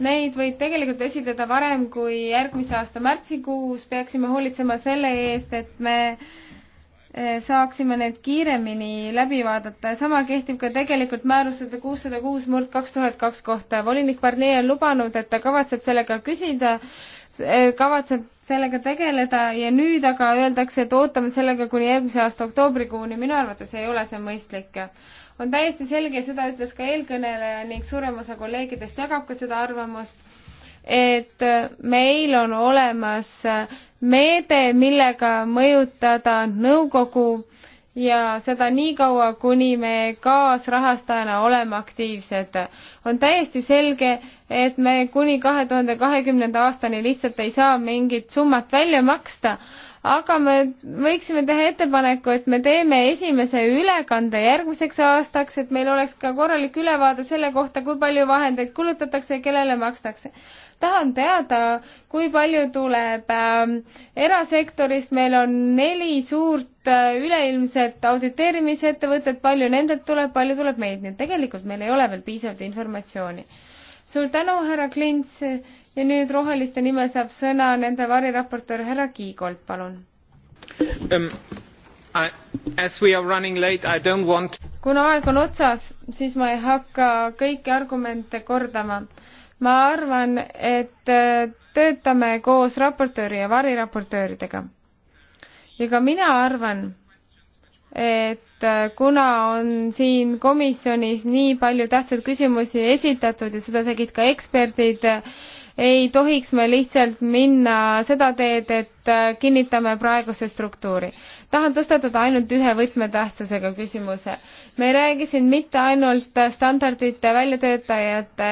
Neid võib tegelikult esitleda varem kui järgmise aasta märtsikuus, peaksime hoolitsema selle eest, et me eh, saaksime need kiiremini läbi vaadata ja sama kehtib ka tegelikult määrustada kuussada kuus murd kaks tuhat kaks kohta. volinik Barnier on lubanud, et ta kavatseb sellega küsida, eh, kavatseb sellega tegeleda ja nüüd aga öeldakse, et ootame sellega kuni järgmise aasta oktoobrikuuni. minu arvates ei ole see mõistlik on täiesti selge, seda ütles ka eelkõneleja ning suurem osa kolleegidest jagab ka seda arvamust, et meil on olemas meede, millega mõjutada nõukogu ja seda niikaua, kuni me kaasrahastajana oleme aktiivsed. on täiesti selge, et me kuni kahe tuhande kahekümnenda aastani lihtsalt ei saa mingit summat välja maksta aga me võiksime teha ettepaneku, et me teeme esimese ülekande järgmiseks aastaks, et meil oleks ka korralik ülevaade selle kohta, kui palju vahendeid kulutatakse ja kellele makstakse. tahan teada, kui palju tuleb äh, erasektorist, meil on neli suurt äh, üleilmset auditeerimisettevõtet, palju nendelt tuleb, palju tuleb meilt, nii et tegelikult meil ei ole veel piisavalt informatsiooni suur tänu, härra Klints ja nüüd Roheliste nimel saab sõna nende variraportöör härra Kiigolt, palun um,. Want... kuna aeg on otsas, siis ma ei hakka kõiki argumente kordama. ma arvan, et äh, töötame koos raportööri ja variraportööridega. ja ka mina arvan, et äh, kuna on siin komisjonis nii palju tähtsaid küsimusi esitatud ja seda tegid ka eksperdid, ei tohiks me lihtsalt minna seda teed, et äh, kinnitame praeguse struktuuri. tahan tõstatada ainult ühe võtmetähtsusega küsimuse. me ei räägi siin mitte ainult äh, standardite väljatöötajate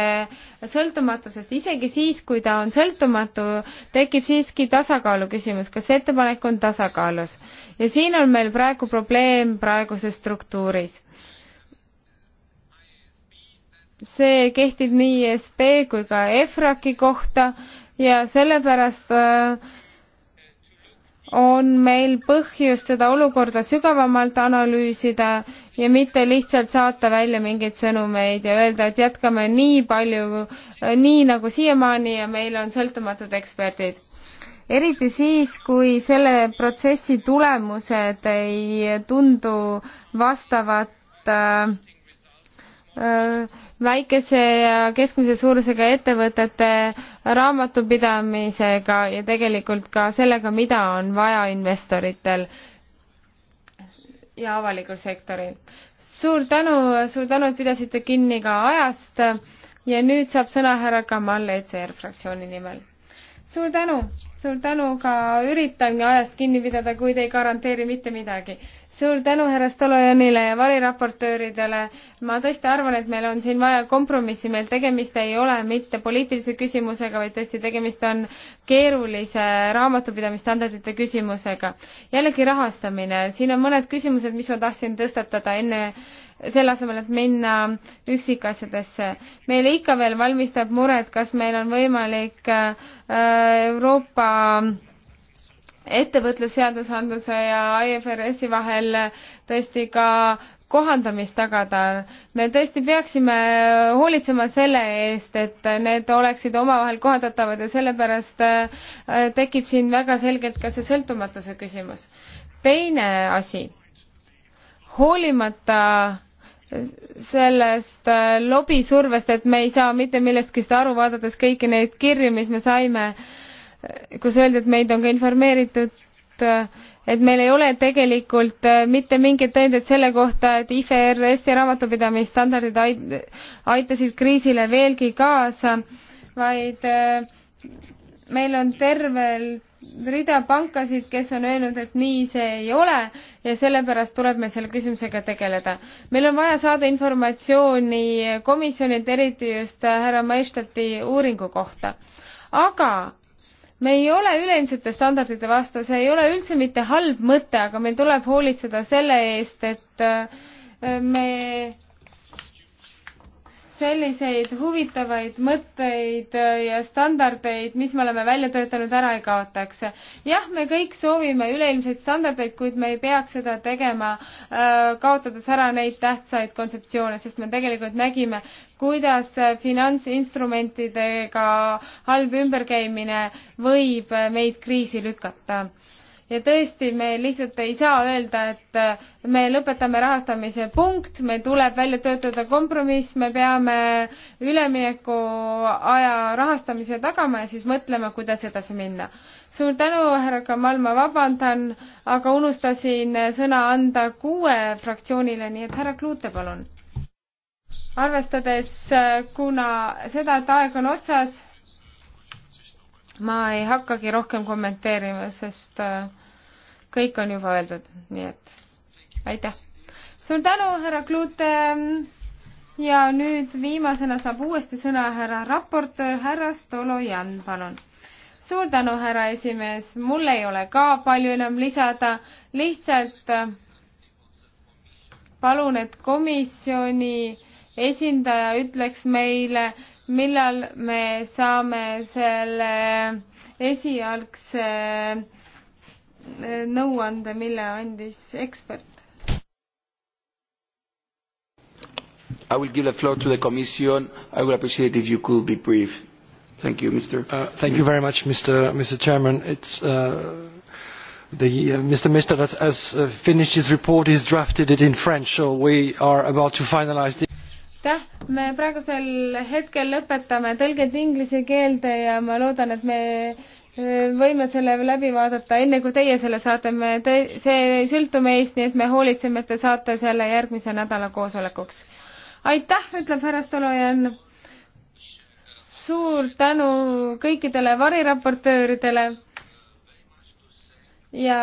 sõltumatusest, isegi siis, kui ta on sõltumatu, tekib siiski tasakaalu küsimus, kas ettepanek on tasakaalus. ja siin on meil praegu probleem praeguses struktuuris see kehtib nii ESB kui ka EFRAK-i kohta ja sellepärast äh, on meil põhjust seda olukorda sügavamalt analüüsida ja mitte lihtsalt saata välja mingeid sõnumeid ja öelda, et jätkame nii palju, äh, nii nagu siiamaani ja meil on sõltumatud eksperdid eriti siis, kui selle protsessi tulemused ei tundu vastavat äh, väikese ja keskmise suurusega ettevõtete raamatupidamisega ja tegelikult ka sellega, mida on vaja investoritel ja avalikul sektoril. suur tänu, suur tänu, et pidasite kinni ka ajast ja nüüd saab sõna härra Kamal ECR fraktsiooni nimel. suur tänu, suur tänu, ka üritan ajast kinni pidada, kuid ei garanteeri mitte midagi suur tänu härra Stolojanile ja variraportööridele. ma tõesti arvan, et meil on siin vaja kompromissi, meil tegemist ei ole mitte poliitilise küsimusega, vaid tõesti tegemist on keerulise raamatupidamisstandardite küsimusega. jällegi rahastamine, siin on mõned küsimused, mis ma tahtsin tõstatada enne selle asemel, et minna üksikasjadesse. meile ikka veel valmistab muret, kas meil on võimalik äh, Euroopa äh, ettevõtlusseadusandluse ja IFRS-i vahel tõesti ka kohandamist tagada. me tõesti peaksime hoolitsema selle eest, et need oleksid omavahel kohandatavad ja sellepärast äh, tekib siin väga selgelt ka see sõltumatuse küsimus. teine asi, hoolimata sellest äh, lobisurvest, et me ei saa mitte millestki aru, vaadates kõiki neid kirju, mis me saime äh, kus öeldi, et meid on ka informeeritud, et meil ei ole tegelikult äh, mitte mingeid tõendeid selle kohta, et IFRS-i raamatupidamisstandardid aitasid kriisile veelgi kaasa, vaid äh, meil on tervel rida pankasid, kes on öelnud, et nii see ei ole ja sellepärast tuleb meil selle küsimusega tegeleda. meil on vaja saada informatsiooni komisjonilt, eriti just äh, härra Maestati uuringu kohta. aga me ei ole üleilmsete standardite vastu, see ei ole üldse mitte halb mõte, aga meil tuleb hoolitseda selle eest, et äh, me selliseid huvitavaid mõtteid ja standardeid, mis me oleme välja töötanud, ära ei kaotaks. jah, me kõik soovime üleilmseid standardeid, kuid me ei peaks seda tegema, äh, kaotades ära neid tähtsaid kontseptsioone, sest me tegelikult nägime, kuidas finantsinstrumentidega halb ümberkäimine võib meid kriisi lükata ja tõesti, me lihtsalt ei saa öelda, et äh, me lõpetame rahastamise punkt, meil tuleb välja töötada kompromiss, me peame üleminekuaja rahastamise tagama ja siis mõtlema, kuidas edasi minna. suur tänu, härra Kamal, ma vabandan, aga unustasin sõna anda kuue fraktsioonile, nii et härra Kluute, palun. arvestades, äh, kuna seda, et aeg on otsas ma ei hakkagi rohkem kommenteerima, sest äh, kõik on juba öeldud, nii et aitäh. suur tänu, härra Klute. ja nüüd viimasena saab uuesti sõna härra raportöör, härra Stolojan, palun. suur tänu, härra esimees, mul ei ole ka palju enam lisada, lihtsalt äh, palun, et komisjoni esindaja ütleks meile, millal me saame selle esialgse eh, nõuande, mille andis ekspert? I will give the floor to the Commission. I would appreciate if you could be brief. Thank you, Mr. Uh, thank you very much, Mr. Mr. Chairman. It's uh, the, uh, Mr. Mr. has, has uh, finished his report. He's drafted it in French, so we are about to finalize the aitäh, me praegusel hetkel lõpetame tõlged inglise keelde ja ma loodan, et me äh, võime selle läbi vaadata, enne kui teie selle saate, me, see ei sõltu meist, nii et me hoolitseme, et te saate selle järgmise nädala koosolekuks. aitäh, ütleb härra Stolojan. suur tänu kõikidele variraportööridele ja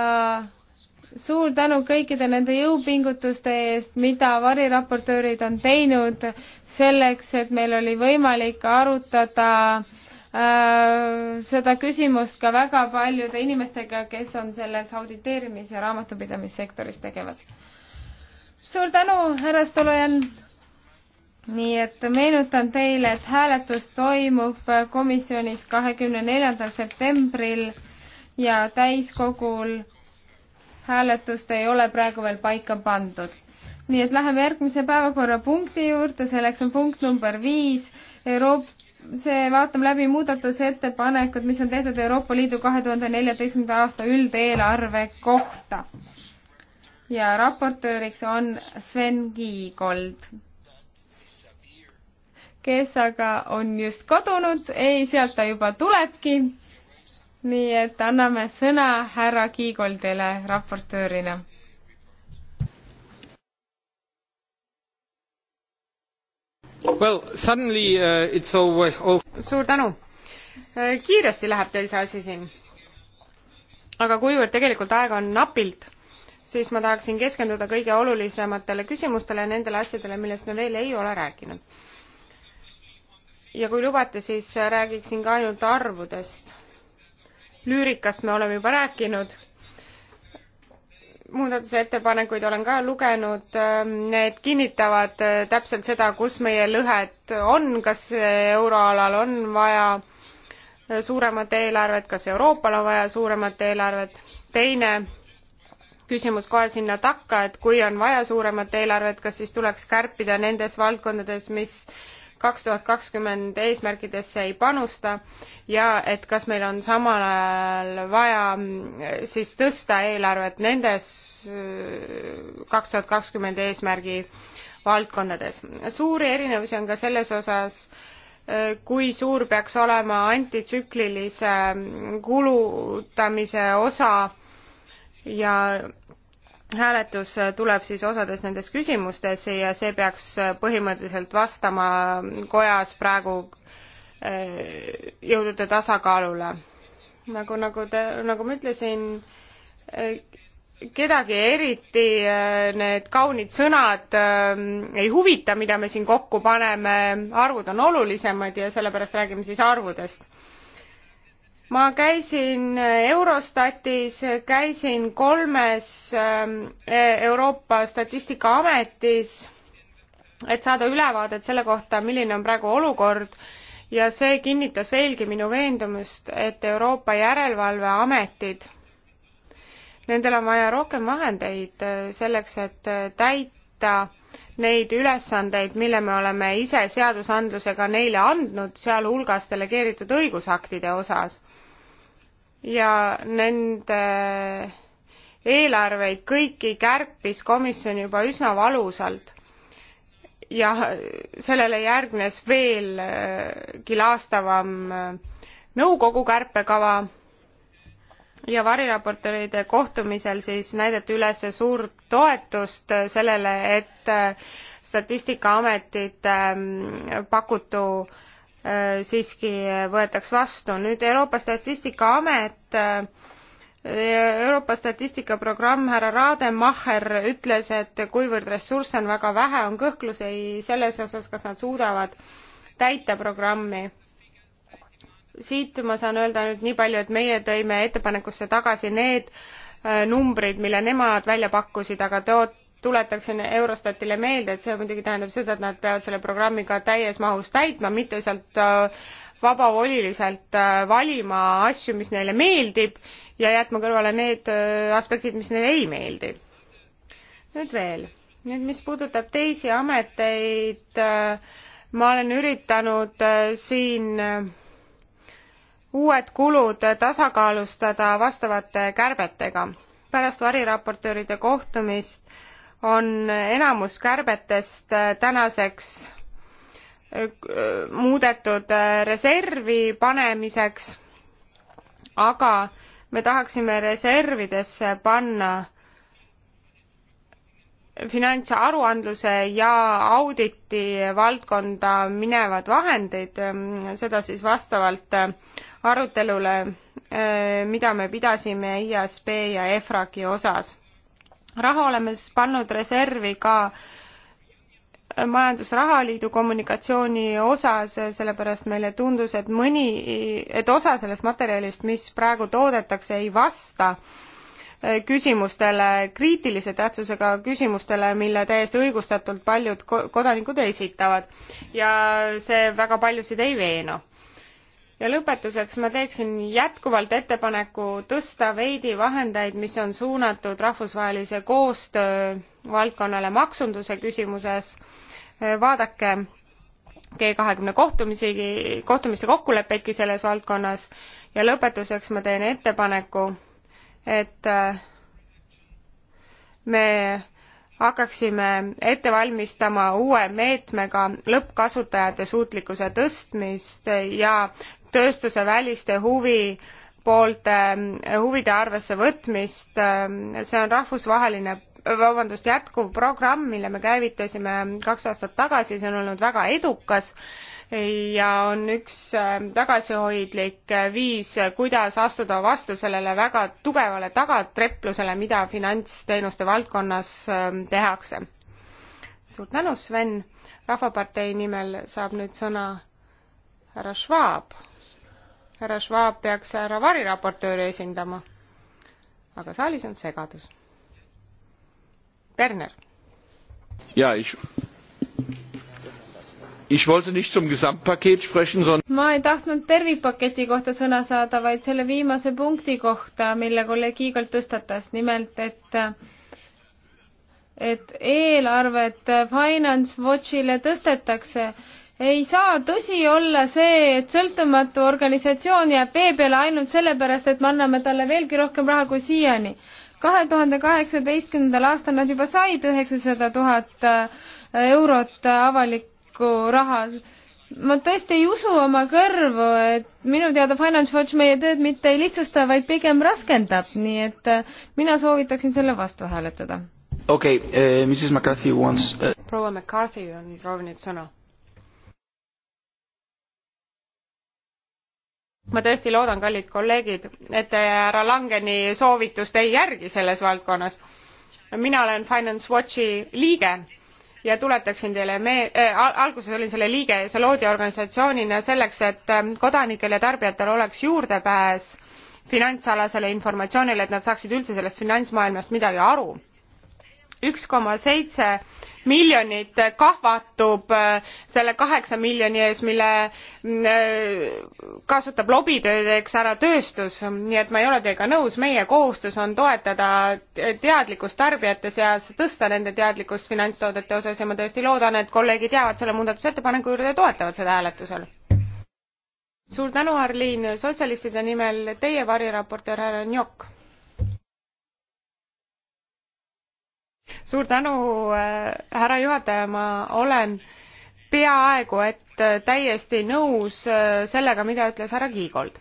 suur tänu kõikide nende jõupingutuste eest, mida variraportöörid on teinud selleks, et meil oli võimalik arutada äh, seda küsimust ka väga paljude inimestega, kes on selles auditeerimis- ja raamatupidamissektoris tegevad. suur tänu, härra Stolojan! nii et meenutan teile, et hääletus toimub komisjonis kahekümne neljandal septembril ja täiskogul hääletust ei ole praegu veel paika pandud. nii et läheme järgmise päevakorrapunkti juurde, selleks on punkt number viis, Euroop-, see, vaatame läbi muudatusettepanekud, mis on tehtud Euroopa Liidu kahe tuhande neljateistkümnenda aasta üldeelarve kohta. ja raportööriks on Sven Kiigold, kes aga on just kadunud, ei, sealt ta juba tulebki nii et anname sõna härra Kiigoldile raportöörina. Well, suddenly uh, it's all, uh, all... suur tänu. Äh, kiiresti läheb teil see asi siin. aga kuivõrd tegelikult aega on napilt, siis ma tahaksin keskenduda kõige olulisematele küsimustele ja nendele asjadele, millest me veel ei ole rääkinud. ja kui lubate, siis räägiksin ka ainult arvudest lüürikast me oleme juba rääkinud muudatusettepanekuid olen ka lugenud, need kinnitavad täpselt seda, kus meie lõhed on, kas euroalal on vaja suuremat eelarvet, kas Euroopal on vaja suuremat eelarvet. teine küsimus kohe sinna takka, et kui on vaja suuremat eelarvet, kas siis tuleks kärpida nendes valdkondades, mis kaks tuhat kakskümmend eesmärkidesse ei panusta ja et kas meil on samal ajal vaja mm, siis tõsta eelarvet nendes äh, kaks tuhat kakskümmend eesmärgi valdkondades. suuri erinevusi on ka selles osas, äh, kui suur peaks olema antitsüklilise mm, kulutamise osa ja hääletus tuleb siis osades nendes küsimustes ja see peaks põhimõtteliselt vastama kojas praegu eh, jõudude tasakaalule. nagu, nagu te, nagu ma ütlesin, eh, kedagi eriti eh, need kaunid sõnad ei huvita, mida me siin kokku paneme, arvud on olulisemad ja sellepärast räägime siis arvudest ma käisin Eurostatis, käisin kolmes ähm, e, Euroopa Statistikaametis, et saada ülevaadet selle kohta, milline on praegu olukord ja see kinnitas veelgi minu veendumust, et Euroopa Järelevalveametid, nendel on vaja rohkem vahendeid äh, selleks, et äh, täita neid ülesandeid, mille me oleme ise seadusandlusega neile andnud, sealhulgas delegeeritud õigusaktide osas ja nende eelarveid kõiki kärpis komisjon juba üsna valusalt ja sellele järgnes veelgi äh, laastavam äh, nõukogu kärpekava ja variraportööride kohtumisel siis näidati üles suurt toetust äh, sellele et statistikaametite ähm, pakutu äh, Äh, siiski võetaks vastu. nüüd Euroopa Statistikaamet, äh, Euroopa statistikaprogramm härra Rademacher ütles, et kuivõrd ressursse on väga vähe, on kõhklusi selles osas, kas nad suudavad täita programmi. siit ma saan öelda nüüd nii palju, et meie tõime ettepanekusse tagasi need äh, numbrid, mille nemad välja pakkusid, aga toot-, tuletaksin Eurostatile meelde, et see muidugi tähendab seda, et nad peavad selle programmi ka täies mahus täitma, mitte sealt äh, vabavoliliselt äh, valima asju, mis neile meeldib ja jätma kõrvale need äh, aspektid, mis neile ei meeldi. nüüd veel, nüüd mis puudutab teisi ameteid, ma olen üritanud siin uued kulud tasakaalustada vastavate kärbetega. pärast variraportööride kohtumist äh, on enamus kärbetest tänaseks äh, muudetud äh, reservi panemiseks, aga me tahaksime reservidesse panna finantsaruandluse ja auditi valdkonda minevad vahendid, äh, seda siis vastavalt arutelule, mida me pidasime ISB ja EFRAGi osas raha oleme siis pannud reservi ka majandusrahaliidu kommunikatsiooni osas, sellepärast meile tundus, et mõni, et osa sellest materjalist, mis praegu toodetakse, ei vasta küsimustele, kriitilise tähtsusega küsimustele, mille täiesti õigustatult paljud kodanikud esitavad. ja see väga paljusid ei veena ja lõpetuseks ma teeksin jätkuvalt ettepaneku tõsta veidi vahendeid mis on suunatud rahvusvahelise koostöö valdkonnale maksunduse küsimuses vaadake g kohtumisi kohtumiste kokkuleppeidki selles valdkonnas ja lõpetuseks ma teen ettepaneku et me hakkaksime ette valmistama uue meetmega lõppkasutajate suutlikkuse tõstmist ja tööstuse väliste huvi poolte ähm, huvide arvesse võtmist, ähm, see on rahvusvaheline vabandust, jätkuv programm, mille me käivitasime kaks aastat tagasi, see on olnud väga edukas ja on üks ähm, tagasihoidlik viis, kuidas astuda vastu sellele väga tugevale tagatreplusele, mida finantsteenuste valdkonnas tehakse. suur tänu, Sven. rahvapartei nimel saab nüüd sõna härra Schwab härra Schwab peaks härra variraportööri esindama. aga saalis on segadus. Werner. ja, ich ich wollte nicht zum Gesamtpaket sprechen, sondern ma ei tahtnud tervikpaketi kohta sõna saada, vaid selle viimase punkti kohta, mille kolleeg Igor tõstatas, nimelt et et eelarvet Finance Watchile tõstetakse ei saa tõsi olla see, et sõltumatu organisatsioon jääb vee peale ainult sellepärast, et me anname talle veelgi rohkem raha kui siiani. kahe tuhande kaheksateistkümnendal aastal nad juba said üheksasada tuhat äh, eurot avalikku raha. ma tõesti ei usu oma kõrvu, et minu teada Finance Watch meie tööd mitte ei lihtsusta, vaid pigem raskendab, nii et äh, mina soovitaksin selle vastu hääletada. okei okay, uh,, Mrs McCarthy wants uh.... proua McCarthy on proovinud sõna ma tõesti loodan, kallid kolleegid, et te härra Langeni soovitust ei järgi selles valdkonnas. mina olen Finance Watchi liige ja tuletaksin teile mee- äh,, alguses olin selle liige ja see loodi organisatsioonina selleks, et ähm, kodanikel ja tarbijatel oleks juurdepääs finantsalasele informatsioonile, et nad saaksid üldse sellest finantsmaailmast midagi aru üks koma seitse miljonit kahvatub äh, selle kaheksa miljoni ees mille mm, äh, kasutab lobitöödeks ära tööstus nii et ma ei ole teiega nõus meie kohustus on toetada teadlikkust tarbijate seas tõsta nende teadlikkust finantstoodete osas ja ma tõesti loodan et kolleegid jäävad selle muudatusettepaneku juurde ja toetavad seda hääletusel suur tänu arlene sotsialistide nimel teie variraportöör härra njok suur tänu, äh, härra juhataja, ma olen peaaegu et äh, täiesti nõus äh, sellega, mida ütles härra Kiigold.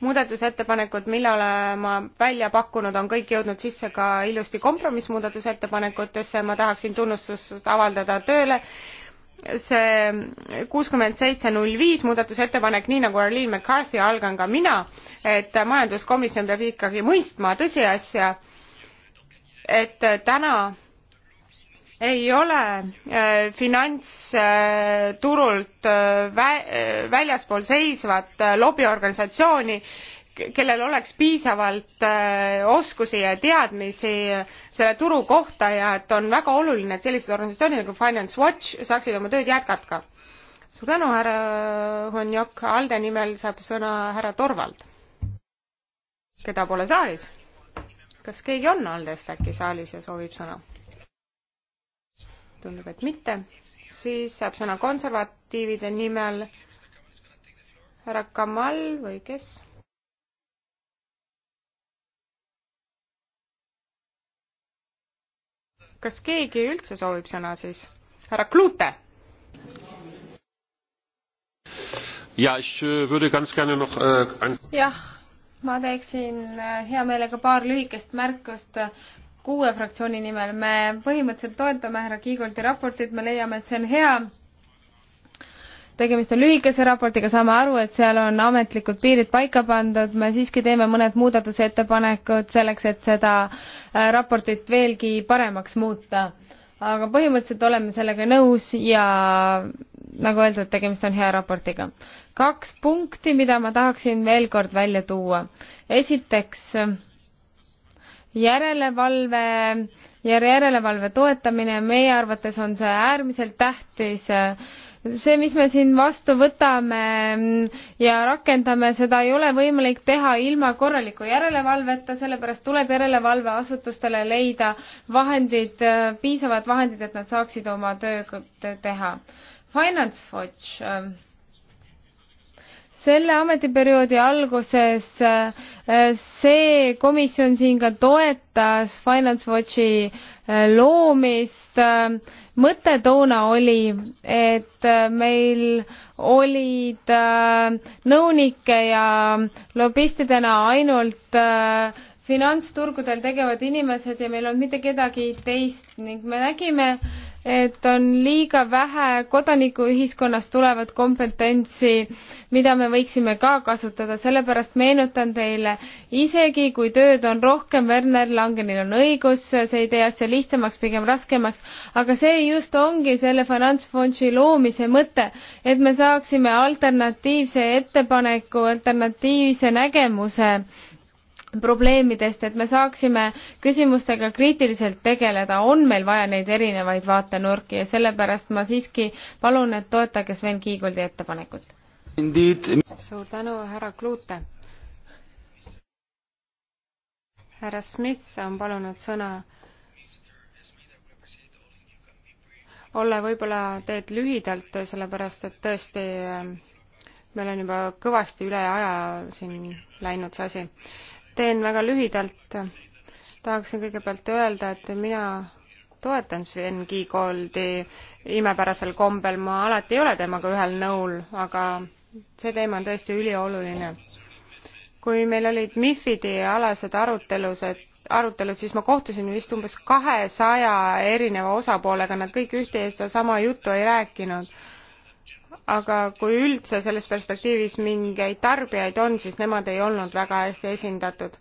muudatusettepanekud, mille olen ma välja pakkunud, on kõik jõudnud sisse ka ilusti kompromissmuudatusettepanekutesse, ma tahaksin tunnustust avaldada tööle see kuuskümmend seitse null viis muudatusettepanek nii nagu arlene mccarthy algan ka mina et majanduskomisjon peab ikkagi mõistma tõsiasja et täna ei ole äh, finantsturult äh, vä- äh, väljaspool seisvat lobiorganisatsiooni kellel oleks piisavalt oskusi ja teadmisi selle turu kohta ja et on väga oluline et sellised organisatsioonid nagu finance watch saaksid oma tööd jätkata suur tänu härra honjok alde nimel saab sõna härra torvald keda pole saalis kas keegi on Aldest äkki saalis ja soovib sõna? tundub, et mitte. siis saab sõna konservatiivide nimel härra Kamal või kes? kas keegi üldse soovib sõna siis? härra Klute äh, äh, jah, ma teeksin äh, hea meelega paar lühikest märkust kuue fraktsiooni nimel. me põhimõtteliselt toetame härra Kiigoldi raportit, me leiame, et see on hea. tegemist on lühikese raportiga, saame aru, et seal on ametlikud piirid paika pandud, me siiski teeme mõned muudatusettepanekud selleks, et seda äh, raportit veelgi paremaks muuta. aga põhimõtteliselt oleme sellega nõus ja nagu öeldud, tegemist on hea raportiga. kaks punkti, mida ma tahaksin veel kord välja tuua. esiteks järelevalve ja järelevalve toetamine, meie arvates on see äärmiselt tähtis. see, mis me siin vastu võtame ja rakendame, seda ei ole võimalik teha ilma korraliku järelevalveta, sellepärast tuleb järelevalveasutustele leida vahendid, piisavad vahendid, et nad saaksid oma tööd teha Finance Watch ähm, selle ametiperioodi alguses äh, see komisjon siin ka toetas Finance Watchi äh, loomist. Ähm, mõte toona oli, et äh, meil olid nõunike ja lobistidena ainult finantsturgudel tegevad inimesed ja meil ei olnud mitte kedagi teist ning me nägime, et on liiga vähe kodanikuühiskonnast tulevat kompetentsi, mida me võiksime ka kasutada, sellepärast meenutan teile, isegi kui tööd on rohkem, Werner Langenil on õigus, see ei tee asja lihtsamaks, pigem raskemaks, aga see just ongi selle finantsfondi loomise mõte, et me saaksime alternatiivse ettepaneku, alternatiivse nägemuse äh, probleemidest, et me saaksime küsimustega kriitiliselt tegeleda, on meil vaja neid erinevaid vaatenurki ja sellepärast ma siiski palun, et toetage Sven Kiigoldi ettepanekut. suur tänu, härra Klute. härra Smith on palunud sõna. Olle, võib-olla teed lühidalt, sellepärast et tõesti ähm, meil on juba kõvasti üle aja siin läinud see asi teen väga lühidalt. tahaksin kõigepealt öelda, et mina toetan Sven Kiigoldi imepärasel kombel, ma alati ei ole temaga ühel nõul, aga see teema on tõesti ülioluline. kui meil olid MIFID-i alased arutelused, arutelud, siis ma kohtusin vist umbes kahesaja erineva osapoolega, nad kõik ühte ja sedasama juttu ei rääkinud aga kui üldse selles perspektiivis mingeid tarbijaid on, siis nemad ei olnud väga hästi esindatud.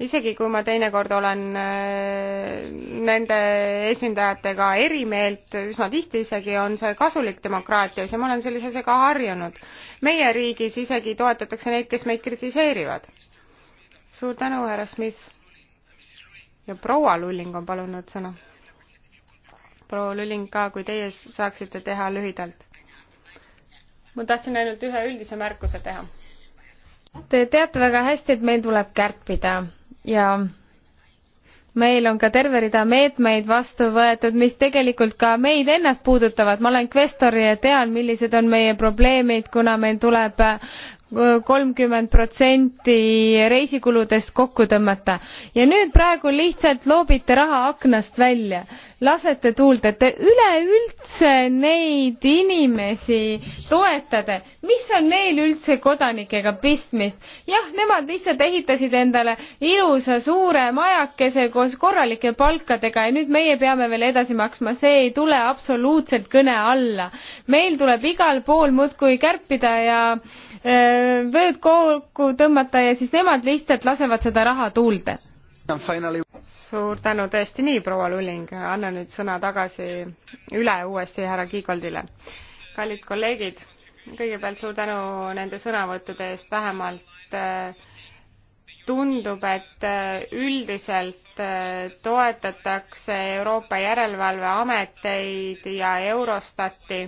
isegi kui ma teinekord olen äh, nende esindajatega eri meelt, üsna tihti isegi on see kasulik demokraatias ja ma olen sellise asjaga harjunud. meie riigis isegi toetatakse neid, kes meid kritiseerivad. suur tänu, härra Smith. ja proua Lulling on palunud sõna. proua Lulling ka, kui teie saaksite teha lühidalt ma tahtsin ainult ühe üldise märkuse teha. Te teate väga hästi, et meil tuleb kärpida ja meil on ka terve rida meetmeid vastu võetud, mis tegelikult ka meid ennast puudutavad. ma olen kvestor ja tean, millised on meie probleemid, kuna meil tuleb kolmkümmend protsenti reisikuludest kokku tõmmata ja nüüd praegu lihtsalt loobite raha aknast välja lasete tuult et te üleüldse neid inimesi toetate mis on neil üldse kodanikega pistmist jah nemad lihtsalt ehitasid endale ilusa suure majakese koos korralike palkadega ja nüüd meie peame veel edasi maksma see ei tule absoluutselt kõne alla meil tuleb igal pool muudkui kärpida ja Äh, vööd kokku tõmmata ja siis nemad lihtsalt lasevad seda raha tuulde. Finally... suur tänu, tõesti nii, proua Luling, annan nüüd sõna tagasi üle uuesti härra Kiigoldile. kallid kolleegid, kõigepealt suur tänu nende sõnavõttude eest, vähemalt äh, tundub, et äh, üldiselt toetatakse Euroopa Järelevalveameteid ja Eurostati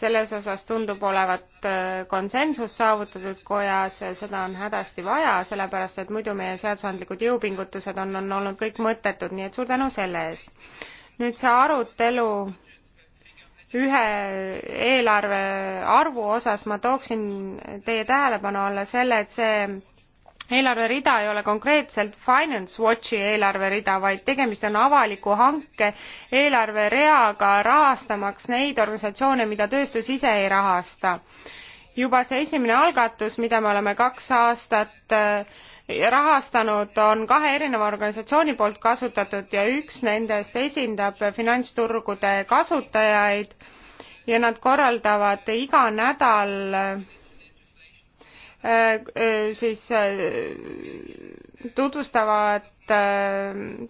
selles osas tundub olevat äh, konsensus saavutatud kojas, seda on hädasti vaja, sellepärast et muidu meie seadusandlikud jõupingutused on, on olnud kõik mõttetud, nii et suur tänu selle eest. nüüd see arutelu ühe eelarve arvu osas ma tooksin teie tähelepanu alla selle, et see eelarverida ei ole konkreetselt finance watchi eelarverida vaid tegemist on avaliku hanke eelarvereaga rahastamaks neid organisatsioone mida tööstus ise ei rahasta. juba see esimene algatus mida me oleme kaks aastat äh, rahastanud on kahe erineva organisatsiooni poolt kasutatud ja üks nendest esindab finantsturgude kasutajaid ja nad korraldavad iga nädal äh, Äh, äh, siis äh, tutvustavad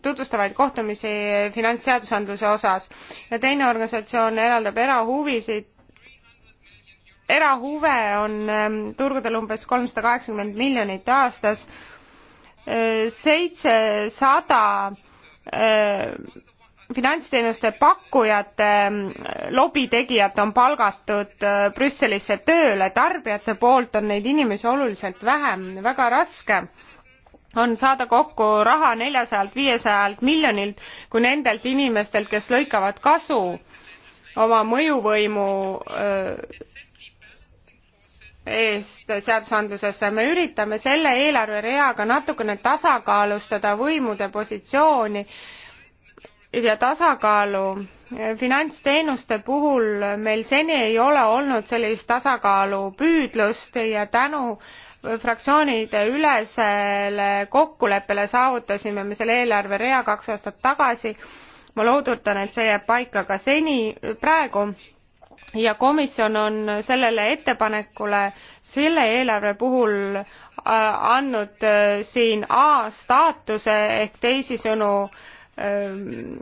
tutvustavaid kohtumisi finantsseadusandluse osas ja teine organisatsioon eraldab erahuvisid erahuve on ähm, turgudel umbes kolmsada kaheksakümmend miljonit aastas seitsesada finantsteenuste pakkujate mm, lobitegijad on palgatud äh, Brüsselisse tööle, tarbijate poolt on neid inimesi oluliselt vähem, väga raske on saada kokku raha neljasajalt viiesajalt miljonilt kui nendelt inimestelt, kes lõikavad kasu oma mõjuvõimu öö, äh, eest seadusandlusesse me üritame selle eelarvereaga natukene tasakaalustada võimude positsiooni ja tasakaalu. finantsteenuste puhul meil seni ei ole olnud sellist tasakaalu püüdlust ja tänu fraktsioonide ülesele kokkuleppele saavutasime me selle eelarverea kaks aastat tagasi. ma loodutan, et see jääb paika ka seni, praegu ja komisjon on sellele ettepanekule selle eelarve puhul äh, andnud äh, siin A staatuse ehk teisisõnu äh, Ehm,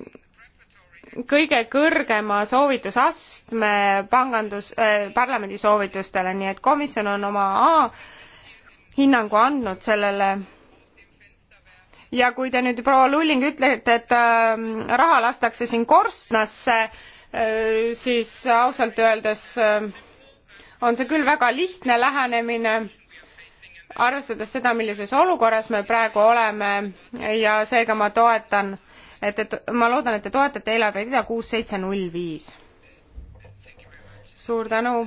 kõige kõrgema soovitusastme pangandus äh,, parlamendi soovitustele, nii et komisjon on oma A hinnangu andnud sellele. ja kui te nüüd, proua Lulling, ütlete, et äh, raha lastakse siin korstnasse äh,, siis ausalt öeldes äh, on see küll väga lihtne lähenemine arvestades seda, millises olukorras me praegu oleme ja seega ma toetan äh, et, et ma loodan, et te toetate eelarverida kuus, seitse, null, viis. suur tänu,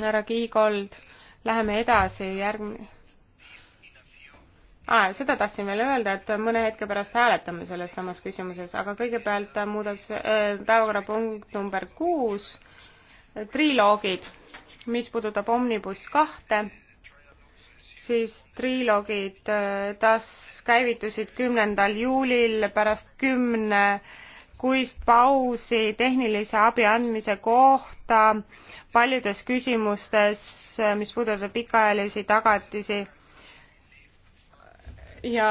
härra Kiigold. Läheme edasi, järgmine ah,. seda tahtsin veel öelda, et mõne hetke pärast hääletame selles samas küsimuses, aga kõigepealt muudatus äh,, päevakorrapunkt number kuus, triloogid, mis puudutab Omnibus kahte siis triloogid äh, taas käivitusid kümnendal juulil pärast kümne kuist pausi tehnilise abi andmise kohta paljudes küsimustes, äh, mis puudutab pikaajalisi tagatisi. ja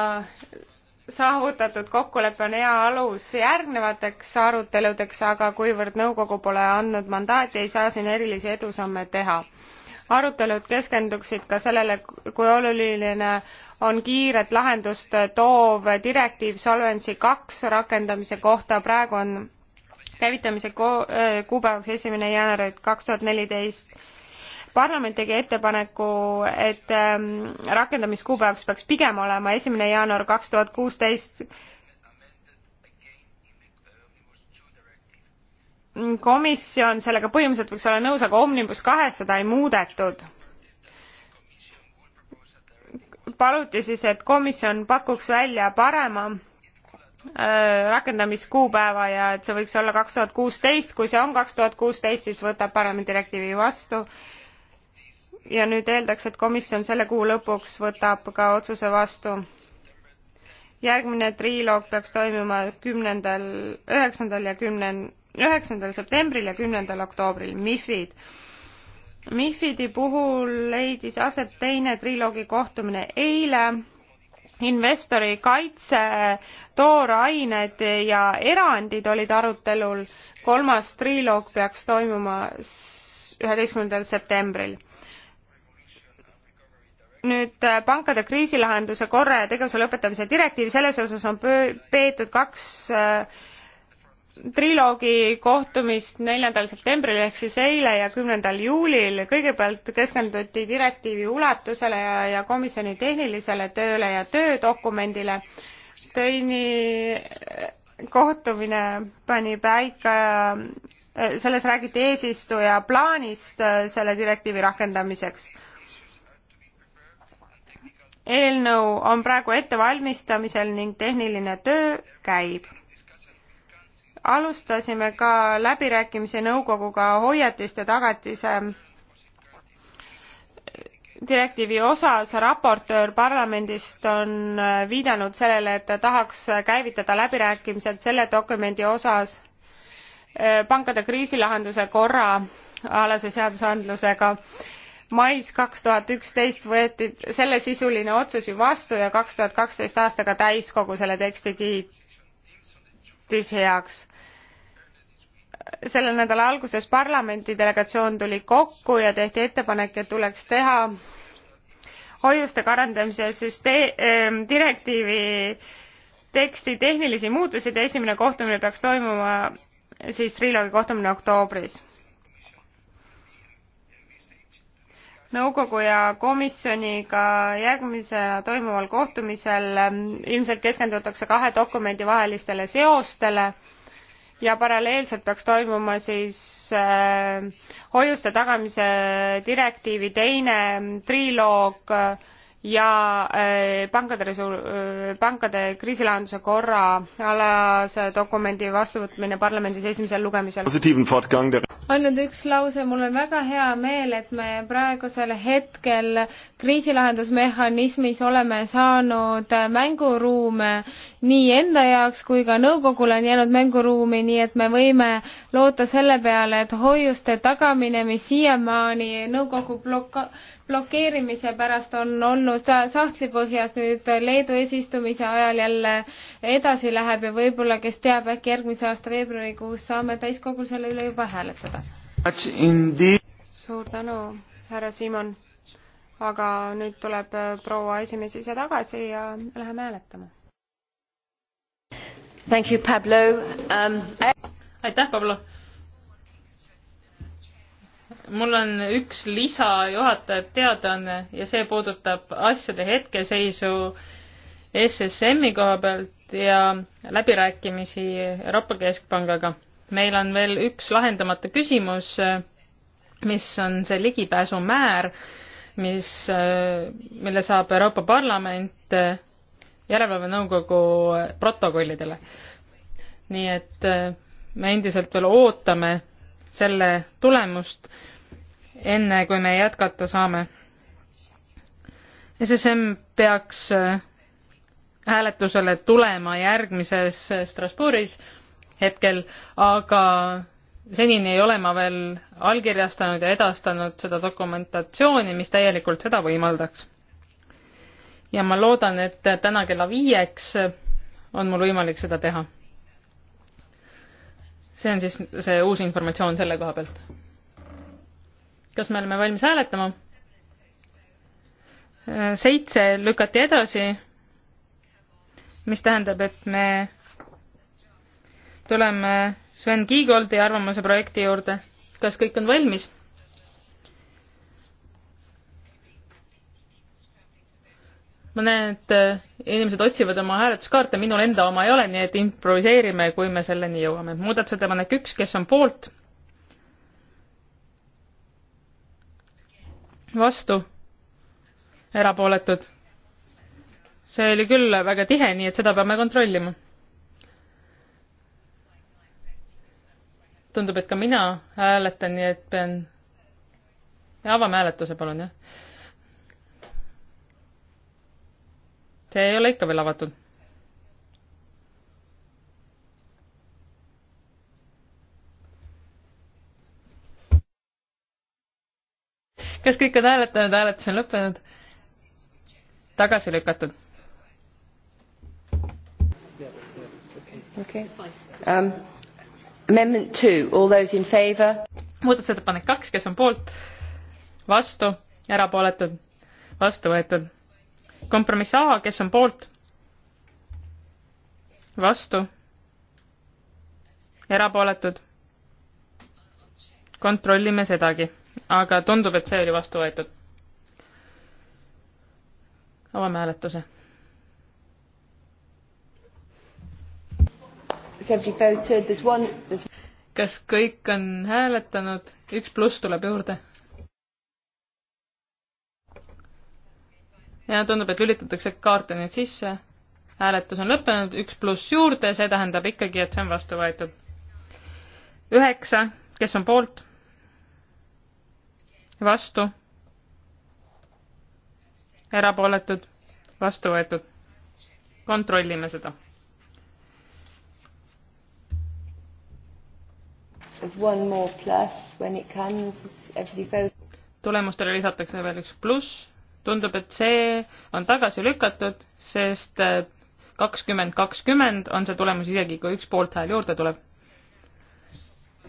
saavutatud kokkulepe on hea alus järgnevateks aruteludeks, aga kuivõrd nõukogu pole andnud mandaati, ei saa siin erilisi edusamme teha arutelud keskenduksid ka sellele, kui oluline on kiiret lahendust toov direktiiv Solvency kaks rakendamise kohta, praegu on käivitamise äh, kuupäevaks esimene jaanuar kaks tuhat neliteist. parlament tegi ettepaneku, et ähm, rakendamiskuupäevaks peaks pigem olema esimene jaanuar kaks tuhat kuusteist komisjon sellega põhimõtteliselt võiks olla nõus, aga Omnibus kahes seda ei muudetud. paluti siis, et komisjon pakuks välja parema äh, rakendamiskuupäeva ja et see võiks olla kaks tuhat kuusteist, kui see on kaks tuhat kuusteist, siis võtab parlament direktiivi vastu. ja nüüd eeldaks, et komisjon selle kuu lõpuks võtab ka otsuse vastu. järgmine triloog peaks toimuma kümnendal, üheksandal ja kümnen-, üheksandal septembril ja kümnendal oktoobril, MIFID. MIFIDi puhul leidis aset teine triloogi kohtumine eile investori kaitse, toorained ja erandid olid arutelul. kolmas triloog peaks toimuma üheteistkümnendal septembril. nüüd äh, pankade kriisilahenduse korra ja tegevuse lõpetamise direktiiv, selles osas on peetud kaks äh, triloogi kohtumist neljandal septembril ehk siis eile ja kümnendal juulil kõigepealt keskenduti direktiivi ulatusele ja, ja komisjoni tehnilisele tööle ja töödokumendile. teine kohtumine pani paika selles räägiti eesistuja plaanist äh, selle direktiivi rakendamiseks eelnõu on praegu ettevalmistamisel ning tehniline töö käib alustasime ka läbirääkimisi nõukoguga hoiatiste tagatise direktiivi osas raportöör parlamendist on viidanud sellele et ta tahaks käivitada läbirääkimised selle dokumendi osas pankade kriisilahenduse korra alase seadusandlusega mais kaks tuhat üksteist võeti sellesisuline otsus ju vastu ja kaks tuhat kaksteist aastaga täiskogu selle teksti kiitis heaks selle nädala alguses parlamendi delegatsioon tuli kokku ja tehti ettepanek, et tuleks teha hoiuste garandamise süsteem, direktiivi teksti tehnilisi muutusi ja esimene kohtumine peaks toimuma siis triloogi kohtumine oktoobris. nõukogu ja komisjoniga järgmisena toimuval kohtumisel ehm, ilmselt keskendutakse kahe dokumendi vahelistele seostele ja paralleelselt peaks toimuma siis äh, hoiuste tagamise direktiivi teine triloog äh, ja äh, pankade resu-, äh, pankade kriisilahenduse korra alase dokumendi vastuvõtmine parlamendis esimesel lugemisel. ainult üks lause, mul on väga hea meel, et me praegusel hetkel kriisilahendusmehhanismis oleme saanud mänguruume nii enda jaoks kui ka nõukogule on jäänud mänguruumi, nii et me võime loota selle peale, et hoiuste tagamine, mis siiamaani nõukogu bloka-, blokeerimise pärast on olnud sahtli põhjas nüüd Leedu eesistumise ajal jälle edasi läheb ja võib-olla, kes teab, äkki järgmise aasta veebruarikuus saame täiskogul selle üle juba hääletada. suur tänu, härra Simon. aga nüüd tuleb äh, proua esimees ise tagasi ja läheme hääletama. Thank you, Pablo um,. aitäh, Pablo mul on üks lisa juhatajat teadaanne ja see puudutab asjade hetkeseisu SSM-i koha pealt ja läbirääkimisi Euroopa Keskpangaga. meil on veel üks lahendamata küsimus, mis on see ligipääsumäär, mis, mille saab Euroopa Parlament järelevalvenõukogu protokollidele. nii et me endiselt veel ootame selle tulemust, enne kui me jätkata saame. SSM peaks äh, hääletusele tulema järgmises äh, Strasbourgis hetkel, aga senini ei ole ma veel allkirjastanud ja edastanud seda dokumentatsiooni, mis täielikult seda võimaldaks. ja ma loodan, et täna kella viieks äh, on mul võimalik seda teha. see on siis see uus informatsioon selle koha pealt kas me oleme valmis hääletama? seitse lükati edasi, mis tähendab, et me tuleme Sven Kiigoldi arvamuse projekti juurde. kas kõik on valmis? ma näen, et inimesed otsivad oma hääletuskaarte, minul enda oma ei ole, nii et improviseerime, kui me selleni jõuame. muudatusettepanek üks, kes on poolt? vastu, erapooletud. see oli küll väga tihe, nii et seda peame kontrollima. tundub, et ka mina hääletan, nii et pean, avame hääletuse, palun, jah. see ei ole ikka veel avatud kas kõik on hääletanud, hääletus on lõppenud? tagasi lükatud. okei. Um, amendment two, all those in favor? muudatusettepanek kaks, kes on poolt? vastu, erapooletud, vastu võetud. kompromiss A, kes on poolt? vastu, erapooletud. kontrollime sedagi aga tundub, et see oli vastu võetud. avame hääletuse. kas kõik on hääletanud, üks pluss tuleb juurde? ja tundub, et lülitatakse kaarte nüüd sisse. hääletus on lõppenud, üks pluss juurde, see tähendab ikkagi, et see on vastu võetud. üheksa, kes on poolt? vastu, erapooletud, vastu võetud. kontrollime seda. tulemustele lisatakse veel üks pluss, tundub, et see on tagasi lükatud, sest äh, kakskümmend kakskümmend on see tulemus isegi, kui üks poolthääl juurde tuleb.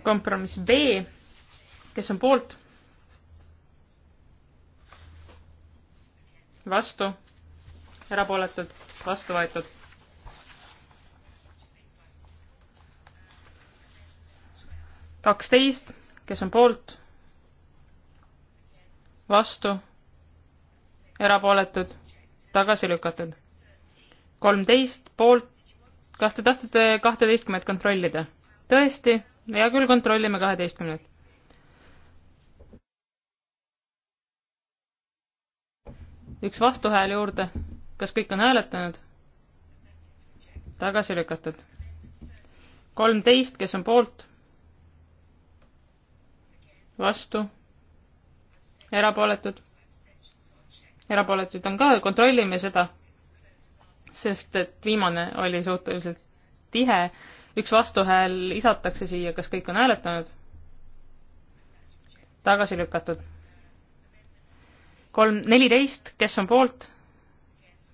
kompromiss B, kes on poolt vastu, erapooletud, vastu võetud. kaksteist, kes on poolt, vastu, erapooletud, tagasi lükatud. kolmteist poolt, kas te tahtsite kahteteistkümmet kontrollida? tõesti, hea küll, kontrollime kaheteistkümnet üks vastuhääl juurde. kas kõik on hääletanud? tagasi lükatud. kolmteist, kes on poolt? vastu? erapooletud? erapooletuid on ka, kontrollime seda. sest et viimane oli suhteliselt tihe. üks vastuhääl lisatakse siia, kas kõik on hääletanud? tagasi lükatud kolm, neliteist, kes on poolt,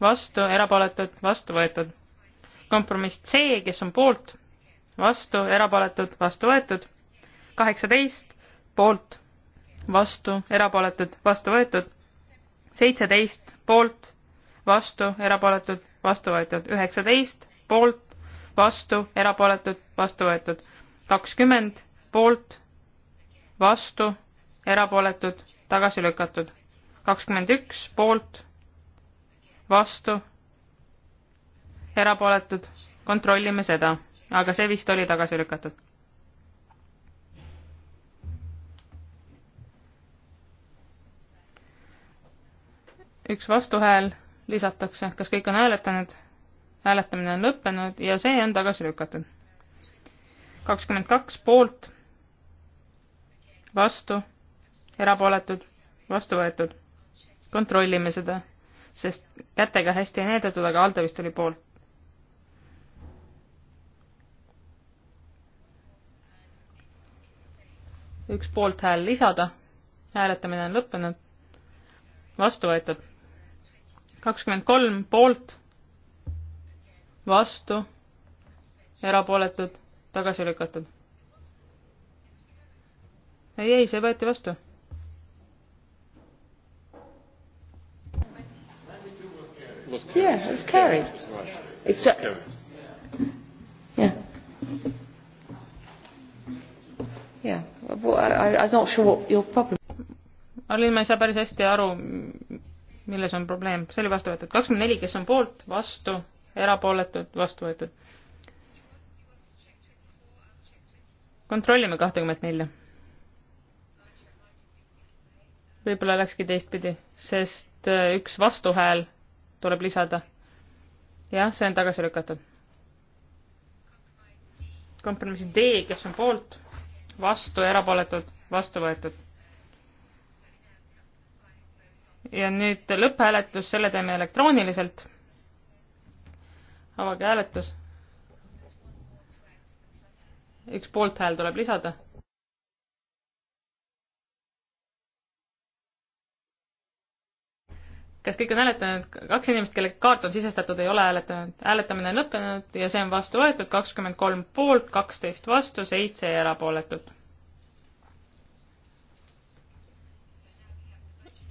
vastu, erapooletud, vastu võetud. kompromiss C, kes on poolt, vastu, erapooletud, vastu võetud. kaheksateist, poolt, vastu, erapooletud, vastu võetud. seitseteist, poolt, vastu, erapooletud, vastu võetud. üheksateist, poolt, vastu, erapooletud, vastu võetud. kakskümmend, poolt, vastu, erapooletud, tagasi lükatud kakskümmend üks poolt, vastu, erapooletud, kontrollime seda, aga see vist oli tagasi lükatud. üks vastuhääl lisatakse, kas kõik on hääletanud? hääletamine on lõppenud ja see on tagasi lükatud. kakskümmend kaks poolt, vastu, erapooletud, vastu võetud kontrollime seda, sest kätega hästi ei näidatud, aga Aldo vist oli poolt. üks poolthääl lisada, hääletamine on lõppenud, vastu võetud. kakskümmend kolm poolt, vastu, erapooletud, tagasi lükatud. ei, ei, see võeti vastu was carried. Yeah, it was carried. It was right. It's it was carried. Yeah. Yeah. Well, I, I'm not sure what your problem Alin, ma ei saa päris hästi aru, milles on probleem. see oli vastu võetud. kakskümmend neli, kes on poolt, vastu, erapooletud, vastu võetud. kontrollime kahtekümmet nelja. võib-olla läkski teistpidi, sest äh, üks vastuhääl tuleb lisada. jah, see on tagasi lükatud. kompromissi D, kes on poolt, vastu, erapooletud, vastu võetud. ja nüüd lõpphääletus, selle teeme elektrooniliselt. avage hääletus. üks poolthääl tuleb lisada kas kõik on hääletanud, kaks inimest, kelle kaart on sisestatud, ei ole hääletanud. hääletamine on lõppenud ja see on vastu võetud, kakskümmend kolm poolt, kaksteist vastu, seitse erapooletut.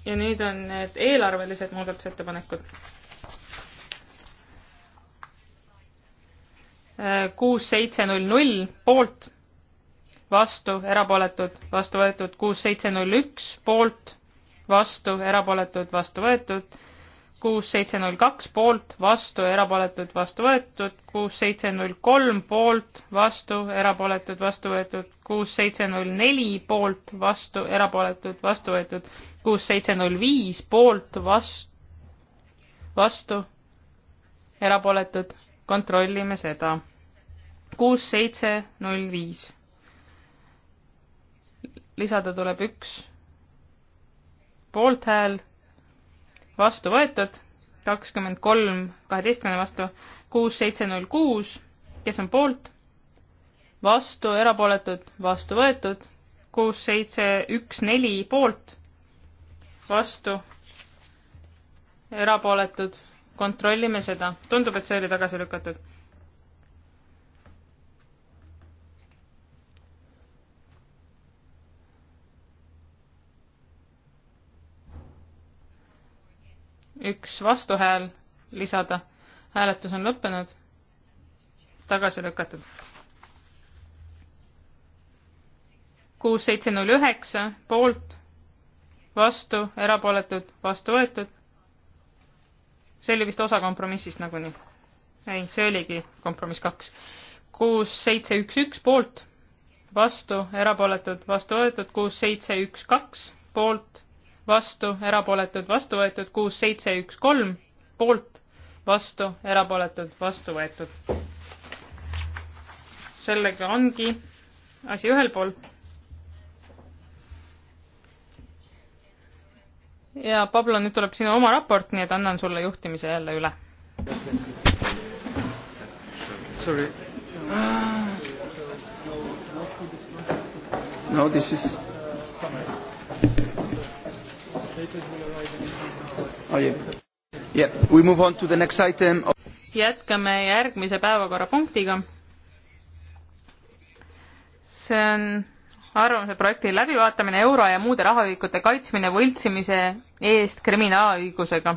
ja nüüd on need eelarvelised muudatusettepanekud. kuus, seitse, null, null poolt, vastu, erapooletud, vastu võetud kuus, seitse, null, üks poolt vastu, erapooletud, vastu võetud, kuus, seitse, null, kaks poolt, vastu, erapooletud, vastu võetud, kuus, seitse, null, kolm poolt, vastu, erapooletud, vastu võetud, kuus, seitse, null, neli poolt, vastu, erapooletud, vastu võetud, kuus, seitse, null, viis poolt, vastu, vastu, erapooletud, kontrollime seda. kuus, seitse, null, viis lisada tuleb üks poolthääl, vastu võetud, kakskümmend kolm kaheteistkümne vastu, kuus seitse null kuus, kes on poolt, vastu, erapooletud, vastu võetud, kuus seitse üks neli poolt, vastu, erapooletud, kontrollime seda, tundub, et see oli tagasi lükatud üks vastuhääl lisada. hääletus on lõppenud, tagasi lükatud. kuus, seitse, null üheksa poolt, vastu, erapooletud, vastu võetud. see oli vist osa kompromissist nagunii. ei, see oligi kompromiss kaks. kuus, seitse, üks, üks poolt, vastu, erapooletud, vastu võetud, kuus, seitse, üks, kaks poolt vastu, erapooletud, vastu võetud, kuus, seitse, üks, kolm, poolt, vastu, erapooletud, vastu võetud. sellega ongi asi ühel pool. ja Pablo, nüüd tuleb sinu oma raport, nii et annan sulle juhtimise jälle üle. Sorry. No, this is oh, yeah. Yeah. We move on to the next item of... jätkame järgmise päevakorrapunktiga. see on arvamuse projekti läbivaatamine euro ja muude rahaühikute kaitsmine võltsimise eest kriminaalõigusega.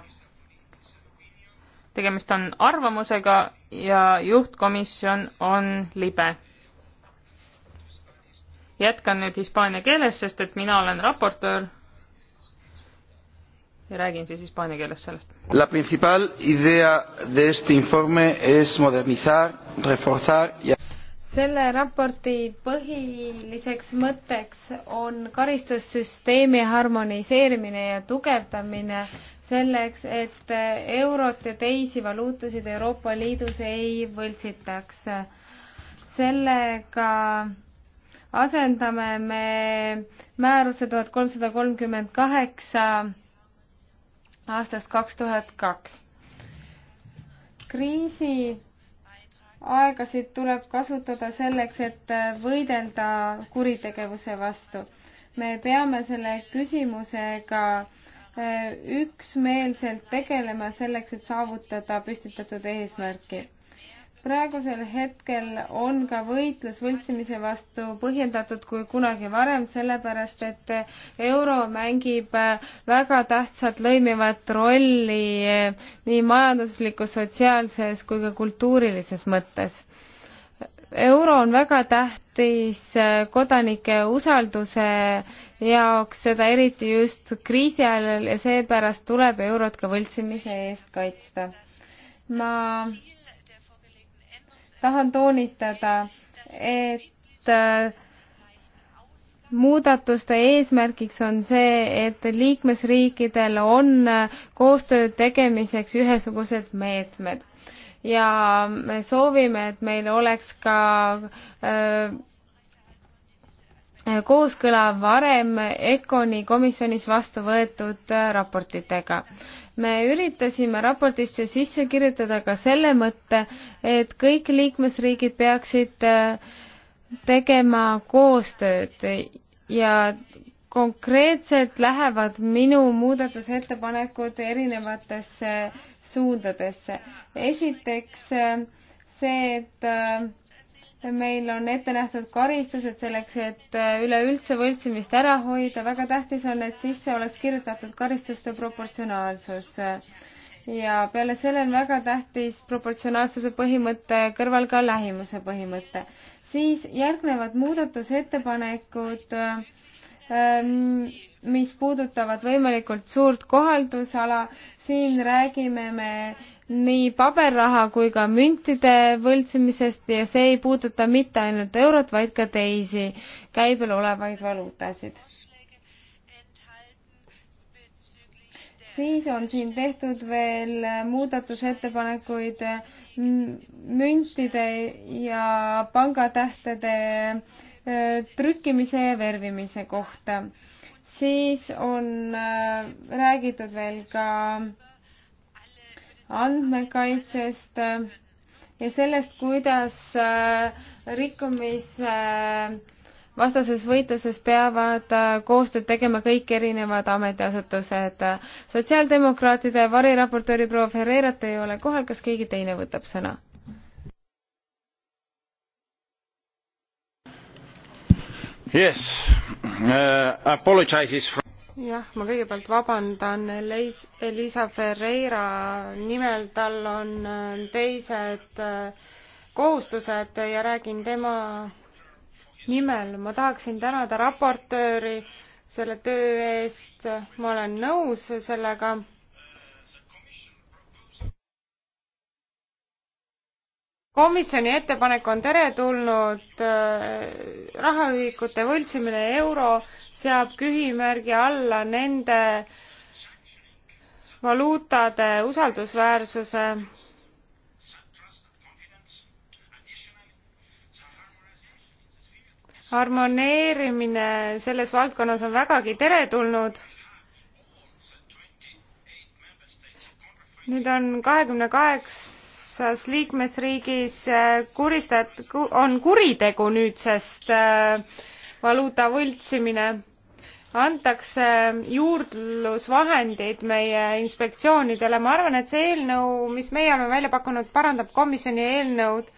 tegemist on arvamusega ja juhtkomisjon on libe. jätkan nüüd hispaania keeles, sest et mina olen raportöör ja räägin siis hispaania keeles sellest. La principal idea de este informe es modernizar, reforzar ja selle raporti põhiliseks mõtteks on karistussüsteemi harmoniseerimine ja tugevdamine selleks, et eurot ja teisi valuutasid Euroopa Liidus ei võltsitaks. sellega asendame me määruse tuhat kolmsada kolmkümmend kaheksa aastast kaks tuhat kaks. kriisi aegasid tuleb kasutada selleks, et võidelda kuritegevuse vastu. me peame selle küsimusega äh, üksmeelselt tegelema selleks, et saavutada püstitatud eesmärki praegusel hetkel on ka võitlus võltsimise vastu põhjendatud kui kunagi varem, sellepärast et euro mängib äh, väga tähtsat lõimivat rolli äh, nii majanduslikus, sotsiaalses kui ka kultuurilises mõttes. euro on väga tähtis äh, kodanike usalduse jaoks, seda eriti just kriisi ajal ja seepärast tuleb eurot ka võltsimise eest kaitsta. ma tahan toonitada, et äh, muudatuste eesmärgiks on see, et liikmesriikidel on äh, koostöö tegemiseks ühesugused meetmed ja me soovime, et meil oleks ka öö, äh, Äh, kooskõla varem ECONi komisjonis vastu võetud äh, raportitega. me üritasime raportisse sisse kirjutada ka selle mõtte, et kõik liikmesriigid peaksid äh, tegema koostööd ja konkreetselt lähevad minu muudatusettepanekud erinevatesse suundadesse. esiteks see, et meil on ette nähtud karistused selleks, et äh, üleüldse võltsimist ära hoida. väga tähtis on, et sisse oleks kirjutatud karistuste proportsionaalsus. ja peale selle on väga tähtis proportsionaalsuse põhimõtte kõrval ka lähimuse põhimõte. siis järgnevad muudatusettepanekud, äh, mis puudutavad võimalikult suurt kohaldusala siin räägime me nii paberraha kui ka müntide võltsimisest ja see ei puuduta mitte ainult eurot, vaid ka teisi käibel olevaid valuutasid. siis on siin tehtud veel muudatusettepanekuid müntide ja pangatähtede trükkimise ja värvimise kohta siis on äh, räägitud veel ka andmekaitsest ja sellest, kuidas äh, rikkumise äh, vastases võitluses peavad koostööd tegema kõik erinevad ametiasutused. sotsiaaldemokraatide variraportööri proua Ferreirat ei ole kohal, kas keegi teine võtab sõna? Yes, Uh, jah, ma kõigepealt vabandan Leis-, Elisa Ferreira nimel, tal on äh, teised äh, kohustused ja räägin tema nimel. ma tahaksin tänada raportööri selle töö eest, ma olen nõus sellega komisjoni ettepanek on teretulnud, äh, rahaühikute võltsimine euro seab kühimärgi alla nende valuutade usaldusväärsuse. harmoneerimine selles valdkonnas on vägagi teretulnud nüüd on kahekümne kaheksa kaheksas liikmesriigis äh, kuristat-, on kuritegu nüüdsest äh, valuuta võltsimine. antakse äh, juurdlusvahendid meie inspektsioonidele, ma arvan, et see eelnõu, mis meie oleme välja pakkunud, parandab komisjoni eelnõud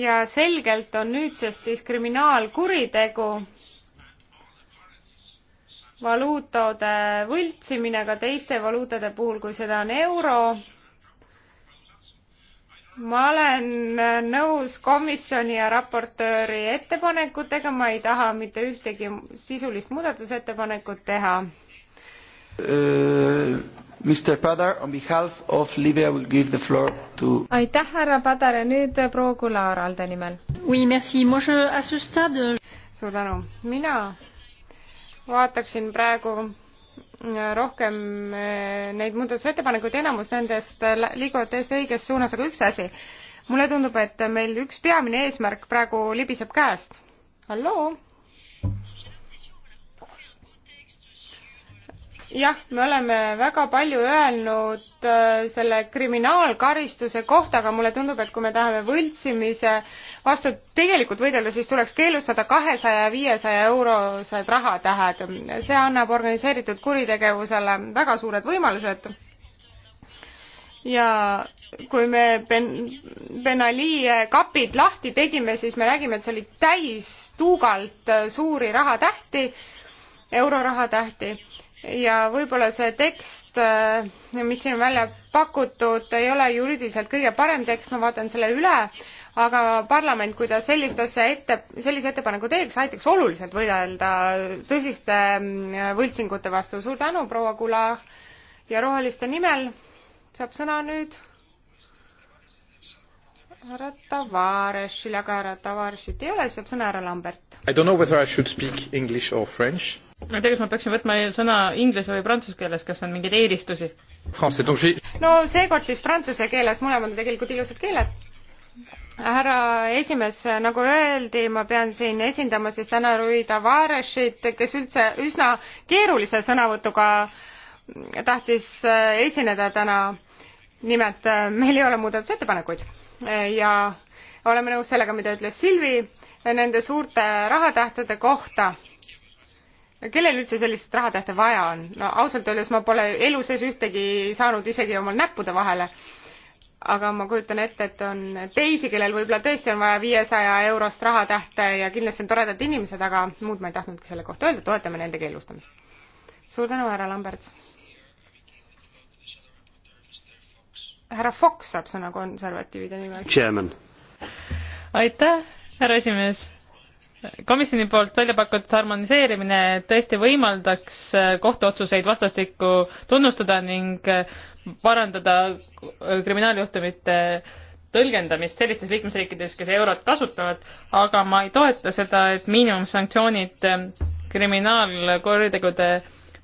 ja selgelt on nüüdsest siis kriminaalkuritegu valuutade võltsimine ka teiste valuutade puhul, kui seda on euro. ma olen nõus komisjoni ja raportööri ettepanekutega, ma ei taha mitte ühtegi sisulist muudatusettepanekut teha uh,. Äh, Mr Padar, on behalf of Libe I will give the floor to aitäh, härra Padar ja nüüd proua Kula Aralde nimel. Oui, merci, moi je à ce stade suur tänu, mina vaataksin praegu äh, rohkem äh, neid muudatusettepanekuid, enamus nendest äh, liiguvad täiesti õiges suunas, aga üks asi, mulle tundub, et meil üks peamine eesmärk praegu libiseb käest. halloo? jah, me oleme väga palju öelnud äh, selle kriminaalkaristuse kohta, aga mulle tundub, et kui me tahame võltsimise vastu tegelikult võidelda, siis tuleks keelustada kahesaja ja viiesaja eurosed rahatähed. see annab organiseeritud kuritegevusele väga suured võimalused. ja kui me Ben-, Ben Ali kapid lahti tegime, siis me nägime, et see oli täis tuugalt äh, suuri rahatähti, eurorahatähti ja võib-olla see tekst, äh, mis siin on välja pakutud, ei ole juriidiliselt kõige parem tekst, ma vaatan selle üle, aga parlament, kui ta sellist asja ette, sellise ettepaneku teeks, aitaks oluliselt võidelda tõsiste äh, võltsingute vastu. suur tänu, proua Kula ja Roheliste nimel saab sõna nüüd härra Tavaresile, aga härra Tavaresit ei ole, siis saab sõna härra Lambert. I don't know whether I should speak english or french ma ei tea, kas ma peaksin võtma sõna inglise või prantsuse keeles, kas on mingeid eelistusi? no seekord siis prantsuse keeles, mõlemad on tegelikult ilusad keeled. härra esimees, nagu öeldi, ma pean siin esindama siis täna Rui Tavarešit, kes üldse üsna keerulise sõnavõtuga tahtis äh, esineda täna. nimelt äh, meil ei ole muudatusettepanekuid ja oleme nõus sellega, mida ütles Silvi nende suurte rahatähtede kohta kellel üldse sellist rahatähte vaja on? no ausalt öeldes ma pole elu sees ühtegi saanud isegi omal näppude vahele. aga ma kujutan ette, et on teisi, kellel võib-olla tõesti on vaja viiesaja eurost rahatähte ja kindlasti on toredad inimesed, aga muud ma ei tahtnudki selle kohta öelda, toetame nende keelustamist. suur tänu, härra Lamberts. härra Fox saab sõna konservatiivide nimel. aitäh, härra esimees komisjoni poolt välja pakutud harmoniseerimine tõesti võimaldaks äh, kohtuotsuseid vastastikku tunnustada ning äh, parandada äh, kriminaaljuhtumite tõlgendamist sellistes liikmesriikides, kes eurot kasutavad, aga ma ei toeta seda, et miinimumsanktsioonid kriminaalkuritegude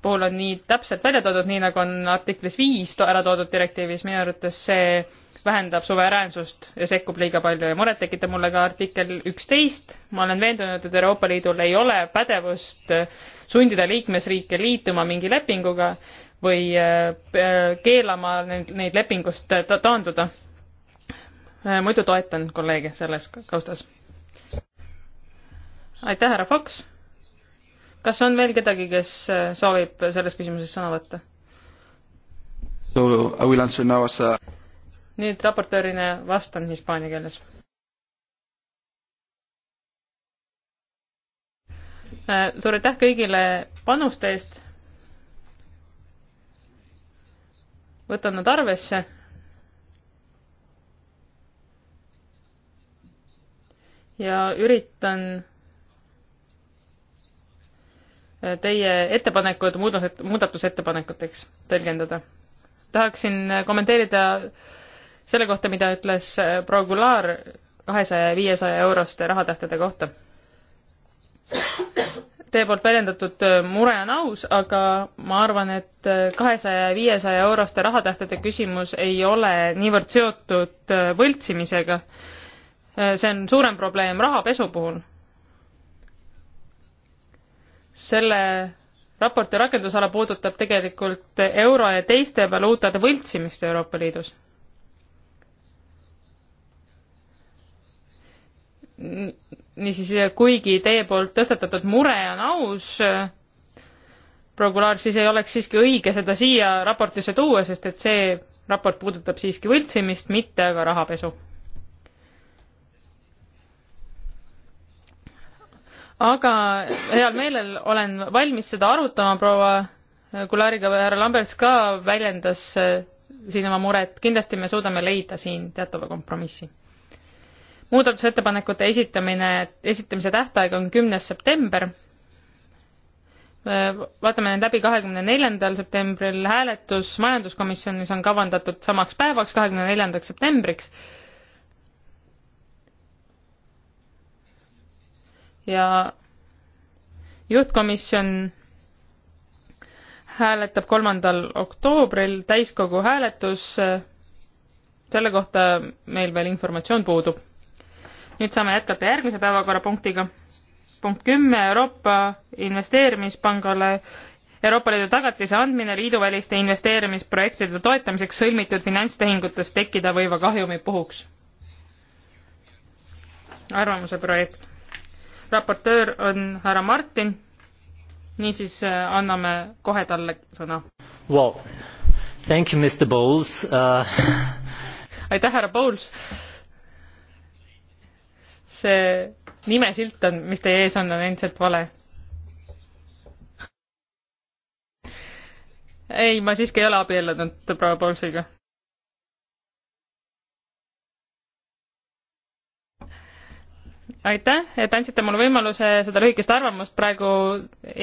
puhul on nii täpselt välja toodud, nii nagu on artiklis viis ära toodud direktiivis, minu arvates see vähendab suveräänsust ja sekkub liiga palju ja muret tekitab mulle ka artikkel üksteist. ma olen veendunud, et Euroopa Liidul ei ole pädevust sundida liikmesriike liituma mingi lepinguga või äh, äh, keelama neid lepingust ta taanduda. Äh, muidu toetan kolleege selles kaustas. aitäh, härra Fox. kas on veel kedagi, kes soovib selles küsimuses sõna võtta? So I will answer now as a nüüd raportöörina vastan hispaania keeles. Äh, suur aitäh kõigile panuste eest. võtan nad arvesse. ja üritan äh, teie ettepanekud muudatus, muudatusettepanekuteks tõlgendada. tahaksin äh, kommenteerida selle kohta, mida ütles äh, proua Goulart kahesaja ja viiesaja euroste rahatähtede kohta. Teie poolt väljendatud äh, mure on aus, aga ma arvan, et äh, kahesaja ja viiesaja euroste rahatähtede küsimus ei ole niivõrd seotud võltsimisega. see on suurem probleem rahapesu puhul. selle raporti rakendusala puudutab tegelikult euro ja teiste valuutade võltsimist Euroopa Liidus niisiis, kuigi teie poolt tõstatatud mure on aus, prokuraar, siis ei oleks siiski õige seda siia raportisse tuua, sest et see raport puudutab siiski võltsimist, mitte aga rahapesu. aga heal meelel olen valmis seda arutama, proua Kulariga, härra Lamberts ka väljendas äh, siin oma muret, kindlasti me suudame leida siin teatava kompromissi muudatusettepanekute esitamine, esitamise tähtaeg on kümnes september. Äh, vaatame need läbi kahekümne neljandal septembril, hääletus majanduskomisjonis on kavandatud samaks päevaks, kahekümne neljandaks septembriks. ja juhtkomisjon hääletab kolmandal oktoobril, täiskogu hääletus, äh, selle kohta meil veel informatsioon puudub nüüd saame jätkata järgmise päevakorrapunktiga. punkt kümme, Euroopa Investeerimispangale Euroopa Liidu tagatise andmine liiduväliste investeerimisprojektide toetamiseks sõlmitud finantstehingutes tekkida võiva kahjumi puhuks. arvamuse projekt. raportöör on härra Martin. niisiis äh, anname kohe talle sõna wow.. Thank you, Mr Bowles uh.... aitäh, härra Bowles uh see nimesilt on, mis teie ees on, on endiselt vale. ei, ma siiski ei ole abiellunud proua Paulsiga. aitäh, et andsite mulle võimaluse seda lühikest arvamust praegu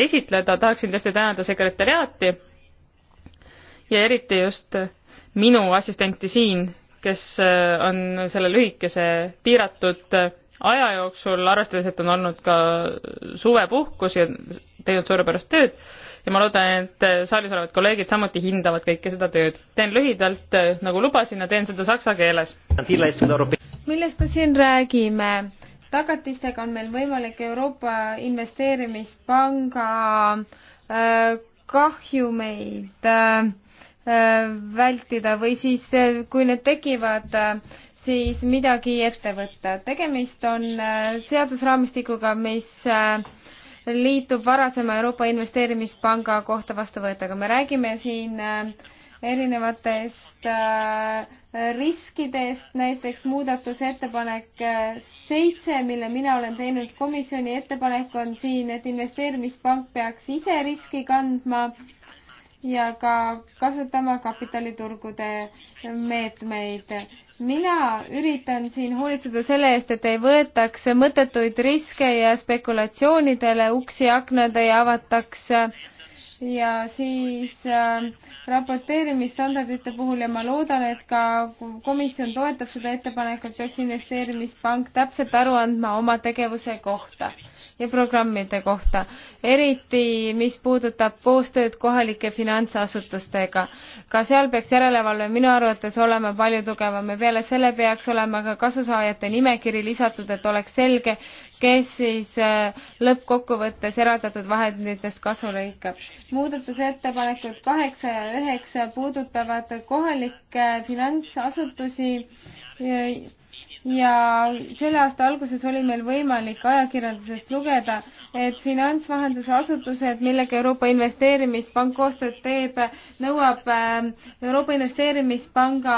esitleda, tahaksin tõesti tänada sekretäriaati ja eriti just minu assistenti siin, kes äh, on selle lühikese piiratud äh, aja jooksul, arvestades, et on olnud ka suvepuhkus ja teinud suurepärast tööd ja ma loodan, et saalis olevad kolleegid samuti hindavad kõike seda tööd. teen lühidalt, nagu lubasin ja teen seda saksa keeles. millest me siin räägime? tagatistega on meil võimalik Euroopa Investeerimispanga äh, kahjumeid äh, äh, vältida või siis, kui need tekivad, siis midagi ette võtta. tegemist on äh, seadusraamistikuga, mis äh, liitub varasema Euroopa Investeerimispanga kohta vastuvõetaga. me räägime siin äh, erinevatest riskidest, näiteks muudatusettepanek seitse, mille mina olen teinud, komisjoni ettepanek on siin, et investeerimispank peaks ise riski kandma ja ka kasutama kapitaliturgude meetmeid mina üritan siin hoolitseda selle eest, et ei võetaks mõttetuid riske ja spekulatsioonidele uksi aknade ja avatakse äh, ja siis äh, raporteerimisstandardite puhul ja ma loodan, et ka komisjon toetab seda ettepanekut, peaks investeerimispank täpselt aru andma oma tegevuse kohta ja programmide kohta, eriti mis puudutab koostööd kohalike finantsasutustega. ka seal peaks järelevalve minu arvates olema palju tugevam ja peale selle peaks olema ka kasusaajate nimekiri lisatud, et oleks selge, kes siis äh, lõppkokkuvõttes eraldatud vahenditest kasu lõikab. muudatusettepanekud kaheksa ja üheksa puudutavad kohalikke finantsasutusi ja selle aasta alguses oli meil võimalik ajakirjandusest lugeda, et finantsvahenduse asutused, millega Euroopa Investeerimispank koostööd teeb, nõuab äh, Euroopa Investeerimispanga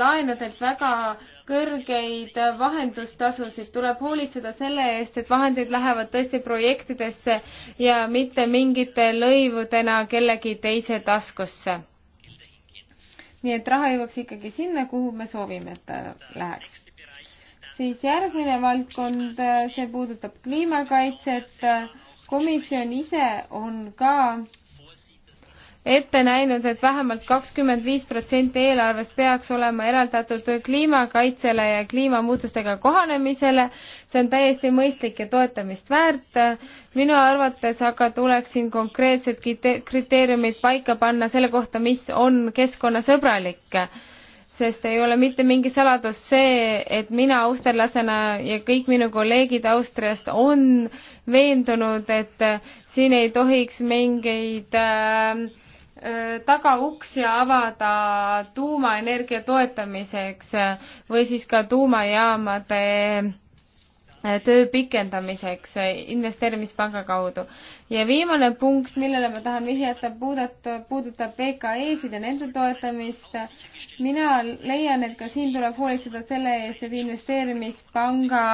laenudelt väga kõrgeid vahendustasusid, tuleb hoolitseda selle eest, et vahendid lähevad tõesti projektidesse ja mitte mingite lõivudena kellegi teise taskusse. nii et raha jõuaks ikkagi sinna, kuhu me soovime, et ta läheks. siis järgmine valdkond, see puudutab kliimakaitset. komisjon ise on ka ette näinud, et vähemalt kakskümmend viis protsenti eelarvest peaks olema eraldatud kliimakaitsele ja kliimamuutustega kohanemisele. see on täiesti mõistlik ja toetamist väärt. minu arvates aga tuleks siin konkreetsed kriteeriumid paika panna selle kohta, mis on keskkonnasõbralik sest ei ole mitte mingi saladus see, et mina austerlasena ja kõik minu kolleegid Austriast on veendunud, et siin ei tohiks mingeid äh, Äh, tagauks ja avada tuumaenergia toetamiseks või siis ka tuumajaamade äh, töö pikendamiseks äh, investeerimispanga kaudu. ja viimane punkt, millele ma tahan vihjata, puudutab, puudutab VKE-sid ja nende toetamist. mina leian, et ka siin tuleb hoolitseda selle eest, et investeerimispanga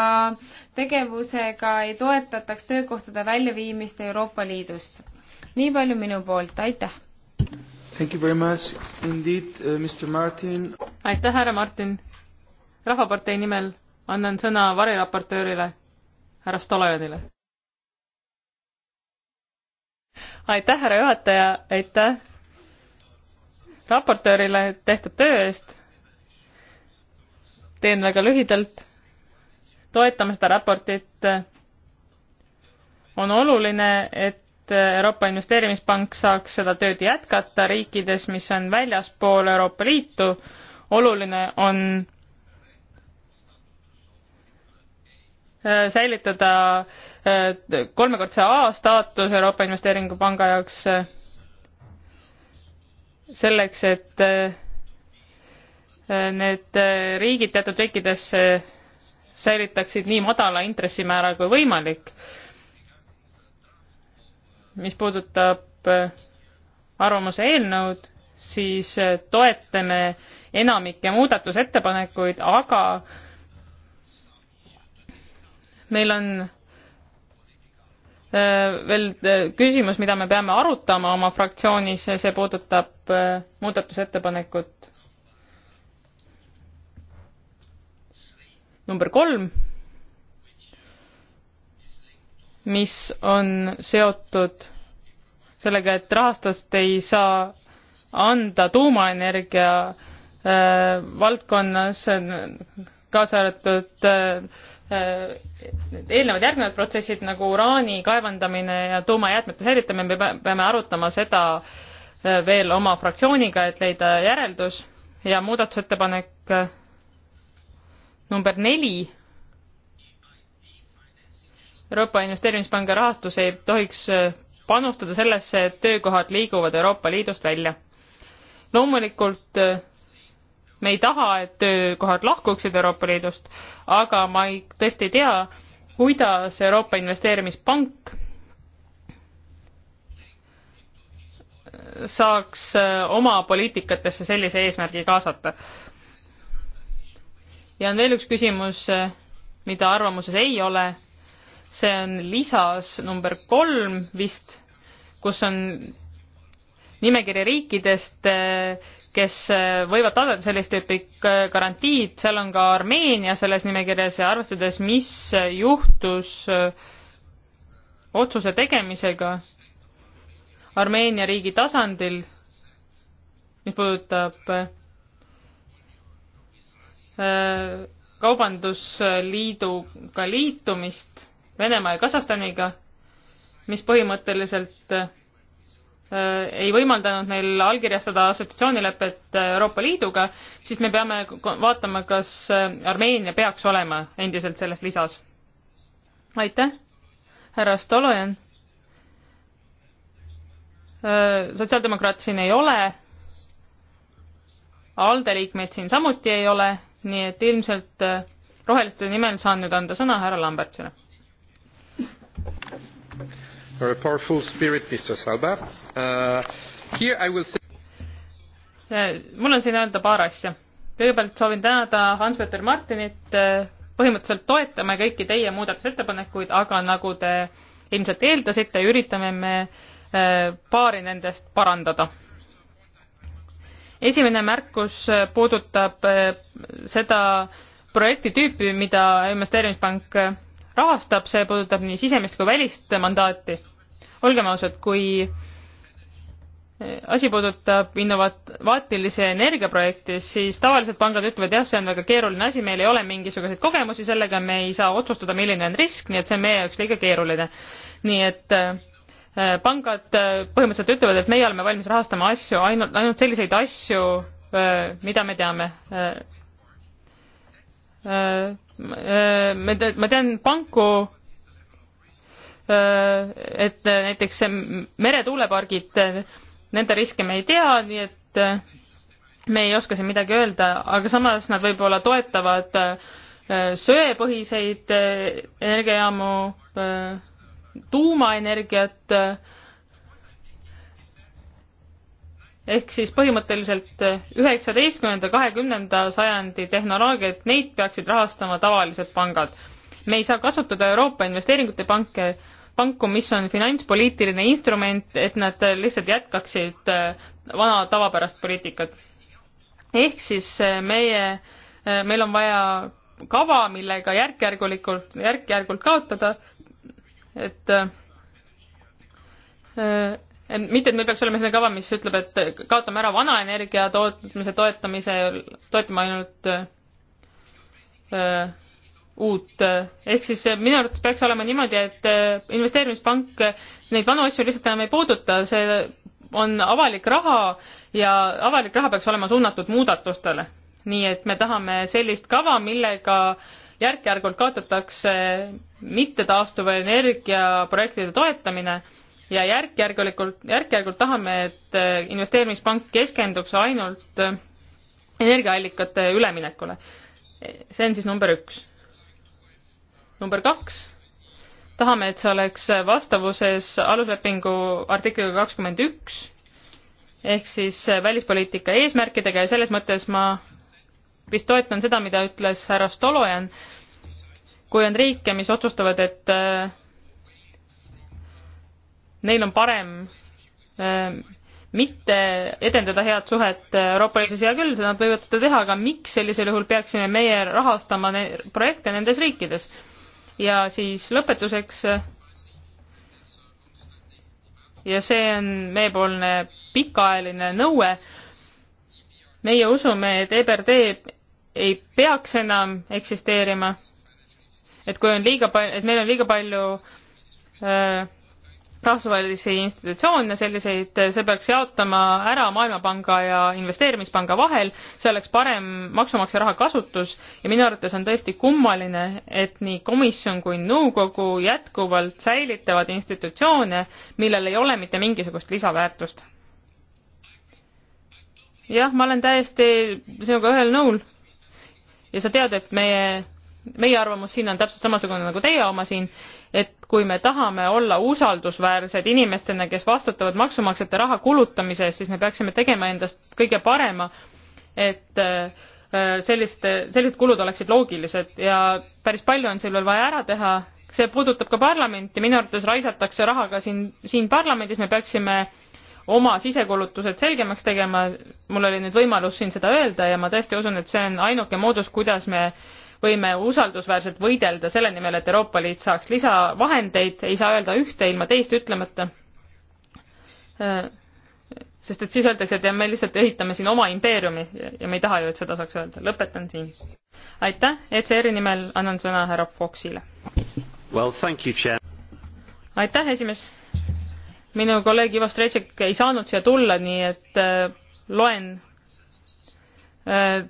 tegevusega ei toetataks töökohtade väljaviimist Euroopa Liidust. nii palju minu poolt, aitäh! Uh, aitäh, härra Martin. rahvapartei nimel annan sõna variraportöörile, härra Stolojanile. aitäh, härra juhataja, aitäh raportöörile tehtud töö eest. teen väga lühidalt. toetame seda raportit. on oluline, et et Euroopa Investeerimispank saaks seda tööd jätkata riikides, mis on väljaspool Euroopa Liitu. oluline on äh, säilitada äh, kolmekordse A staatus Euroopa Investeeringupanga jaoks äh, selleks, et need riigid teatud riikidesse säilitaksid nii madala intressimäära kui võimalik mis puudutab äh, arvamuse eelnõud, siis äh, toetame enamikke muudatusettepanekuid, aga meil on äh, veel küsimus, mida me peame arutama oma fraktsioonis, see puudutab muudatusettepanekut number kolm mis on seotud sellega, et rahastust ei saa anda tuumaenergia äh, valdkonnas, kaasa arvatud äh, äh eelnevad järgnevad protsessid nagu uraani kaevandamine ja tuumajäätmete säilitamine, me peame arutama seda äh, veel oma fraktsiooniga, et leida järeldus ja muudatusettepanek äh, number neli Euroopa Investeerimispanga rahastus ei tohiks äh, panustada sellesse, et töökohad liiguvad Euroopa Liidust välja. loomulikult äh, me ei taha, et töökohad lahkuksid Euroopa Liidust, aga ma ei, tõesti ei tea, kuidas Euroopa Investeerimispank äh, saaks oma poliitikatesse sellise eesmärgi kaasata. ja on veel üks küsimus, mida arvamuses ei ole see on lisas number kolm vist, kus on nimekiri riikidest, eh, kes eh, võivad taotleda sellist tüüpi garantiid, seal on ka Armeenia selles nimekirjas ja arvestades, mis juhtus eh, otsuse tegemisega Armeenia riigi tasandil, mis puudutab kaubandusliiduga liitumist Venemaa ja Kasahstaniga, mis põhimõtteliselt äh, ei võimaldanud neil allkirjastada assotsiatsioonilepet äh, Euroopa Liiduga, siis me peame vaatama, kas äh, Armeenia peaks olema endiselt selles lisas. aitäh, härra Stolojan. sotsiaaldemokraat siin ei ole. ALDE liikmeid siin samuti ei ole, nii et ilmselt roheliste nimel saan nüüd anda sõna härra Lambertsile Uh, äh, mul on siin öelda paar asja. kõigepealt soovin tänada Hans-Peter Martinit, äh, põhimõtteliselt toetame kõiki teie muudatusettepanekuid, aga nagu te ilmselt eeldasite, üritame me äh, paari nendest parandada. esimene märkus puudutab seda projekti tüüpi, mida investeerimispank rahastab, see puudutab nii sisemist kui välist mandaati. olgem ausad, kui eh, asi puudutab innovaatilise energiaprojekti, siis tavaliselt pangad ütlevad, jah, see on väga keeruline asi, meil ei ole mingisuguseid kogemusi sellega, me ei saa otsustada, milline on risk, nii et see on meie jaoks liiga keeruline. nii et äh, pangad eh, põhimõtteliselt ütlevad, et meie oleme valmis rahastama asju, ainult, ainult selliseid asju äh,, mida me teame äh, me, ma tean panku, äh, et näiteks meretuulepargid, nende riske me ei tea, nii et äh, me ei oska siin midagi öelda, aga samas nad võib-olla toetavad äh, söepõhiseid energiajaamu, tuumaenergiat ehk siis põhimõtteliselt eh, üheksateistkümnenda, kahekümnenda sajandi tehnoloogiat, neid peaksid rahastama tavalised pangad. me ei saa kasutada Euroopa investeeringute panke, panku, mis on finantspoliitiline instrument, et nad eh, lihtsalt jätkaksid eh, vana tavapärast poliitikat. ehk siis meie, meil on vaja kava, millega järk-järgulikult, järk-järgult kaotada, et mitte, et meil peaks olema selline kava, mis ütleb, et kaotame ära vana energia tootmise toetamise, toetame ainult äh, uut. Äh. ehk siis äh, minu arvates peaks olema niimoodi, et äh, investeerimispank neid vanu asju lihtsalt enam ei puuduta, see on avalik raha ja avalik raha peaks olema suunatud muudatustele. nii et me tahame sellist kava, millega järk-järgult kaotatakse mittetaastuva energia projektide toetamine ja järk-järgulikult, järk-järgult tahame, et äh, investeerimispank keskenduks ainult äh, energiaallikate üleminekule. see on siis number üks. number kaks, tahame, et see oleks vastavuses aluslepingu artikliga kakskümmend üks ehk siis äh, välispoliitika eesmärkidega ja selles mõttes ma vist toetan seda, mida ütles härra Stolojan, kui on riike, mis otsustavad, et neil on parem äh, mitte edendada head suhet Euroopa Liidus, hea küll, nad võivad seda teha, aga miks sellisel juhul peaksime meie rahastama ne projekte nendes riikides? ja siis lõpetuseks, ja see on meiepoolne pikaajaline nõue, meie usume, et EBRD ei peaks enam eksisteerima, et kui on liiga palju, et meil on liiga palju öö, äh, rahvusvahelisi institutsioone, selliseid, see peaks jaotama ära Maailmapanga ja Investeerimispanga vahel, see oleks parem maksumaksja raha kasutus ja minu arvates on tõesti kummaline, et nii komisjon kui nõukogu jätkuvalt säilitavad institutsioone, millel ei ole mitte mingisugust lisaväärtust. jah, ma olen täiesti sinuga ühel nõul ja sa tead, et meie meie arvamus siin on täpselt samasugune nagu teie oma siin et kui me tahame olla usaldusväärsed inimestena, kes vastutavad maksumaksjate raha kulutamise eest, siis me peaksime tegema endast kõige parema, et äh, selliste, sellised kulud oleksid loogilised ja päris palju on siin veel vaja ära teha, see puudutab ka parlamenti, minu arvates raisatakse raha ka siin, siin parlamendis, me peaksime oma sisekulutused selgemaks tegema, mul oli nüüd võimalus siin seda öelda ja ma tõesti usun, et see on ainuke moodus, kuidas me äh, võime usaldusväärselt võidelda selle nimel, et Euroopa Liit saaks lisavahendeid, ei saa öelda ühte ilma teist ütlemata. sest et siis öeldakse, et jah, me lihtsalt ehitame siin oma impeeriumi ja me ei taha ju, et seda saaks öelda. lõpetan siin. aitäh, ECR-i nimel annan sõna härra Foxile. Well, thank you, Chair. aitäh, esimees. minu kolleeg Ivo Strejček ei saanud siia tulla, nii et äh, loen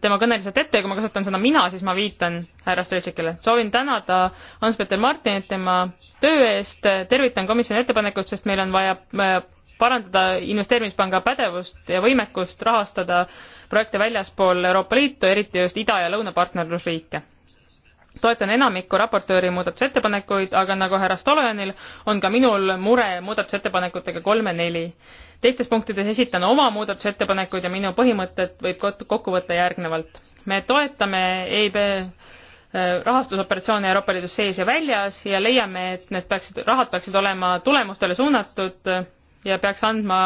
tema kõne lihtsalt ette ja kui ma kasutan sõna mina, siis ma viitan härra Stöitšikile. soovin tänada Hans-Peter Martinit tema töö eest, tervitan komisjoni ettepanekut, sest meil on vaja äh, parandada investeerimispanga pädevust ja võimekust rahastada projekte väljaspool Euroopa Liitu, eriti just ida- ja lõunapartnerlusriike. toetan enamikku raportööri muudatusettepanekuid, aga nagu härra Stolojanil, on ka minul mure muudatusettepanekutega kolm ja neli teistes punktides esitan oma muudatusettepanekuid ja minu põhimõtted võib kokku võtta järgnevalt. me toetame EIB äh, rahastusoperatsioone Euroopa Liidus sees ja väljas ja leiame, et need peaksid, rahad peaksid olema tulemustele suunatud äh, ja peaks andma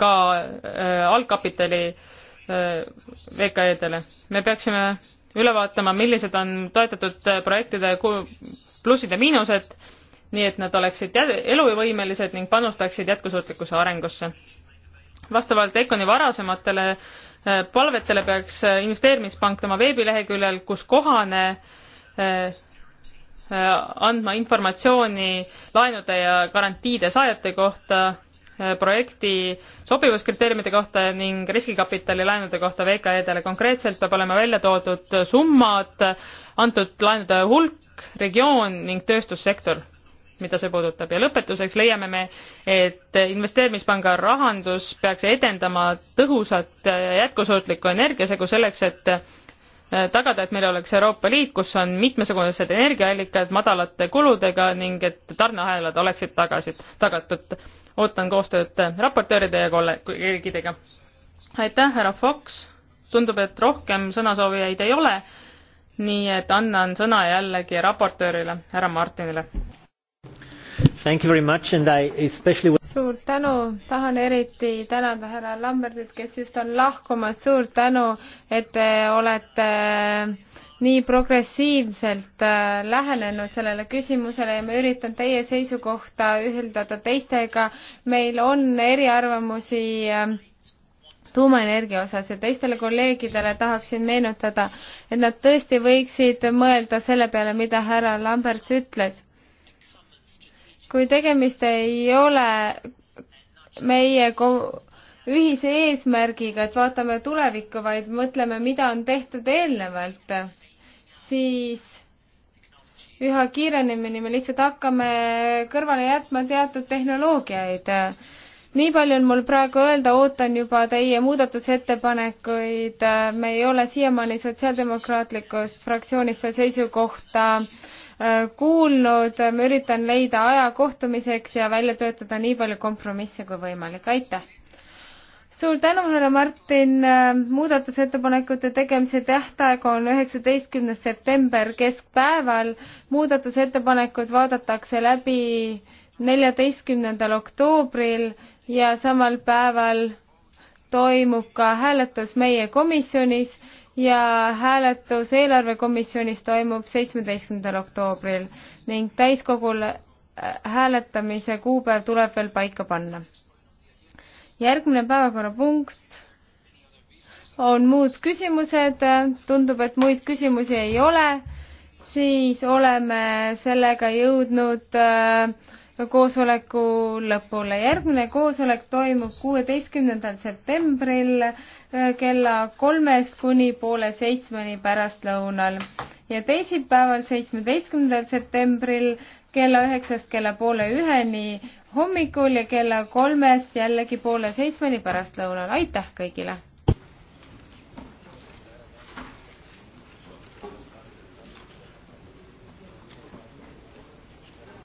ka äh, algkapitali äh, VKE-dele. me peaksime üle vaatama, millised on toetatud äh, projektide plussid ja miinused, nii et nad oleksid eluvõimelised ning panustaksid jätkusuutlikkuse arengusse vastavalt EKONi varasematele eh, palvetele peaks eh, investeerimispank tema veebileheküljel, kus kohane eh, andma informatsiooni laenude ja garantiide saajate kohta, projekti sobivuskriteeriumide kohta ning riskikapitali laenude kohta VKE-dele. konkreetselt peab olema välja toodud summad, antud laenude hulk, regioon ning tööstussektor mida see puudutab ja lõpetuseks leiame me, et investeerimispanga rahandus peaks edendama tõhusat ja jätkusuutlikku energiasegu selleks, et äh, tagada, et meil oleks Euroopa Liit, kus on mitmesugused energiaallikad madalate kuludega ning et tarneahelad oleksid tagasid, tagatud. ootan koostööd raportööride ja kolleegidega. aitäh, härra Fox, tundub, et rohkem sõnasoovijaid ei ole, nii et annan sõna jällegi raportöörile, härra Martinile Especially... suur tänu, tahan eriti tänada härra Lambertit, kes just on lahkumas, suur tänu, et te olete äh, nii progressiivselt äh, lähenenud sellele küsimusele ja ma üritan teie seisukohta ühildada teistega. meil on eriarvamusi äh, tuumaenergia osas ja teistele kolleegidele tahaksin meenutada, et nad tõesti võiksid mõelda selle peale, mida härra Lamberts ütles kui tegemist ei ole meie ühise eesmärgiga, et vaatame tulevikku, vaid mõtleme, mida on tehtud eelnevalt, siis üha kiirenemini me lihtsalt hakkame kõrvale jätma teatud tehnoloogiaid. nii palju on mul praegu öelda, ootan juba teie muudatusettepanekuid, me ei ole siiamaani sotsiaaldemokraatlikust fraktsioonist veel seisukohta äh, Äh, kuulnud, äh, ma üritan leida aja kohtumiseks ja välja töötada nii palju kompromisse kui võimalik, aitäh! suur tänu, härra Martin, äh, muudatusettepanekute tegemise tähtaeg on üheksateistkümnes september keskpäeval, muudatusettepanekud vaadatakse läbi neljateistkümnendal oktoobril ja samal päeval toimub ka hääletus meie komisjonis ja hääletus eelarvekomisjonis toimub seitsmeteistkümnendal oktoobril ning täiskogul äh, hääletamise kuupäev tuleb veel paika panna. järgmine päevakorrapunkt on muud küsimused, tundub, et muid küsimusi ei ole, siis oleme sellega jõudnud äh, koosoleku lõpule. järgmine koosolek toimub kuueteistkümnendal septembril äh, kella kolmest kuni poole seitsmeni pärastlõunal ja teisipäeval, seitsmeteistkümnendal septembril kella üheksast kella poole üheni hommikul ja kella kolmest jällegi poole seitsmeni pärastlõunal. aitäh kõigile!